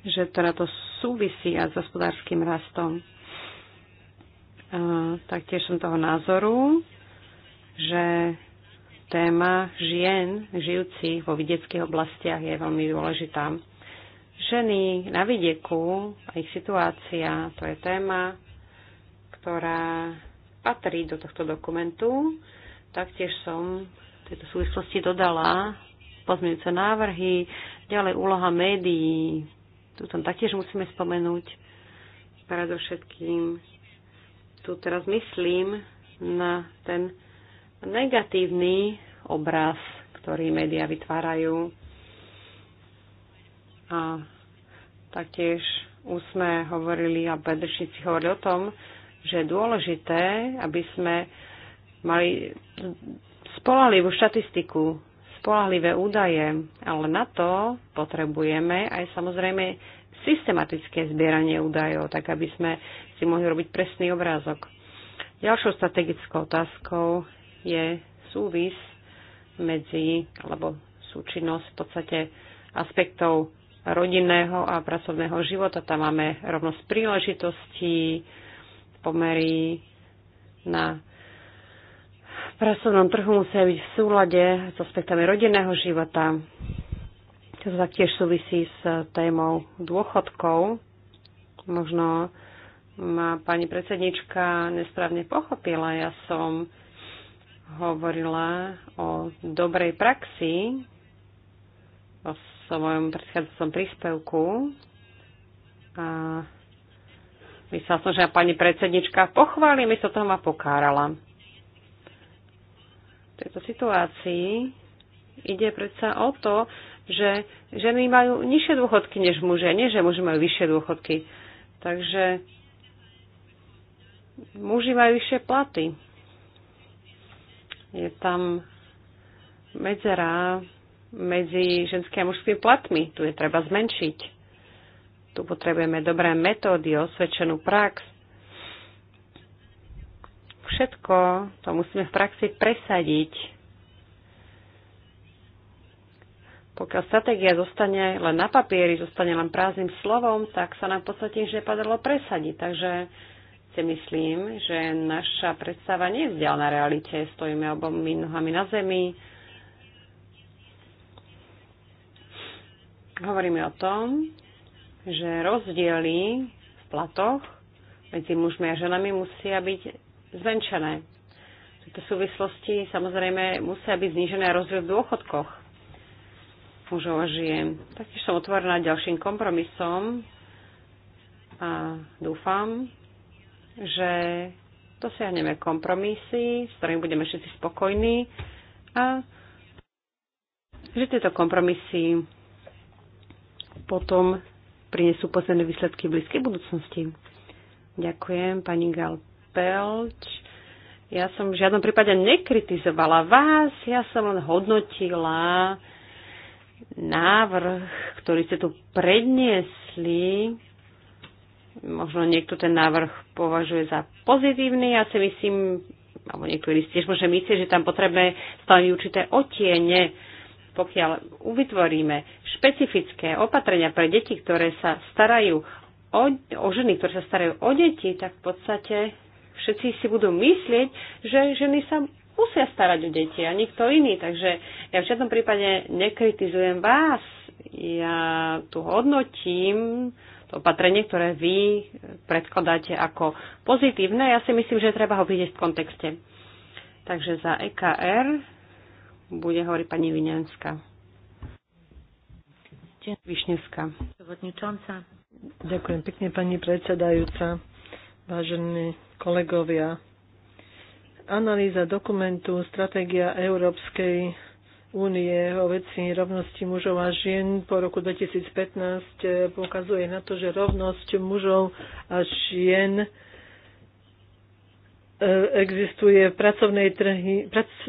Speaker 2: že teda to súvisí aj s hospodárským rastom. E, taktiež som toho názoru, že téma žien žijúcich vo vidieckých oblastiach je veľmi dôležitá. Ženy na vidieku a ich situácia, to je téma, ktorá patrí do tohto dokumentu. Taktiež som v tejto súvislosti dodala pozmeňujúce návrhy, ďalej úloha médií, tu tam taktiež musíme spomenúť, predovšetkým tu teraz myslím na ten negatívny obraz, ktorý médiá vytvárajú. A taktiež už sme hovorili a predrečníci hovorili o tom, že je dôležité, aby sme mali spolahlivú štatistiku, spolahlivé údaje, ale na to potrebujeme aj samozrejme systematické zbieranie údajov, tak aby sme si mohli robiť presný obrázok. Ďalšou strategickou otázkou je súvis medzi, alebo súčinnosť v podstate aspektov rodinného a pracovného života. Tam máme rovnosť príležitostí, pomery na pracovnom trhu musia byť v súlade s aspektami rodinného života. To taktiež súvisí s témou dôchodkov. Možno ma pani predsednička nesprávne pochopila. Ja som hovorila o dobrej praxi vo svojom predchádzajúcom príspevku. A myslela som, že pani predsednička pochváli, sa toho ma pokárala. V tejto situácii ide predsa o to, že ženy majú nižšie dôchodky než muži, nie že muži majú vyššie dôchodky. Takže muži majú vyššie platy. Je tam medzera medzi ženskými a mužskými platmi. Tu je treba zmenšiť. Tu potrebujeme dobré metódy, osvedčenú prax. Všetko to musíme v praxi presadiť. Pokiaľ stratégia zostane len na papieri, zostane len prázdnym slovom, tak sa nám v podstate nič presadiť. Takže si myslím, že naša predstava nie je vzdialená realite. Stojíme obomi nohami na zemi. Hovoríme o tom, že rozdiely v platoch medzi mužmi a ženami musia byť zvenčené. V tejto súvislosti samozrejme musia byť znížené rozdiel v dôchodkoch mužov a žien. Taktiež som otvorená ďalším kompromisom a dúfam, že dosiahneme kompromisy, s ktorými budeme všetci spokojní a že tieto kompromisy potom prinesú posledné výsledky v blízkej budúcnosti. Ďakujem, pani Gal Pelč. Ja som v žiadnom prípade nekritizovala vás, ja som len hodnotila návrh, ktorý ste tu predniesli Možno niekto ten návrh považuje za pozitívny. Ja si myslím, alebo niektorí tiež môže myslieť, že tam potrebné stále určité otiene, pokiaľ uvytvoríme špecifické opatrenia pre deti, ktoré sa starajú o, o ženy, ktoré sa starajú o deti, tak v podstate všetci si budú myslieť, že ženy sa musia starať o deti a nikto iný. Takže ja v žiadnom prípade nekritizujem vás. Ja tu hodnotím opatrenie, ktoré vy predkladáte ako pozitívne. Ja si myslím, že treba ho vidieť v kontexte. Takže za EKR bude hovoriť pani Vinenská.
Speaker 1: Višnevská. Ďakujem pekne, pani predsedajúca. Vážení kolegovia, analýza dokumentu Stratégia Európskej únie o veci rovnosti mužov a žien po roku 2015 eh, poukazuje na to, že rovnosť mužov a žien eh, existuje v pracovnej trhy,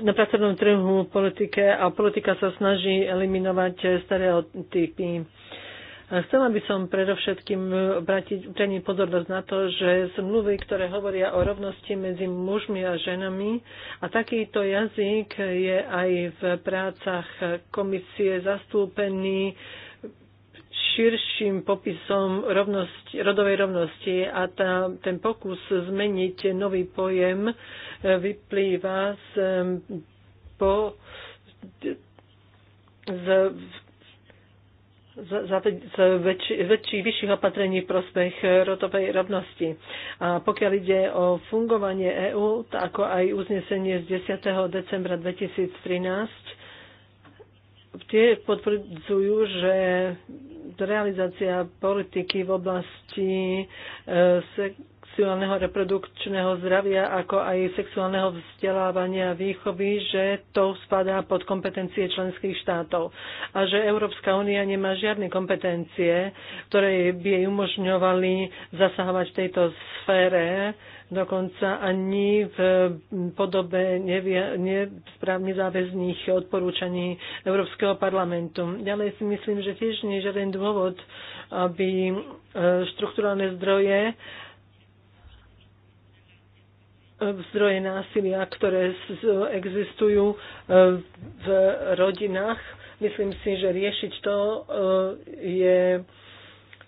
Speaker 1: na pracovnom trhu politike a politika sa snaží eliminovať stereotypy. Chcela by som predovšetkým úplne eh, pozornosť na to, že zmluvy, ktoré hovoria o rovnosti medzi mužmi a ženami, a takýto jazyk je aj v prácach komisie zastúpený širším popisom rovnosti, rodovej rovnosti a tá, ten pokus zmeniť nový pojem eh, vyplýva z, eh, po, z za, z vyšších opatrení prospech eh, rodovej rovnosti. A pokiaľ ide o fungovanie EÚ, ako aj uznesenie z 10. decembra 2013, tie potvrdzujú, že realizácia politiky v oblasti e, sexuálneho reprodukčného zdravia, ako aj sexuálneho vzdelávania a výchovy, že to spadá pod kompetencie členských štátov a že Európska únia nemá žiadne kompetencie, ktoré by jej umožňovali zasahovať v tejto sfére, dokonca ani v podobe nesprávne záväzných odporúčaní Európskeho parlamentu. Ďalej si myslím, že tiež nie je žiaden dôvod, aby e, štruktúrálne zdroje zdroje násilia, ktoré existujú e, v rodinách. Myslím si, že riešiť to e, je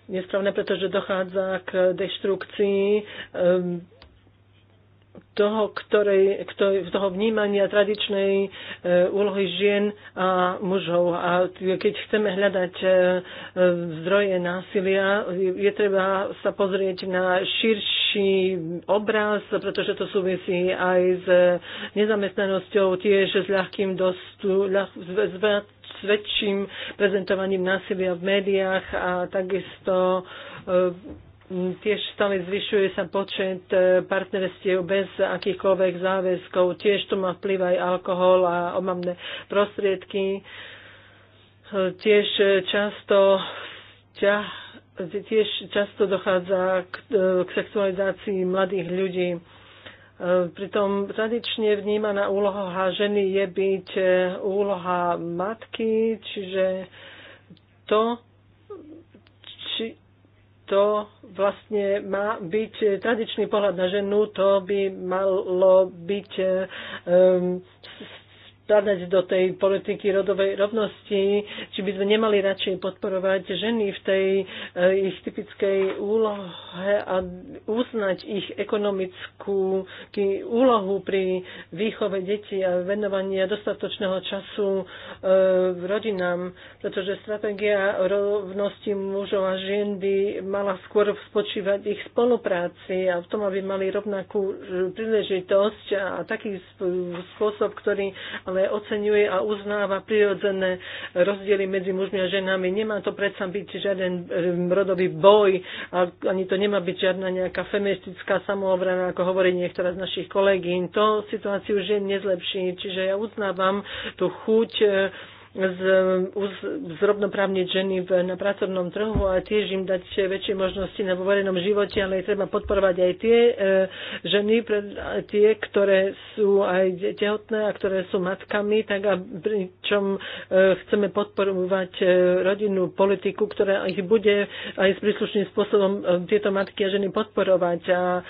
Speaker 1: nesprávne, pretože dochádza k deštrukcii e, toho, ktorej, ktorej, toho vnímania tradičnej e, úlohy žien a mužov. A keď chceme hľadať e, zdroje násilia, je, je treba sa pozrieť na širšie širší obraz, pretože to súvisí aj s nezamestnanosťou, tiež s ľahkým dostu, ľah, s, s väčším prezentovaním násilia v médiách a takisto e, tiež stále zvyšuje sa počet e, partnerstiev bez akýchkoľvek záväzkov. Tiež to má vplyv aj alkohol a omamné prostriedky. E, tiež často vzťah tiež často dochádza k, e, k sexualizácii mladých ľudí. E, pritom tradične vnímaná úloha ženy je byť e, úloha matky, čiže to, či to vlastne má byť tradičný pohľad na ženu, to by malo byť um, vkladať do tej politiky rodovej rovnosti, či by sme nemali radšej podporovať ženy v tej eh, ich typickej úlohe a uznať ich ekonomickú úlohu pri výchove detí a venovania dostatočného času eh, rodinám, pretože stratégia rovnosti mužov a žien by mala skôr spočívať ich spolupráci a v tom, aby mali rovnakú eh, príležitosť a taký spôsob, ktorý ale ktoré oceňuje a uznáva prirodzené rozdiely medzi mužmi a ženami. Nemá to predsa byť žiaden rodový boj, ani to nemá byť žiadna nejaká feministická samoobrana, ako hovorí niektorá z našich kolegín. To situáciu žien nezlepší, čiže ja uznávam tú chuť z, z, zrovnoprávniť ženy v, na pracovnom trhu a tiež im dať väčšie možnosti na verejnom živote, ale je treba podporovať aj tie e, ženy, pre, tie, ktoré sú aj tehotné a ktoré sú matkami, tak a pričom e, chceme podporovať e, rodinnú politiku, ktorá ich bude aj s príslušným spôsobom e, tieto matky a ženy podporovať a e,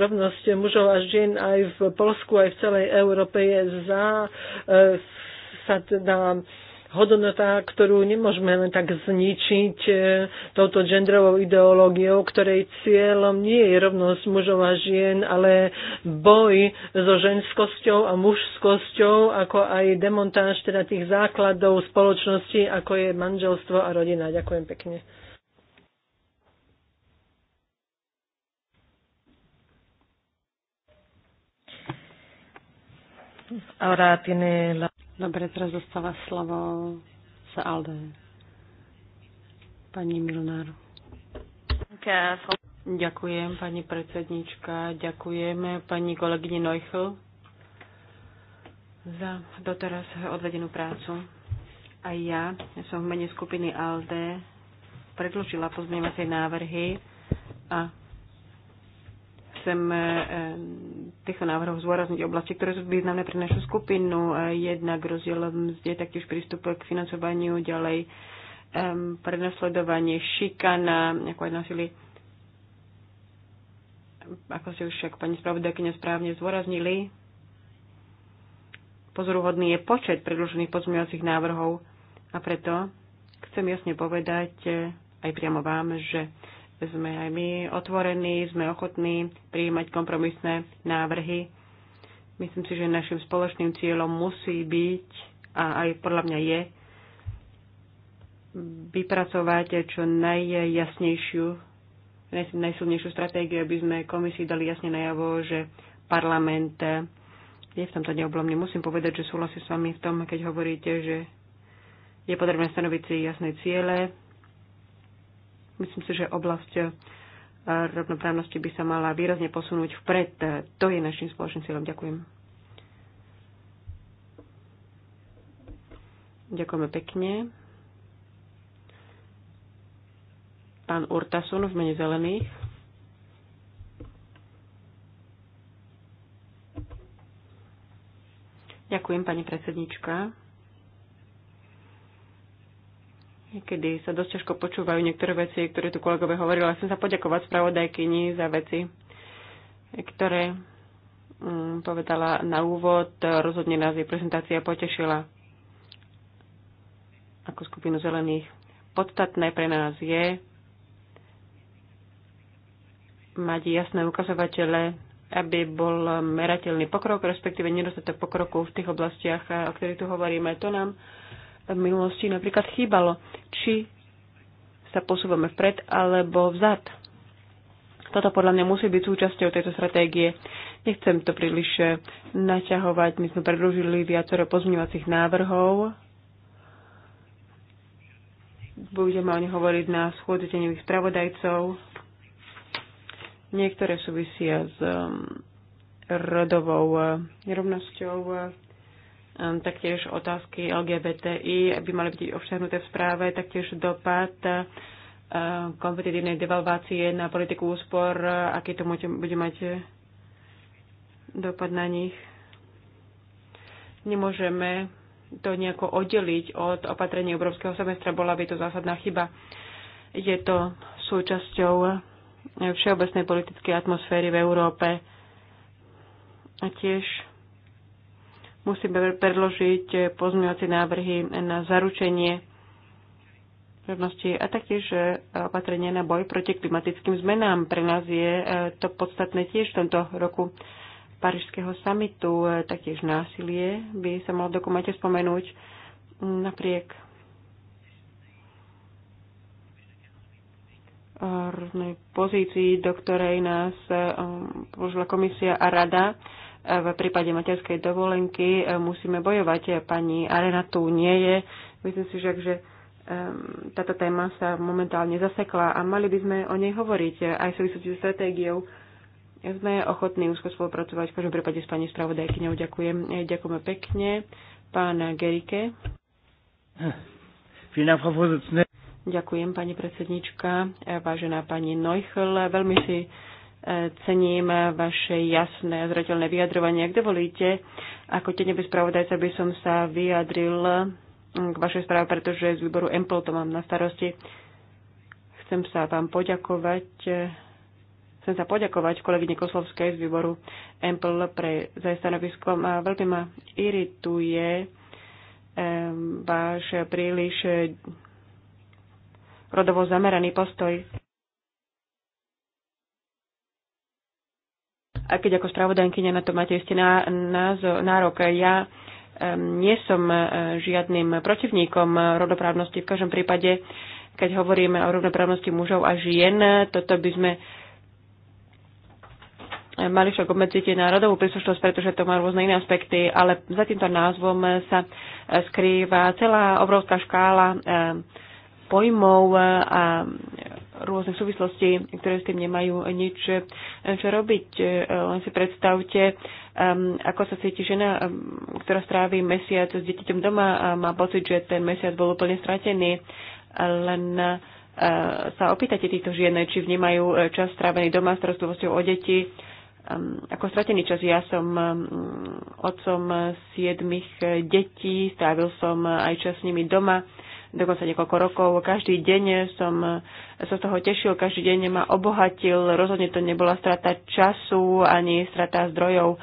Speaker 1: rovnosť mužov a žien aj v Polsku, aj v celej Európe je za e, sa teda hodnota, ktorú nemôžeme len tak zničiť e, touto genderovou ideológiou, ktorej cieľom nie je rovnosť mužov a žien, ale boj so ženskosťou a mužskosťou, ako aj demontáž teda tých základov spoločnosti, ako je manželstvo a rodina. Ďakujem pekne.
Speaker 2: Ahora tiene la... Dobre, teraz dostáva slovo sa Alde. Pani Milnár. Ďakujem, pani predsednička. Ďakujem, pani kolegyni Neuchl za doteraz odvedenú prácu. A ja, ja som v mene skupiny ALDE predložila pozmeňovacie návrhy a chcem eh, týchto návrhov zúrazniť oblasti, ktoré sú významné pre našu skupinu. E, jednak rozdiel mzde, taktiež prístup k financovaniu, ďalej um, prenasledovanie, šikana, ako aj násilie. Ako ste už však pani spravodajkyňa správne zúraznili, pozoruhodný je počet predložených pozmeňovacích návrhov a preto chcem jasne povedať e, aj priamo vám, že sme aj my otvorení, sme ochotní prijímať kompromisné návrhy. Myslím si, že našim spoločným cieľom musí byť, a aj podľa mňa je, vypracovať čo najjasnejšiu, najsilnejšiu stratégiu, aby sme komisii dali jasne najavo, že parlament je v tomto neoblomný. Musím povedať, že súhlasím s vami v tom, keď hovoríte, že je potrebné stanoviť si jasné ciele, Myslím si, že oblasť eh, rovnoprávnosti by sa mala výrazne posunúť vpred. To je našim spoločným cieľom. Ďakujem. Ďakujeme pekne. Pán Urtasun v mene zelených. Ďakujem, pani predsednička. Niekedy sa dosť ťažko počúvajú niektoré veci, ktoré tu kolegové hovorili. Chcem sa poďakovať spravodajkyni za veci, ktoré mm, povedala na úvod. Rozhodne nás jej prezentácia potešila ako skupinu zelených. Podstatné pre nás je mať jasné ukazovatele, aby bol merateľný pokrok, respektíve nedostatok pokroku v tých oblastiach, o ktorých tu hovoríme. To nám v minulosti napríklad chýbalo. Či sa posúvame vpred alebo vzad. Toto podľa mňa musí byť súčasťou tejto stratégie. Nechcem to príliš e, naťahovať. My sme predložili viacero pozmývacích návrhov. Budeme o nich hovoriť na schôdze tenových spravodajcov. Niektoré súvisia s e, rodovou e, nerovnosťou v Ehm, taktiež otázky LGBTI by mali byť obsahnuté v správe, taktiež dopad ehm, kompetitívnej devalvácie na politiku úspor, aký to bude mať dopad na nich. Nemôžeme to nejako oddeliť od opatrení Európskeho semestra, bola by to zásadná chyba. Je to súčasťou všeobecnej politickej atmosféry v Európe. A tiež musíme predložiť pozmeňovacie návrhy na zaručenie a taktiež e, opatrenie na boj proti klimatickým zmenám. Pre nás je e, to podstatné tiež v tomto roku Parížského samitu, e, taktiež násilie by sa malo dokumente spomenúť napriek rôznej pozícii, do ktorej nás um, položila komisia a rada v prípade materskej dovolenky e, musíme bojovať. E, pani Arena tu nie je. Myslím si, že, že táto téma sa momentálne zasekla a mali by sme o nej hovoriť e, aj v súvislosti so stratégiou. Sme ochotní úzko spolupracovať v každom prípade s pani spravodajkyňou. Ďakujem. Ďakujeme pekne. Pán Gerike. Ďakujem, pani predsednička, vážená pani Neuchl. Veľmi si Cením vaše jasné a zrateľné vyjadrovanie. Ak dovolíte, ako tenebý spravodajca by som sa vyjadril k vašej správe, pretože z výboru EMPL to mám na starosti. Chcem sa vám poďakovať. Chcem sa poďakovať kolegyne Koslovskej z výboru EMPL pre za stanovisko. A veľmi ma irituje ehm, váš príliš rodovo zameraný postoj. a keď ako spravodajkyňa na to máte ešte ná, názor, nárok, ja um, nie som uh, žiadnym protivníkom uh, rodoprávnosti. V každom prípade, keď hovoríme o rovnoprávnosti mužov a žien, toto by sme mali však obmedziť na rodovú príslušnosť, pretože to má rôzne iné aspekty, ale za týmto názvom sa e, skrýva celá obrovská škála e, pojmov a rôznych súvislostí, ktoré s tým nemajú nič eh, čo robiť. Eh, len si predstavte, ehm, ako sa cíti žena, ehm, ktorá strávi mesiac s dieťaťom doma a má pocit, že ten mesiac bol úplne stratený. Len eh, sa opýtate týchto žien, či vnímajú čas strávený doma starostlivosťou o deti ehm, ako stratený čas. Ja som otcom siedmých detí, strávil som aj čas s nimi doma dokonca niekoľko rokov. Každý deň som sa z toho tešil, každý deň ma obohatil. Rozhodne to nebola strata času ani strata zdrojov.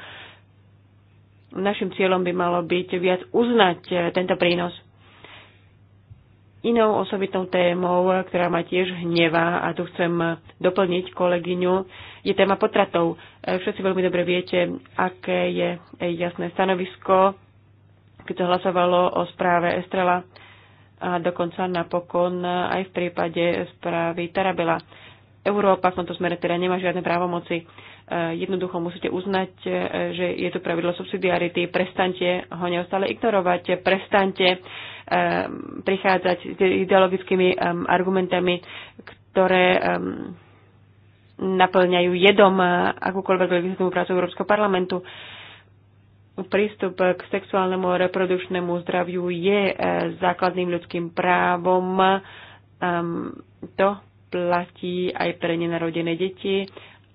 Speaker 2: Našim cieľom by malo byť viac uznať eh, tento prínos. Inou osobitnou témou, eh, ktorá ma tiež hnevá, a tu chcem eh, doplniť kolegyňu, je téma potratov. Všetci veľmi dobre viete, aké je jasné stanovisko, keď sa hlasovalo o správe Estrela a dokonca napokon aj v prípade správy Tarabela. Európa v tomto smere teda nemá žiadne právomoci. E, jednoducho musíte uznať, e, že je to pravidlo subsidiarity. Prestaňte ho neustále ignorovať. Prestaňte e, prichádzať s ideologickými argumentami, ktoré naplňajú jedom akúkoľvek legislatívnu prácu Európskeho parlamentu prístup k sexuálnemu a reprodukčnému zdraviu je eh, základným ľudským právom. Ehm, to platí aj pre nenarodené deti,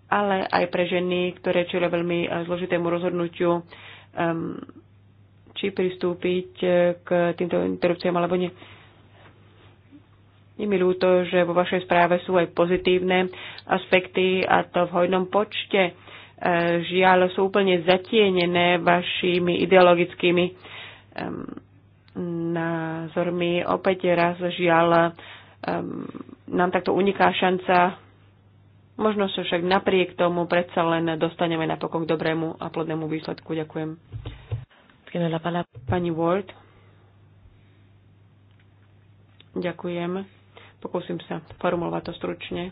Speaker 2: ale aj pre ženy, ktoré čelia veľmi eh, zložitému rozhodnutiu, ehm, či pristúpiť eh, k týmto interrupciám alebo nie. Je mi ľúto, že vo vašej správe sú aj pozitívne aspekty a to v hojnom počte žiaľ sú úplne zatienené vašimi ideologickými názormi. Opäť raz žiaľ nám takto uniká šanca. Možno sa však napriek tomu predsa len dostaneme napokon k dobrému a plodnému výsledku. Ďakujem. Pani Ward. Ďakujem. Pokúsim sa formulovať to stručne.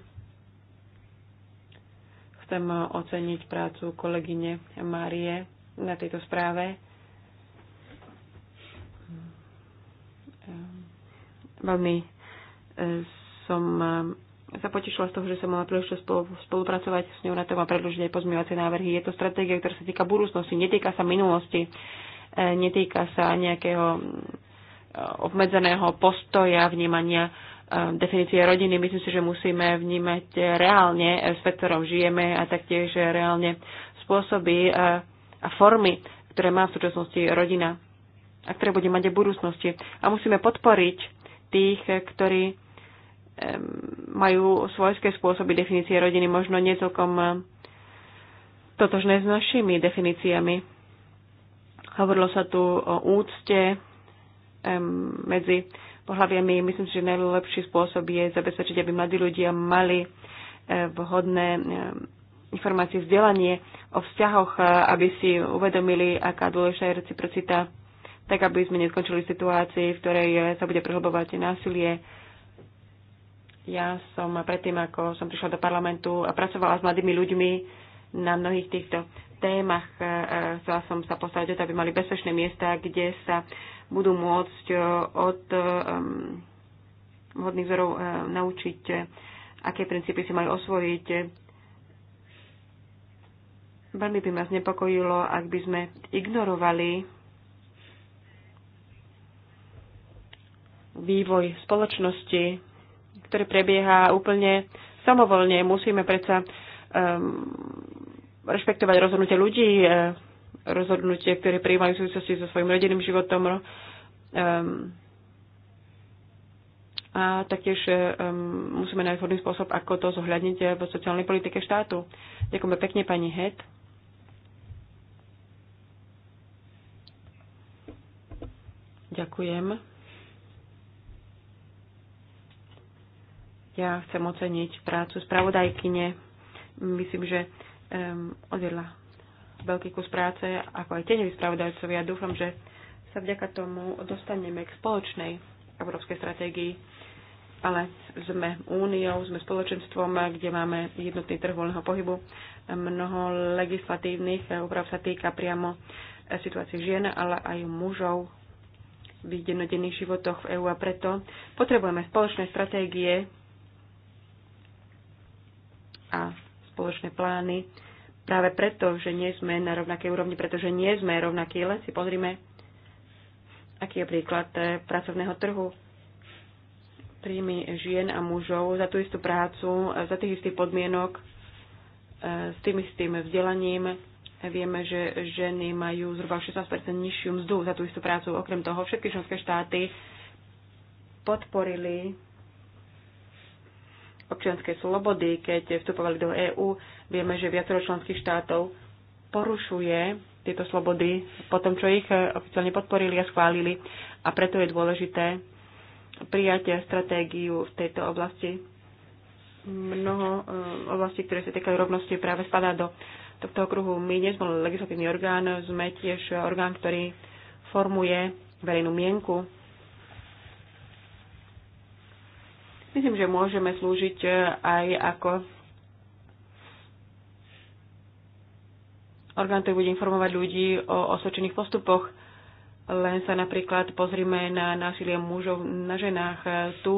Speaker 2: Chcem oceniť prácu kolegyne Márie na tejto správe. Veľmi e, som e, sa potešila z toho, že som mala príležitosť spolupracovať s ňou na tom a predložiť aj pozmývacie návrhy. Je to stratégia, ktorá sa týka budúcnosti, netýka sa minulosti, e, netýka sa nejakého obmedzeného postoja, vnímania Ehm, definície rodiny. Myslím si, že musíme vnímať reálne eh, svet, ktorom žijeme a taktiež reálne spôsoby eh, a formy, ktoré má v súčasnosti rodina a ktoré bude mať aj v budúcnosti. A musíme podporiť tých, eh, ktorí ehm, majú svojské spôsoby definície rodiny, možno nie celkom totožné s našimi definíciami. Hovorilo sa tu o úcte ehm, medzi pohľaviami. Myslím si, že najlepší spôsob je zabezpečiť, aby mladí ľudia mali e, vhodné e, informácie, vzdelanie o vzťahoch, e, aby si uvedomili, aká dôležitá je reciprocita, tak aby sme neskončili v situácii, v ktorej sa bude prehlbovať násilie. Ja som predtým, ako som prišla do parlamentu, a pracovala s mladými ľuďmi na mnohých týchto témach. Chcela som sa postarať o to, aby mali bezpečné miesta, kde sa budú môcť e, od e, vhodných vzorov e, naučiť, aké princípy si majú osvojiť. Veľmi by ma znepokojilo, ak by sme ignorovali vývoj spoločnosti, ktorý prebieha úplne samovolne. Musíme predsa um, rešpektovať rozhodnutie ľudí, rozhodnutie, ktoré prijímajú v súvislosti so svojím rodinným životom. Um, a taktiež um, musíme nájsť vhodný spôsob, ako to zohľadniť v sociálnej politike štátu. Ďakujem pekne, pani Het. Ďakujem. Ja chcem oceniť prácu spravodajkyne. Myslím, že um, ehm, odjedla veľký kus práce, ako aj tieňoví spravodajcovia. Dúfam, že sa vďaka tomu dostaneme k spoločnej európskej stratégii, ale sme úniou, sme spoločenstvom, kde máme jednotný trh voľného pohybu. Mnoho legislatívnych úprav sa týka priamo situácie žien, ale aj mužov v jednodenných životoch v EÚ a preto potrebujeme spoločné stratégie a spoločné plány práve preto, že nie sme na rovnakej úrovni, pretože nie sme rovnakí. Len si pozrime, aký je príklad eh, pracovného trhu. Príjmy žien a mužov za tú istú prácu, eh, za tých istých podmienok, eh, s tým istým vzdelaním. Vieme, že ženy majú zhruba 16% nižšiu mzdu za tú istú prácu. Okrem toho všetky členské štáty podporili občianske slobody, keď vstupovali do EÚ Vieme, že viacero členských štátov porušuje tieto slobody po tom, čo ich eh, oficiálne podporili a schválili. A preto je dôležité prijať stratégiu v tejto oblasti. Mnoho eh, oblastí, ktoré sa týkajú rovnosti, práve spadá do tohto okruhu. My nie sme legislatívny orgán, sme tiež orgán, ktorý formuje verejnú mienku. Myslím, že môžeme slúžiť eh, aj ako orgán, ktorý bude informovať ľudí o osvedčených postupoch. Len sa napríklad pozrime na násilie mužov na ženách. Tu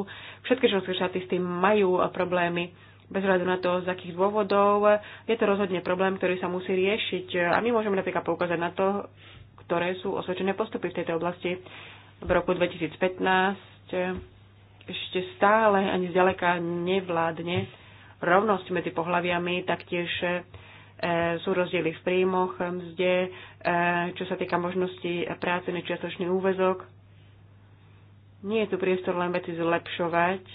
Speaker 2: všetky ženské štáty s tým majú problémy. Bez hľadu na to, z akých dôvodov, je to rozhodne problém, ktorý sa musí riešiť. A my môžeme napríklad poukázať na to, ktoré sú osvedčené postupy v tejto oblasti. V roku 2015 ešte stále ani zďaleka nevládne rovnosť medzi pohľaviami, taktiež E, sú rozdiely v príjmoch, e, mzde, e, čo sa týka možnosti práce na čiastočný úvezok. Nie je tu priestor len veci zlepšovať.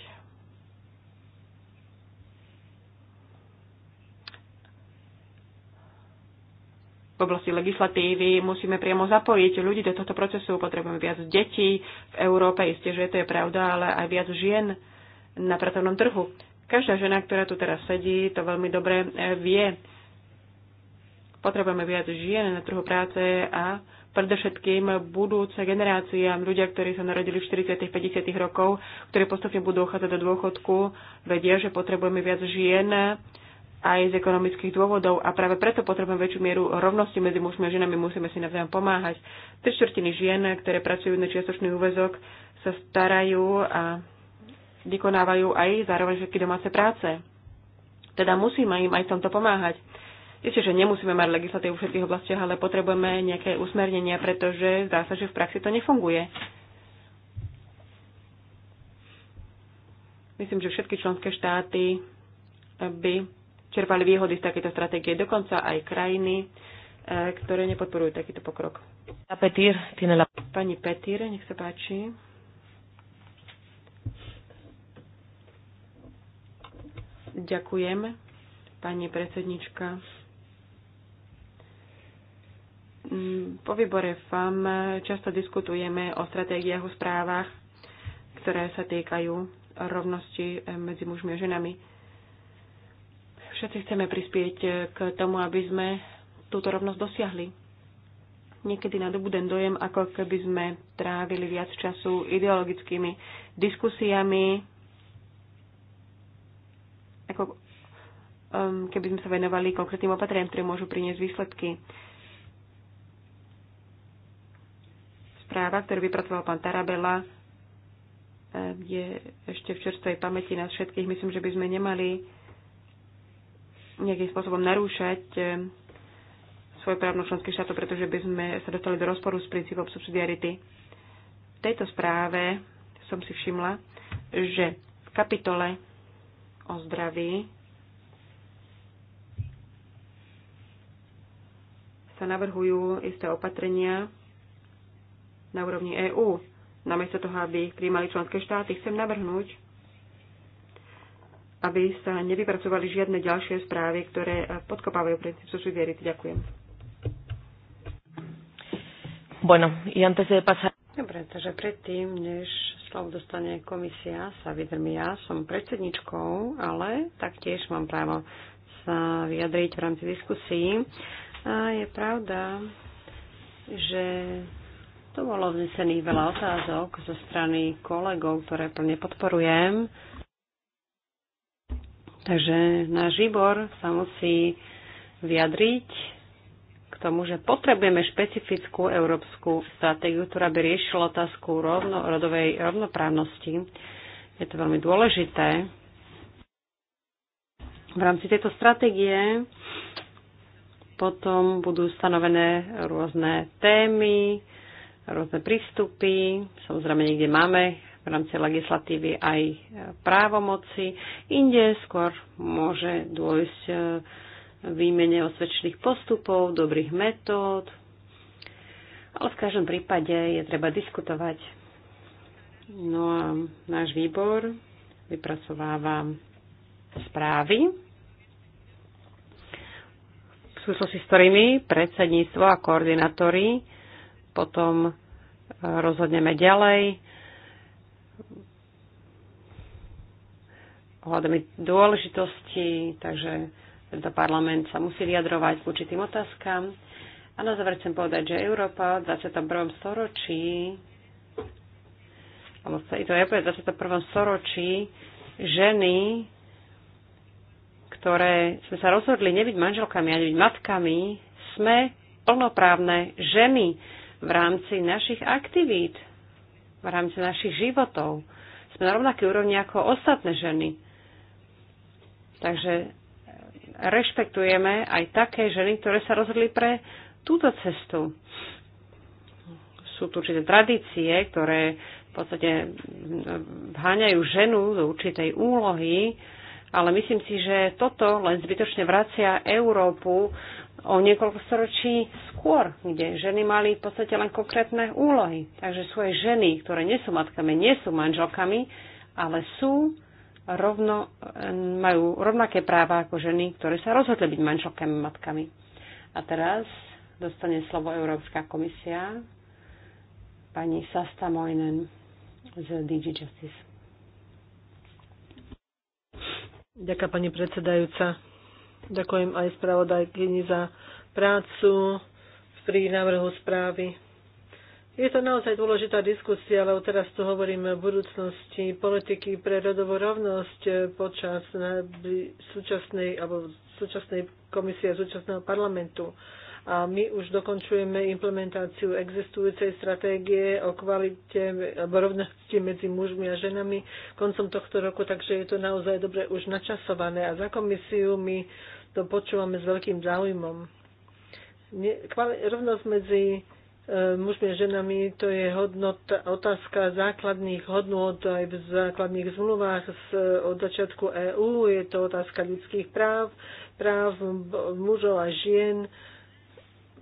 Speaker 2: V oblasti legislatívy musíme priamo zapojiť ľudí do tohto procesu. Potrebujeme viac detí v Európe, isté, že to je pravda, ale aj viac žien na pracovnom trhu. Každá žena, ktorá tu teraz sedí, to veľmi dobre vie Potrebujeme viac žien na trhu práce a predovšetkým budúce generáciám ľudia, ktorí sa narodili v 40. 50. rokov, ktorí postupne budú ochádzať do dôchodku, vedia, že potrebujeme viac žien aj z ekonomických dôvodov a práve preto potrebujeme väčšiu mieru rovnosti medzi mužmi a ženami, musíme si navzájom pomáhať. Tri štvrtiny žien, ktoré pracujú na čiastočný úvezok, sa starajú a vykonávajú aj zároveň všetky domáce práce. Teda musíme im aj v tomto pomáhať. Isté, že nemusíme mať legislatívu v všetkých oblastiach, ale potrebujeme nejaké usmernenia, pretože zdá sa, že v praxi to nefunguje. Myslím, že všetky členské štáty by čerpali výhody z takéto stratégie, dokonca aj krajiny, e, ktoré nepodporujú takýto pokrok. Pani Petír, nech sa páči. Ďakujem, pani predsednička. Mm, po výbore FAM často diskutujeme o stratégiách, o správach, ktoré sa týkajú rovnosti eh, medzi mužmi a ženami. Všetci chceme prispieť eh, k tomu, aby sme túto rovnosť dosiahli. Niekedy nadobudem dojem, ako keby sme trávili viac času ideologickými diskusiami, ako ehm, keby sme sa venovali konkrétnym opatreniam, ktoré môžu priniesť výsledky. správa, ktorú vypracoval pán Tarabela, eh, je ešte v čerstvej pamäti nás všetkých. Myslím, že by sme nemali nejakým spôsobom narúšať eh, svoje právno členských štátov, pretože by sme sa dostali do rozporu s princípom subsidiarity. V tejto správe som si všimla, že v kapitole o zdraví sa navrhujú isté opatrenia, na úrovni EÚ, namiesto toho, aby príjmali členské štáty. Chcem navrhnúť, aby sa nevypracovali žiadne ďalšie správy, ktoré podkopávajú princíp subsidiarity. Ďakujem.
Speaker 1: Bueno, y antes de pasar...
Speaker 2: Dobre, takže predtým, než slovo dostane komisia, sa vydrmi ja, som predsedničkou, ale taktiež mám právo sa vyjadriť v rámci diskusí. A je pravda, že to bolo vznesených veľa otázok zo strany kolegov, ktoré plne podporujem. Takže náš výbor sa musí vyjadriť k tomu, že potrebujeme špecifickú európsku stratégiu, ktorá by riešila otázku rovno, rodovej rovnoprávnosti. Je to veľmi dôležité. V rámci tejto stratégie potom budú stanovené rôzne témy, rôzne prístupy. Samozrejme, niekde máme v rámci legislatívy aj e, právomoci. Inde skôr môže dôjsť e, výmene osvedčených postupov, dobrých metód. Ale v každom prípade je treba diskutovať. No a náš výbor vypracováva správy, v súvislosti s ktorými predsedníctvo a koordinátori potom e, rozhodneme ďalej. Ohľadom dôležitosti, takže tento parlament sa musí vyjadrovať k určitým otázkam. A na záver chcem povedať, že Európa v 21. storočí alebo v tejto ebe v 21. storočí ženy, ktoré sme sa rozhodli nebyť manželkami ani byť matkami, sme plnoprávne ženy v rámci našich aktivít, v rámci našich životov. Sme na rovnaké úrovni ako ostatné ženy. Takže rešpektujeme aj také ženy, ktoré sa rozhodli pre túto cestu. Sú tu určité tradície, ktoré v podstate vháňajú ženu do určitej úlohy, ale myslím si, že toto len zbytočne vracia Európu o niekoľko storočí skôr, kde ženy mali v podstate len konkrétne úlohy. Takže sú aj ženy, ktoré nie sú matkami, nie sú manželkami, ale sú rovno, majú rovnaké práva ako ženy, ktoré sa rozhodli byť manželkami matkami. A teraz dostane slovo Európska komisia, pani Sasta Mojnen z DG Justice.
Speaker 1: Ďakujem, pani predsedajúca. Ďakujem aj spravodajkyni za prácu pri návrhu správy. Je to naozaj dôležitá diskusia, lebo teraz tu hovoríme o budúcnosti politiky pre rodovú rovnosť počas súčasnej, alebo súčasnej komisie súčasného parlamentu. A my už dokončujeme implementáciu existujúcej stratégie o kvalite alebo rovnosti medzi mužmi a ženami koncom tohto roku, takže je to naozaj dobre už načasované. A za komisiu my to počúvame s veľkým záujmom. Rovnosť medzi e, mužmi a ženami to je hodnota, otázka základných hodnot aj v základných zmluvách z, od začiatku EÚ. Je to otázka ľudských práv, práv mužov a žien.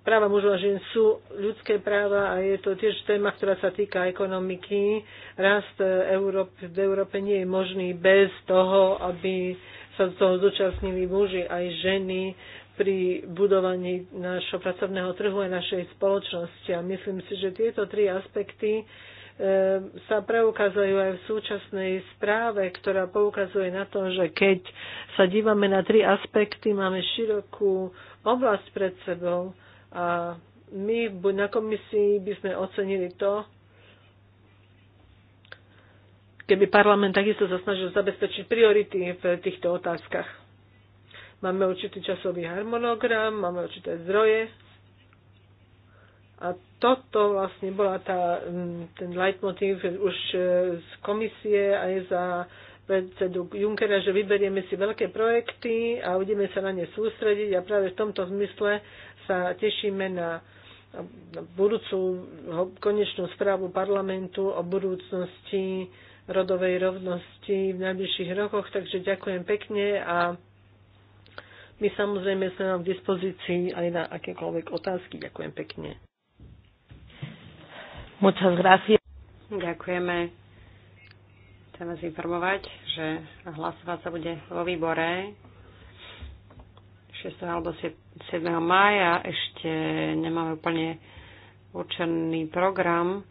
Speaker 1: Práva mužov a žien sú ľudské práva a je to tiež téma, ktorá sa týka ekonomiky. Rast e, Európy, v Európe nie je možný bez toho, aby sa toho zúčastnili muži aj ženy pri budovaní nášho pracovného trhu a našej spoločnosti. A myslím si, že tieto tri aspekty e, sa preukazujú aj v súčasnej správe, ktorá poukazuje na to, že keď sa dívame na tri aspekty, máme širokú oblasť pred sebou a my na komisii by sme ocenili to, keby parlament takisto sa snažil zabezpečiť priority v týchto otázkach. Máme určitý časový harmonogram, máme určité zdroje. A toto vlastne bola tá, ten leitmotiv už e, z komisie aj za predsedu Junckera, že vyberieme si veľké projekty a budeme sa na ne sústrediť a práve v tomto zmysle sa tešíme na budúcu konečnú správu parlamentu o budúcnosti rodovej rovnosti v najbližších rokoch. Takže ďakujem pekne a my samozrejme sme vám k dispozícii aj na akékoľvek otázky. Ďakujem pekne.
Speaker 2: Muchas gracias. Ďakujeme. Chcem vás informovať, že hlasovať sa bude vo výbore 6. alebo 7. mája. Ešte nemáme úplne určený program.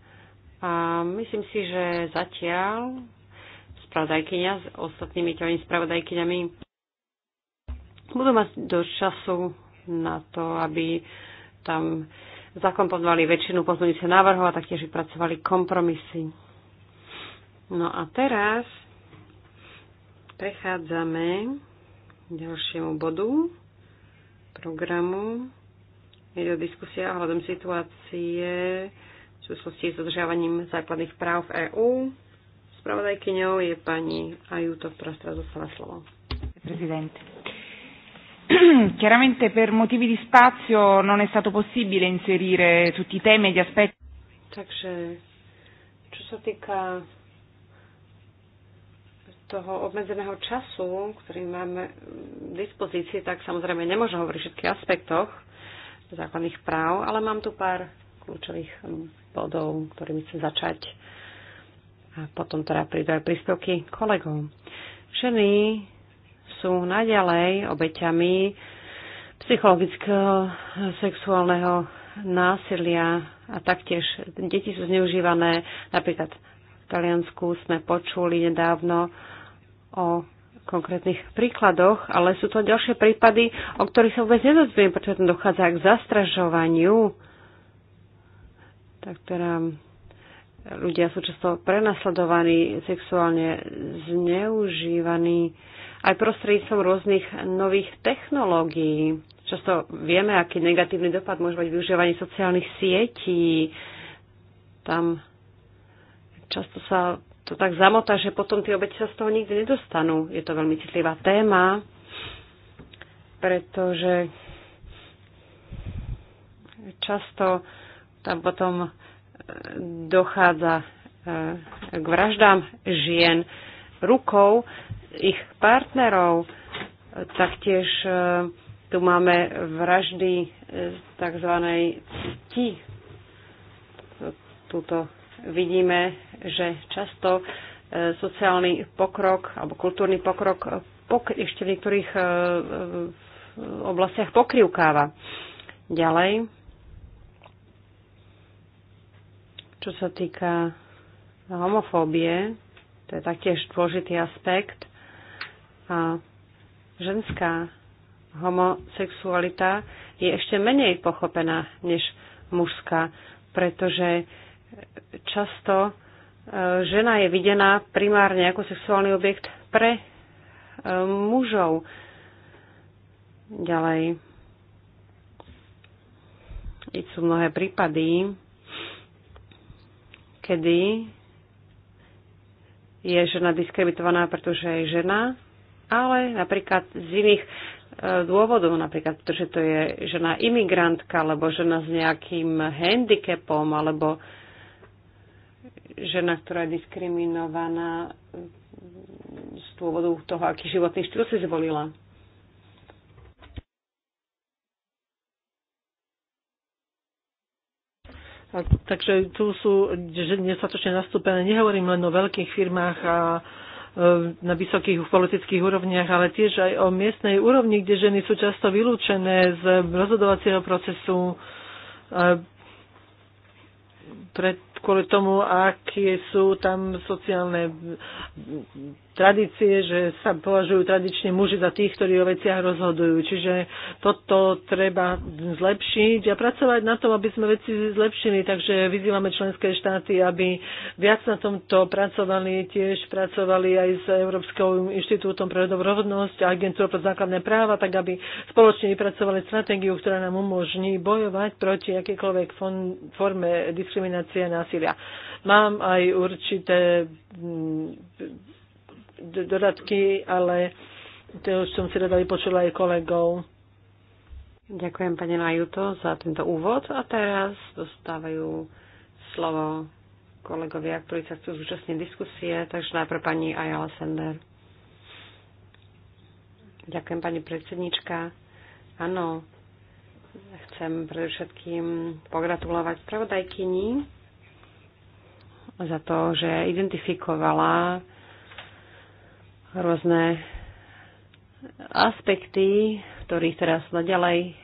Speaker 2: A myslím si, že zatiaľ spravodajkyňa s ostatnými ťaľnými spravodajkyňami budú mať do času na to, aby tam zakomponovali väčšinu pozmeňujúcich návrhov a taktiež vypracovali kompromisy. No a teraz prechádzame k ďalšiemu bodu programu. Je to diskusia ohľadom situácie súvislosti s dodržiavaním základných práv v EÚ. Spravodajkyňou je pani Ajuto, Prostra teraz dostala slovo.
Speaker 4: Prezident. <clears throat> Chiaramente per motivi di spazio non è stato possibile inserire tutti i temi e gli aspetti.
Speaker 2: Takže, čo sa týka toho obmedzeného času, ktorý máme v dispozícii, tak samozrejme nemôžem hovoriť o všetkých aspektoch základných práv, ale mám tu pár kľúčových um, bodov, ktorými chcem začať a potom teda prídu aj príspevky kolegov. Ženy sú naďalej obeťami psychologického sexuálneho násilia a taktiež deti sú zneužívané. Napríklad v Taliansku sme počuli nedávno o konkrétnych príkladoch, ale sú to ďalšie prípady, o ktorých sa vôbec nedozviem, pretože tam dochádza k zastražovaniu tak teda ľudia sú často prenasledovaní, sexuálne zneužívaní aj prostredníctvom rôznych nových technológií. Často vieme, aký negatívny dopad môže mať využívanie sociálnych sietí. Tam často sa to tak zamotá, že potom tie obete sa z toho nikdy nedostanú. Je to veľmi citlivá téma, pretože často tam potom e, dochádza e, k vraždám žien rukou ich partnerov. Taktiež e, tu máme vraždy tzv. cti. Tuto vidíme, že často sociálny pokrok alebo kultúrny pokrok ešte v niektorých oblastiach pokrivkáva. Ďalej čo sa týka homofóbie, to je taktiež dôležitý aspekt, a ženská homosexualita je ešte menej pochopená než mužská, pretože často e, žena je videná primárne ako sexuálny objekt pre e, mužov. Ďalej. I sú mnohé prípady, kedy je žena diskriminovaná, pretože je žena, ale napríklad z iných e, dôvodov, napríklad pretože to je žena imigrantka, alebo žena s nejakým handicapom, alebo žena, ktorá je diskriminovaná z dôvodu toho, aký životný štýl si zvolila.
Speaker 1: A, takže tu sú nedostatočne zastúpené. Nehovorím len o veľkých firmách a e, na vysokých politických úrovniach, ale tiež aj o miestnej úrovni, kde ženy sú často vylúčené z rozhodovacieho procesu. Pred, kvôli tomu, aké sú tam sociálne tradície, že sa považujú tradične muži za tých, ktorí o veciach rozhodujú. Čiže toto treba zlepšiť a pracovať na tom, aby sme veci zlepšili. Takže vyzývame členské štáty, aby viac na tomto pracovali, tiež pracovali aj s Európskou inštitútom pre rovnosť a agentúrou pre základné práva, tak aby spoločne vypracovali stratégiu, ktorá nám umožní bojovať proti akýkoľvek forme diskriminácie na násilia. Mám aj určité mm, dodatky, ale to už som si rada vypočula aj kolegov. Ďakujem pani Lajuto za tento úvod a teraz dostávajú
Speaker 2: slovo kolegovia, ktorí sa chcú zúčastniť diskusie, takže najprv pani Ajala Sender. Ďakujem pani predsednička. Áno, chcem predovšetkým pogratulovať spravodajkyni za to, že identifikovala rôzne aspekty, v ktorých teraz naďalej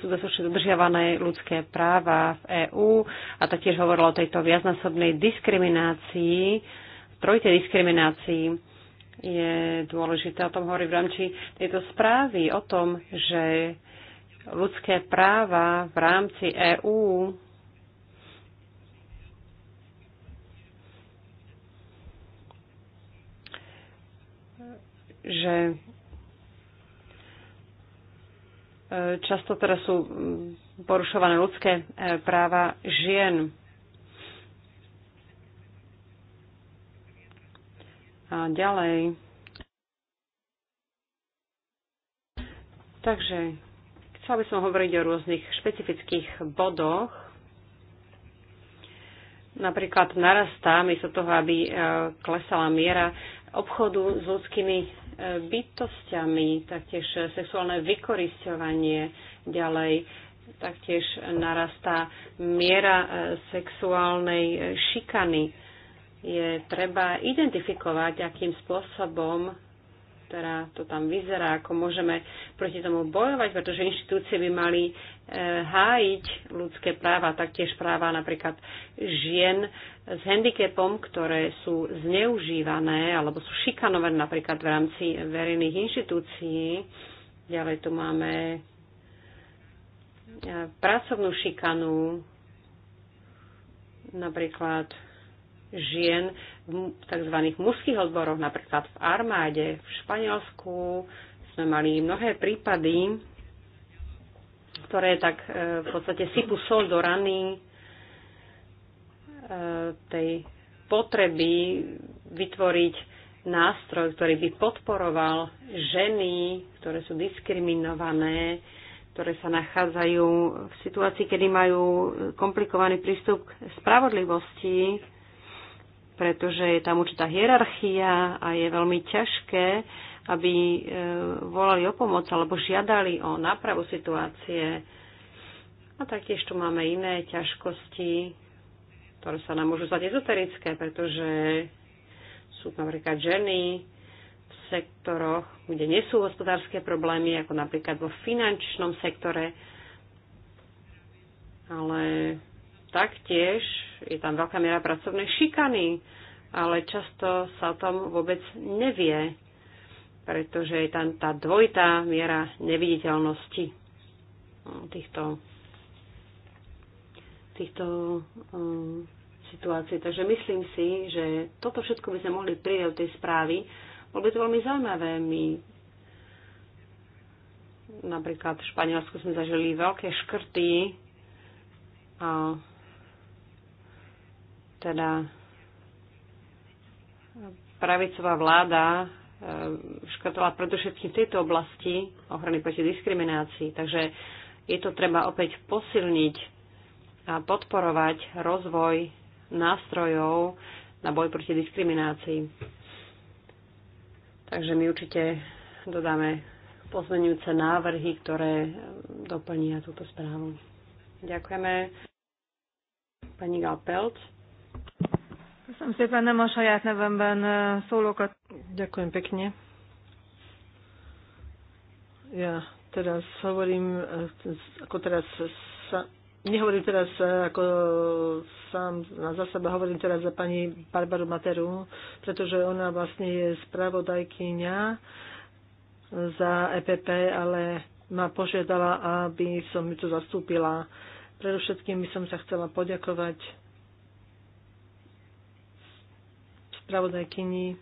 Speaker 2: sú dostatočne dodržiavané ľudské práva v EÚ a taktiež hovorila o tejto viacnásobnej diskriminácii, trojitej diskriminácii je dôležité o tom hovorí v rámci tejto správy, o tom, že ľudské práva v rámci EÚ že e, často teda sú mm, porušované ľudské e, práva žien. A ďalej. Takže chcela by som hovoriť o rôznych špecifických bodoch. Napríklad narastá, miesto toho, aby e, klesala miera obchodu s ľudskými bytostiami, taktiež sexuálne vykorisťovanie ďalej, taktiež narastá miera e, sexuálnej e, šikany. Je treba identifikovať, akým spôsobom teda to tam vyzerá, ako môžeme proti tomu bojovať, pretože inštitúcie by mali e, hájiť ľudské práva, taktiež práva napríklad žien s handicapom, ktoré sú zneužívané alebo sú šikanované napríklad v rámci verejných inštitúcií. Ďalej tu máme e, pracovnú šikanu, napríklad žien v tzv. mužských odboroch, napríklad v armáde, v Španielsku sme mali mnohé prípady, ktoré tak e, v podstate sypú sol do rany e, tej potreby vytvoriť nástroj, ktorý by podporoval ženy, ktoré sú diskriminované, ktoré sa nachádzajú v situácii, kedy majú komplikovaný prístup k spravodlivosti, pretože je tam určitá hierarchia a je veľmi ťažké, aby e, volali o pomoc alebo žiadali o nápravu situácie. A taktiež tu máme iné ťažkosti, ktoré sa nám môžu zdať ezoterické, pretože sú napríklad ženy v sektoroch, kde nie sú hospodárske problémy, ako napríklad vo finančnom sektore, ale Taktiež je tam veľká miera pracovnej šikany, ale často sa o tom vôbec nevie, pretože je tam tá dvojitá miera neviditeľnosti no, týchto, týchto um, situácií. Takže myslím si, že toto všetko by sme mohli prijať do tej správy. Bolo by to veľmi zaujímavé. My napríklad v Španielsku sme zažili veľké škrty a teda pravicová vláda eh, škrtala predovšetkým v tejto oblasti ochrany proti diskriminácii. Takže je to treba opäť posilniť a podporovať rozvoj nástrojov na boj proti diskriminácii. Takže my určite dodáme pozmenujúce návrhy, ktoré doplnia túto správu. Ďakujeme pani Galpelt
Speaker 1: szépen nem a saját nevemben Ďakujem pekne. Ja teraz hovorím, ako teraz sa, nehovorím teraz e, ako sám za seba, hovorím teraz za pani Barbaru Materu, pretože ona vlastne je spravodajkyňa za EPP, ale ma požiadala, aby som ju tu zastúpila. Predovšetkým by som sa chcela poďakovať spravodajkyni.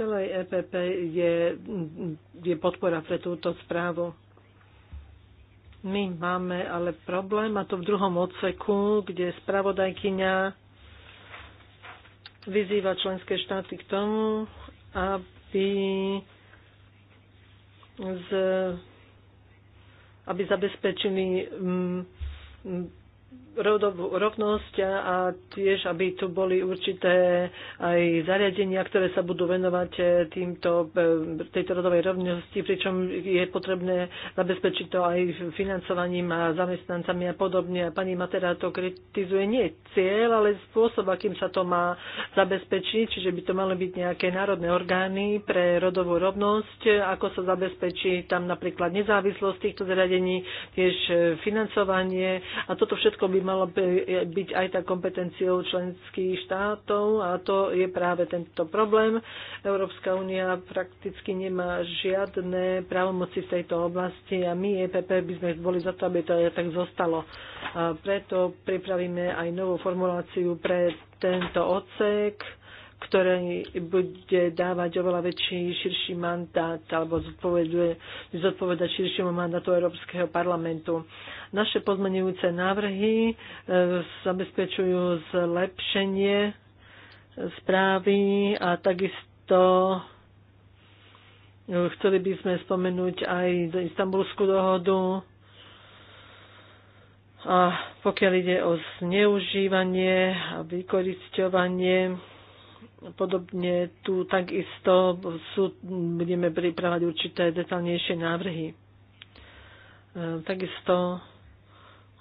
Speaker 1: Celej EPP je, je podpora pre túto správu. My máme ale problém, a to v druhom odseku, kde spravodajkyňa vyzýva členské štáty k tomu, aby, z, aby zabezpečili mm, rodovú rovnosť a tiež, aby tu boli určité aj zariadenia, ktoré sa budú venovať e, týmto, e, tejto rodovej rovnosti, pričom je potrebné zabezpečiť to aj financovaním a zamestnancami a podobne. pani Matera to kritizuje nie cieľ, ale spôsob, akým sa to má zabezpečiť, čiže by to mali byť nejaké národné orgány pre rodovú rovnosť, ako sa zabezpečí tam napríklad nezávislosť týchto zariadení, tiež e, financovanie a toto všetko všetko by malo byť aj tak kompetenciou členských štátov a to je práve tento problém. Európska únia prakticky nemá žiadne právomoci v tejto oblasti a my EPP by sme boli za to, aby to tak zostalo. A preto pripravíme aj novú formuláciu pre tento odsek ktoré bude dávať oveľa väčší, širší mandát alebo zodpovedať širšiemu mandátu Európskeho parlamentu. Naše pozmenujúce návrhy e, zabezpečujú zlepšenie správy a takisto e, Chceli by sme spomenúť aj istambulskú dohodu. A pokiaľ ide o zneužívanie a vykoristovanie, Podobne tu takisto sú, budeme pripravať určité detalnejšie návrhy. E, takisto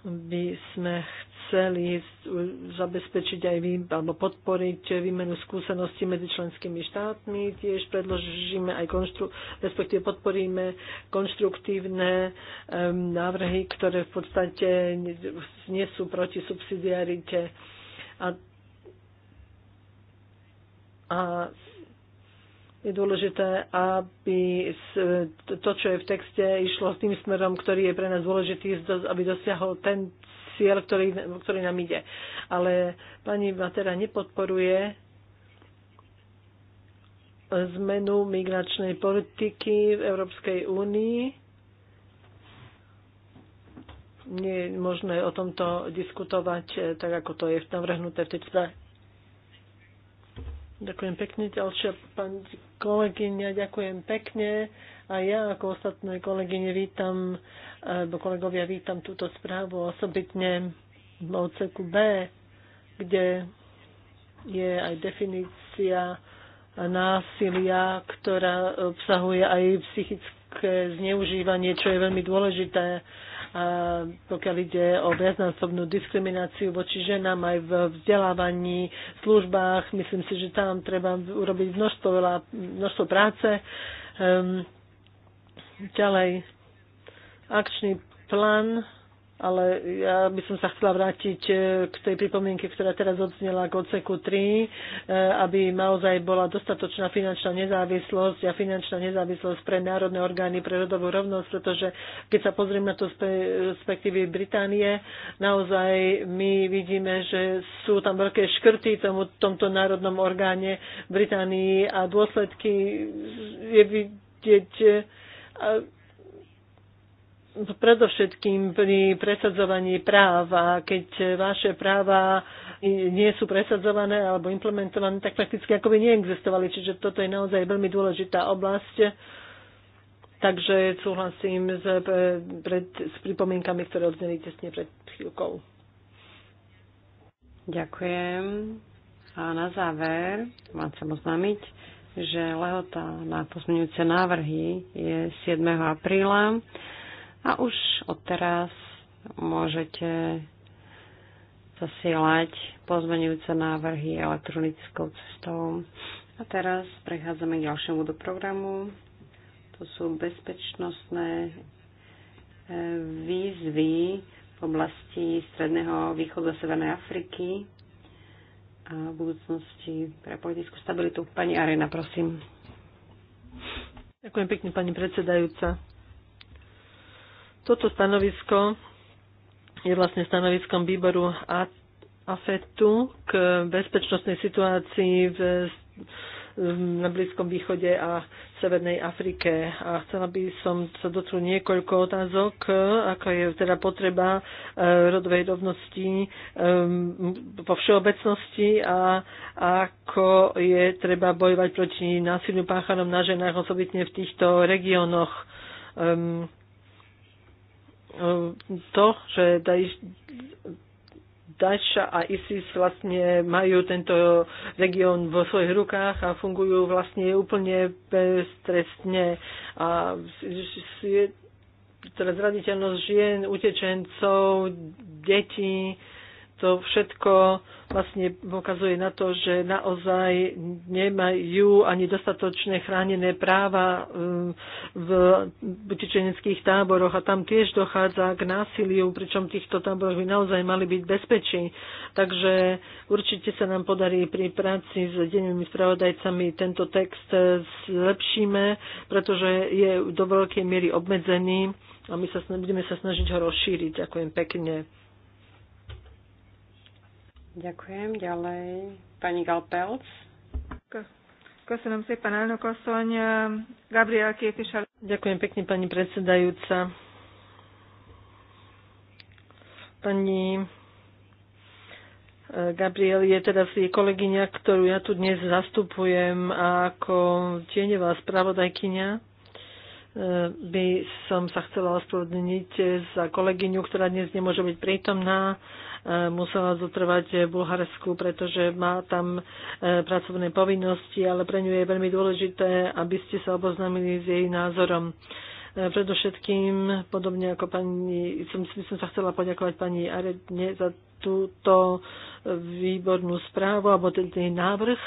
Speaker 1: by sme chceli zabezpečiť aj vy, alebo podporiť výmenu skúseností medzi členskými štátmi. Tiež predložíme aj konštru, respektíve podporíme konštruktívne um, návrhy, ktoré v podstate nie sú proti subsidiarite. A a je dôležité, aby to, čo je v texte, išlo tým smerom, ktorý je pre nás dôležitý, aby dosiahol ten cieľ, ktorý, ktorý nám ide. Ale pani Matera nepodporuje zmenu migračnej politiky v Európskej únii. Nie je možné o tomto diskutovať, eh, tak ako to je navrhnuté v tej Ďakujem pekne, ďalšia pani kolegyňa, ďakujem pekne. A ja ako ostatné kolegyne vítam, alebo kolegovia vítam túto správu osobitne v odseku B, kde je aj definícia násilia, ktorá obsahuje aj psychické zneužívanie, čo je veľmi dôležité pokiaľ ide o viacnásobnú diskrimináciu voči ženám aj v vzdelávaní, službách. Myslím si, že tam treba urobiť množstvo, veľa, množstvo práce. Ehm, ďalej, akčný plán ale ja by som sa chcela vrátiť e, k tej pripomienke, ktorá teraz odznela k odseku 3, e, aby naozaj bola dostatočná finančná nezávislosť a finančná nezávislosť pre národné orgány pre rodovú rovnosť, pretože keď sa pozrieme na to z perspektívy Británie, naozaj my vidíme, že sú tam veľké škrty tomu, tomto národnom orgáne Británii a dôsledky je vidieť e, predovšetkým pri presadzovaní práv a keď vaše práva nie sú presadzované alebo implementované, tak prakticky ako by neexistovali. Čiže toto je naozaj veľmi dôležitá oblasť. Takže súhlasím s, pred, s pripomienkami, ktoré odzneli tesne pred chvíľkou. Ďakujem. A na záver
Speaker 2: vám chcem oznámiť, že lehota na pozmeňujúce návrhy je 7. apríla a už odteraz môžete zasielať pozmenujúce návrhy elektronickou cestou. A teraz prechádzame k ďalšiemu do programu. To sú bezpečnostné e, výzvy v oblasti Stredného východu a Severnej Afriky a v budúcnosti pre politickú
Speaker 1: stabilitu. Pani Arena, prosím. Ďakujem pekne, pani predsedajúca. Toto stanovisko je vlastne stanoviskom výboru AFETu k bezpečnostnej situácii v, na Blízkom východe a Severnej Afrike. A chcela by som sa dotknúť niekoľko otázok, ako je teda potreba e, rodovej rovnosti e, vo všeobecnosti a ako je treba bojovať proti násiliu páchanom na ženách, osobitne v týchto regiónoch. Ehm, E, to, že Daša a ISIS vlastne majú tento región vo svojich rukách a fungujú vlastne úplne bestrestne. A teda zraditeľnosť žien, utečencov, detí, to všetko vlastne pokazuje na to, že naozaj nemajú ani dostatočne chránené práva eh, v utečeneckých táboroch a tam tiež dochádza k násiliu, pričom týchto táboroch by naozaj mali byť bezpečí. Takže určite sa nám podarí pri práci s dennými spravodajcami tento text eh, zlepšíme, pretože je do veľkej miery obmedzený a my sa, budeme sa snažiť ho rozšíriť. Ďakujem pekne. Ďakujem. Ďalej pani Galpelc. Köszönöm szépen, elnök asszony. Eh, Gabriel képviselő. Ďakujem pekne, pani predsedajúca. Pani eh, Gabriel je teda si kolegyňa, ktorú ja tu dnes zastupujem ako tieňová spravodajkyňa. Eh, by som sa chcela ospravedlniť za kolegyňu, ktorá dnes nemôže byť prítomná musela zotrvať v Bulharsku, pretože má tam e, pracovné povinnosti, ale pre ňu je veľmi dôležité, aby ste sa oboznámili s jej názorom. E, predovšetkým, podobne ako pani, som, by som sa chcela poďakovať pani Aredne za túto výbornú správu alebo ten, ten návrh.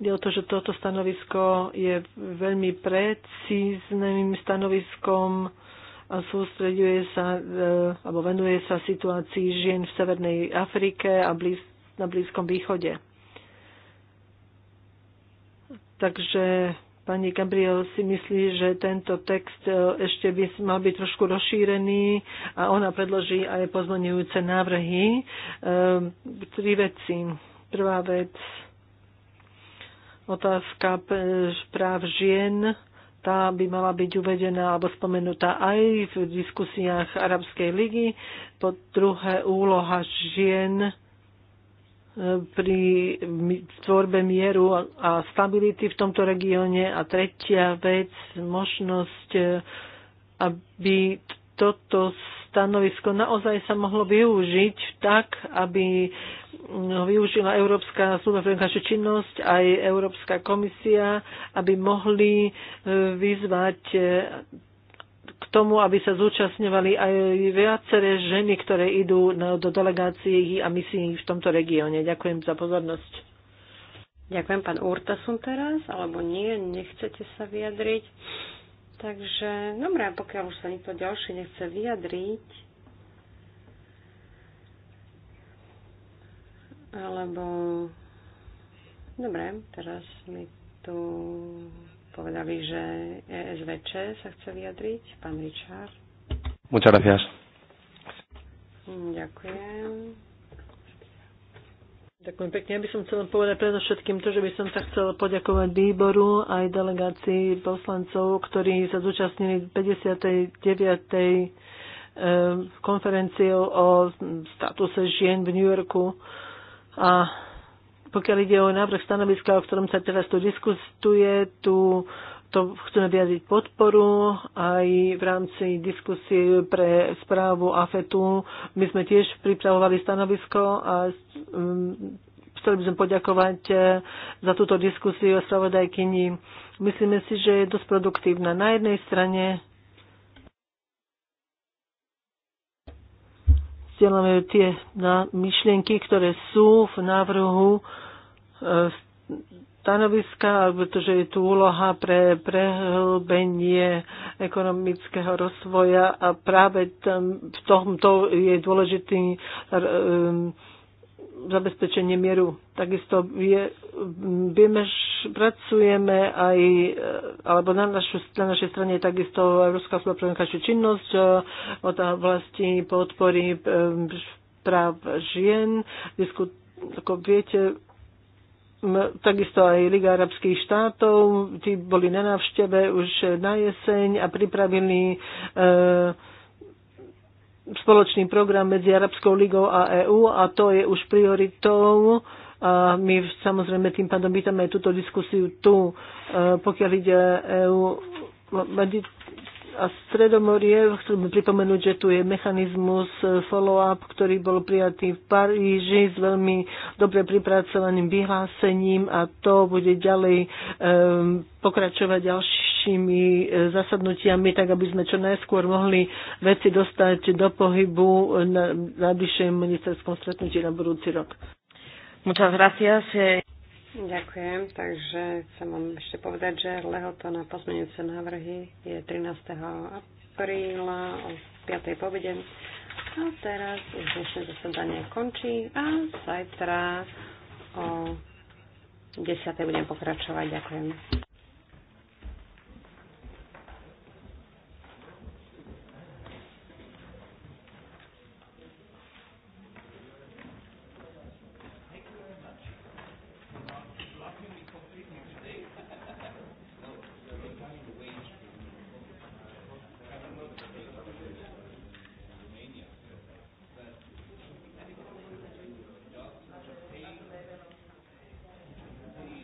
Speaker 1: Je o to, že toto stanovisko je veľmi precízným stanoviskom a sústreduje sa, e, alebo venuje sa situácii žien v Severnej Afrike a blíz, na Blízkom východe. Takže pani Gabriel si myslí, že tento text e, ešte by mal byť trošku rozšírený a ona predloží aj pozmenujúce návrhy. E, tri veci. Prvá vec, otázka práv žien tá by mala byť uvedená alebo spomenutá aj v diskusiách Arabskej ligy. Po druhé, úloha žien e, pri tvorbe mieru a stability v tomto regióne. A tretia vec, možnosť, e, aby toto stanovisko naozaj sa mohlo využiť tak, aby využila Európska služba pre vonkajšiu činnosť, aj Európska komisia, aby mohli e, vyzvať e, k tomu, aby sa zúčastňovali aj viaceré ženy, ktoré idú do delegácií a misií v tomto regióne. Ďakujem za pozornosť. Ďakujem,
Speaker 2: pán Urtasun teraz, alebo nie, nechcete sa vyjadriť. Takže, dobré, pokiaľ už sa nikto ďalší nechce vyjadriť, alebo... Dobre, teraz mi tu povedali, že ESVČ sa chce
Speaker 1: vyjadriť, pán Richard. Muchas gracias. Ďakujem. Ďakujem pekne. Ja by som chcela povedať všetkým to, že by som sa chcela poďakovať výboru aj delegácii poslancov, ktorí sa zúčastnili 59 eh, konferencii o statuse žien v New Yorku. A pokiaľ ide o návrh stanoviska, o ktorom sa teraz tu diskutuje, tu to chceme vyjadriť podporu aj v rámci diskusie pre správu AFETu. My sme tiež pripravovali stanovisko a um, chceli by sme poďakovať eh, za túto diskusiu o spravodajkyni. Myslíme si, že je dosť produktívna. Na jednej strane vzdeláme tie myšlienky, ktoré sú v návrhu eh, stanoviska, pretože je tu úloha pre prehlbenie ekonomického rozvoja a práve tam, v tomto je dôležitý um, zabezpečenie mieru. Takisto je, vieme, pracujeme aj, alebo na, našu, na našej strane je takisto Európska služba pre vonkajšiu činnosť e, od vlasti podpory e, práv žien. Diskut, ako viete, takisto aj Liga arabských štátov, tí boli na návšteve už na jeseň a pripravili e, spoločný program medzi Arabskou ligou a EÚ a to je už prioritou. A my samozrejme tým pádom vítame aj túto diskusiu tu, e, pokiaľ ide EÚ a Stredomorie. Chcem pripomenúť, že tu je mechanizmus e, follow-up, ktorý bol prijatý v Paríži s veľmi dobre pripracovaným vyhlásením a to bude ďalej um, pokračovať ďalšími e, zasadnutiami, tak aby sme čo najskôr mohli veci dostať do pohybu na najbližšom ministerskom stretnutí na budúci rok. Muchas gracias. Eh.
Speaker 2: Ďakujem. Takže chcem vám ešte povedať, že lehoto na pozmeňujúce návrhy je 13. apríla o 5. pobede. A teraz už dnešné zasadanie končí a zajtra o 10. budem pokračovať. Ďakujem.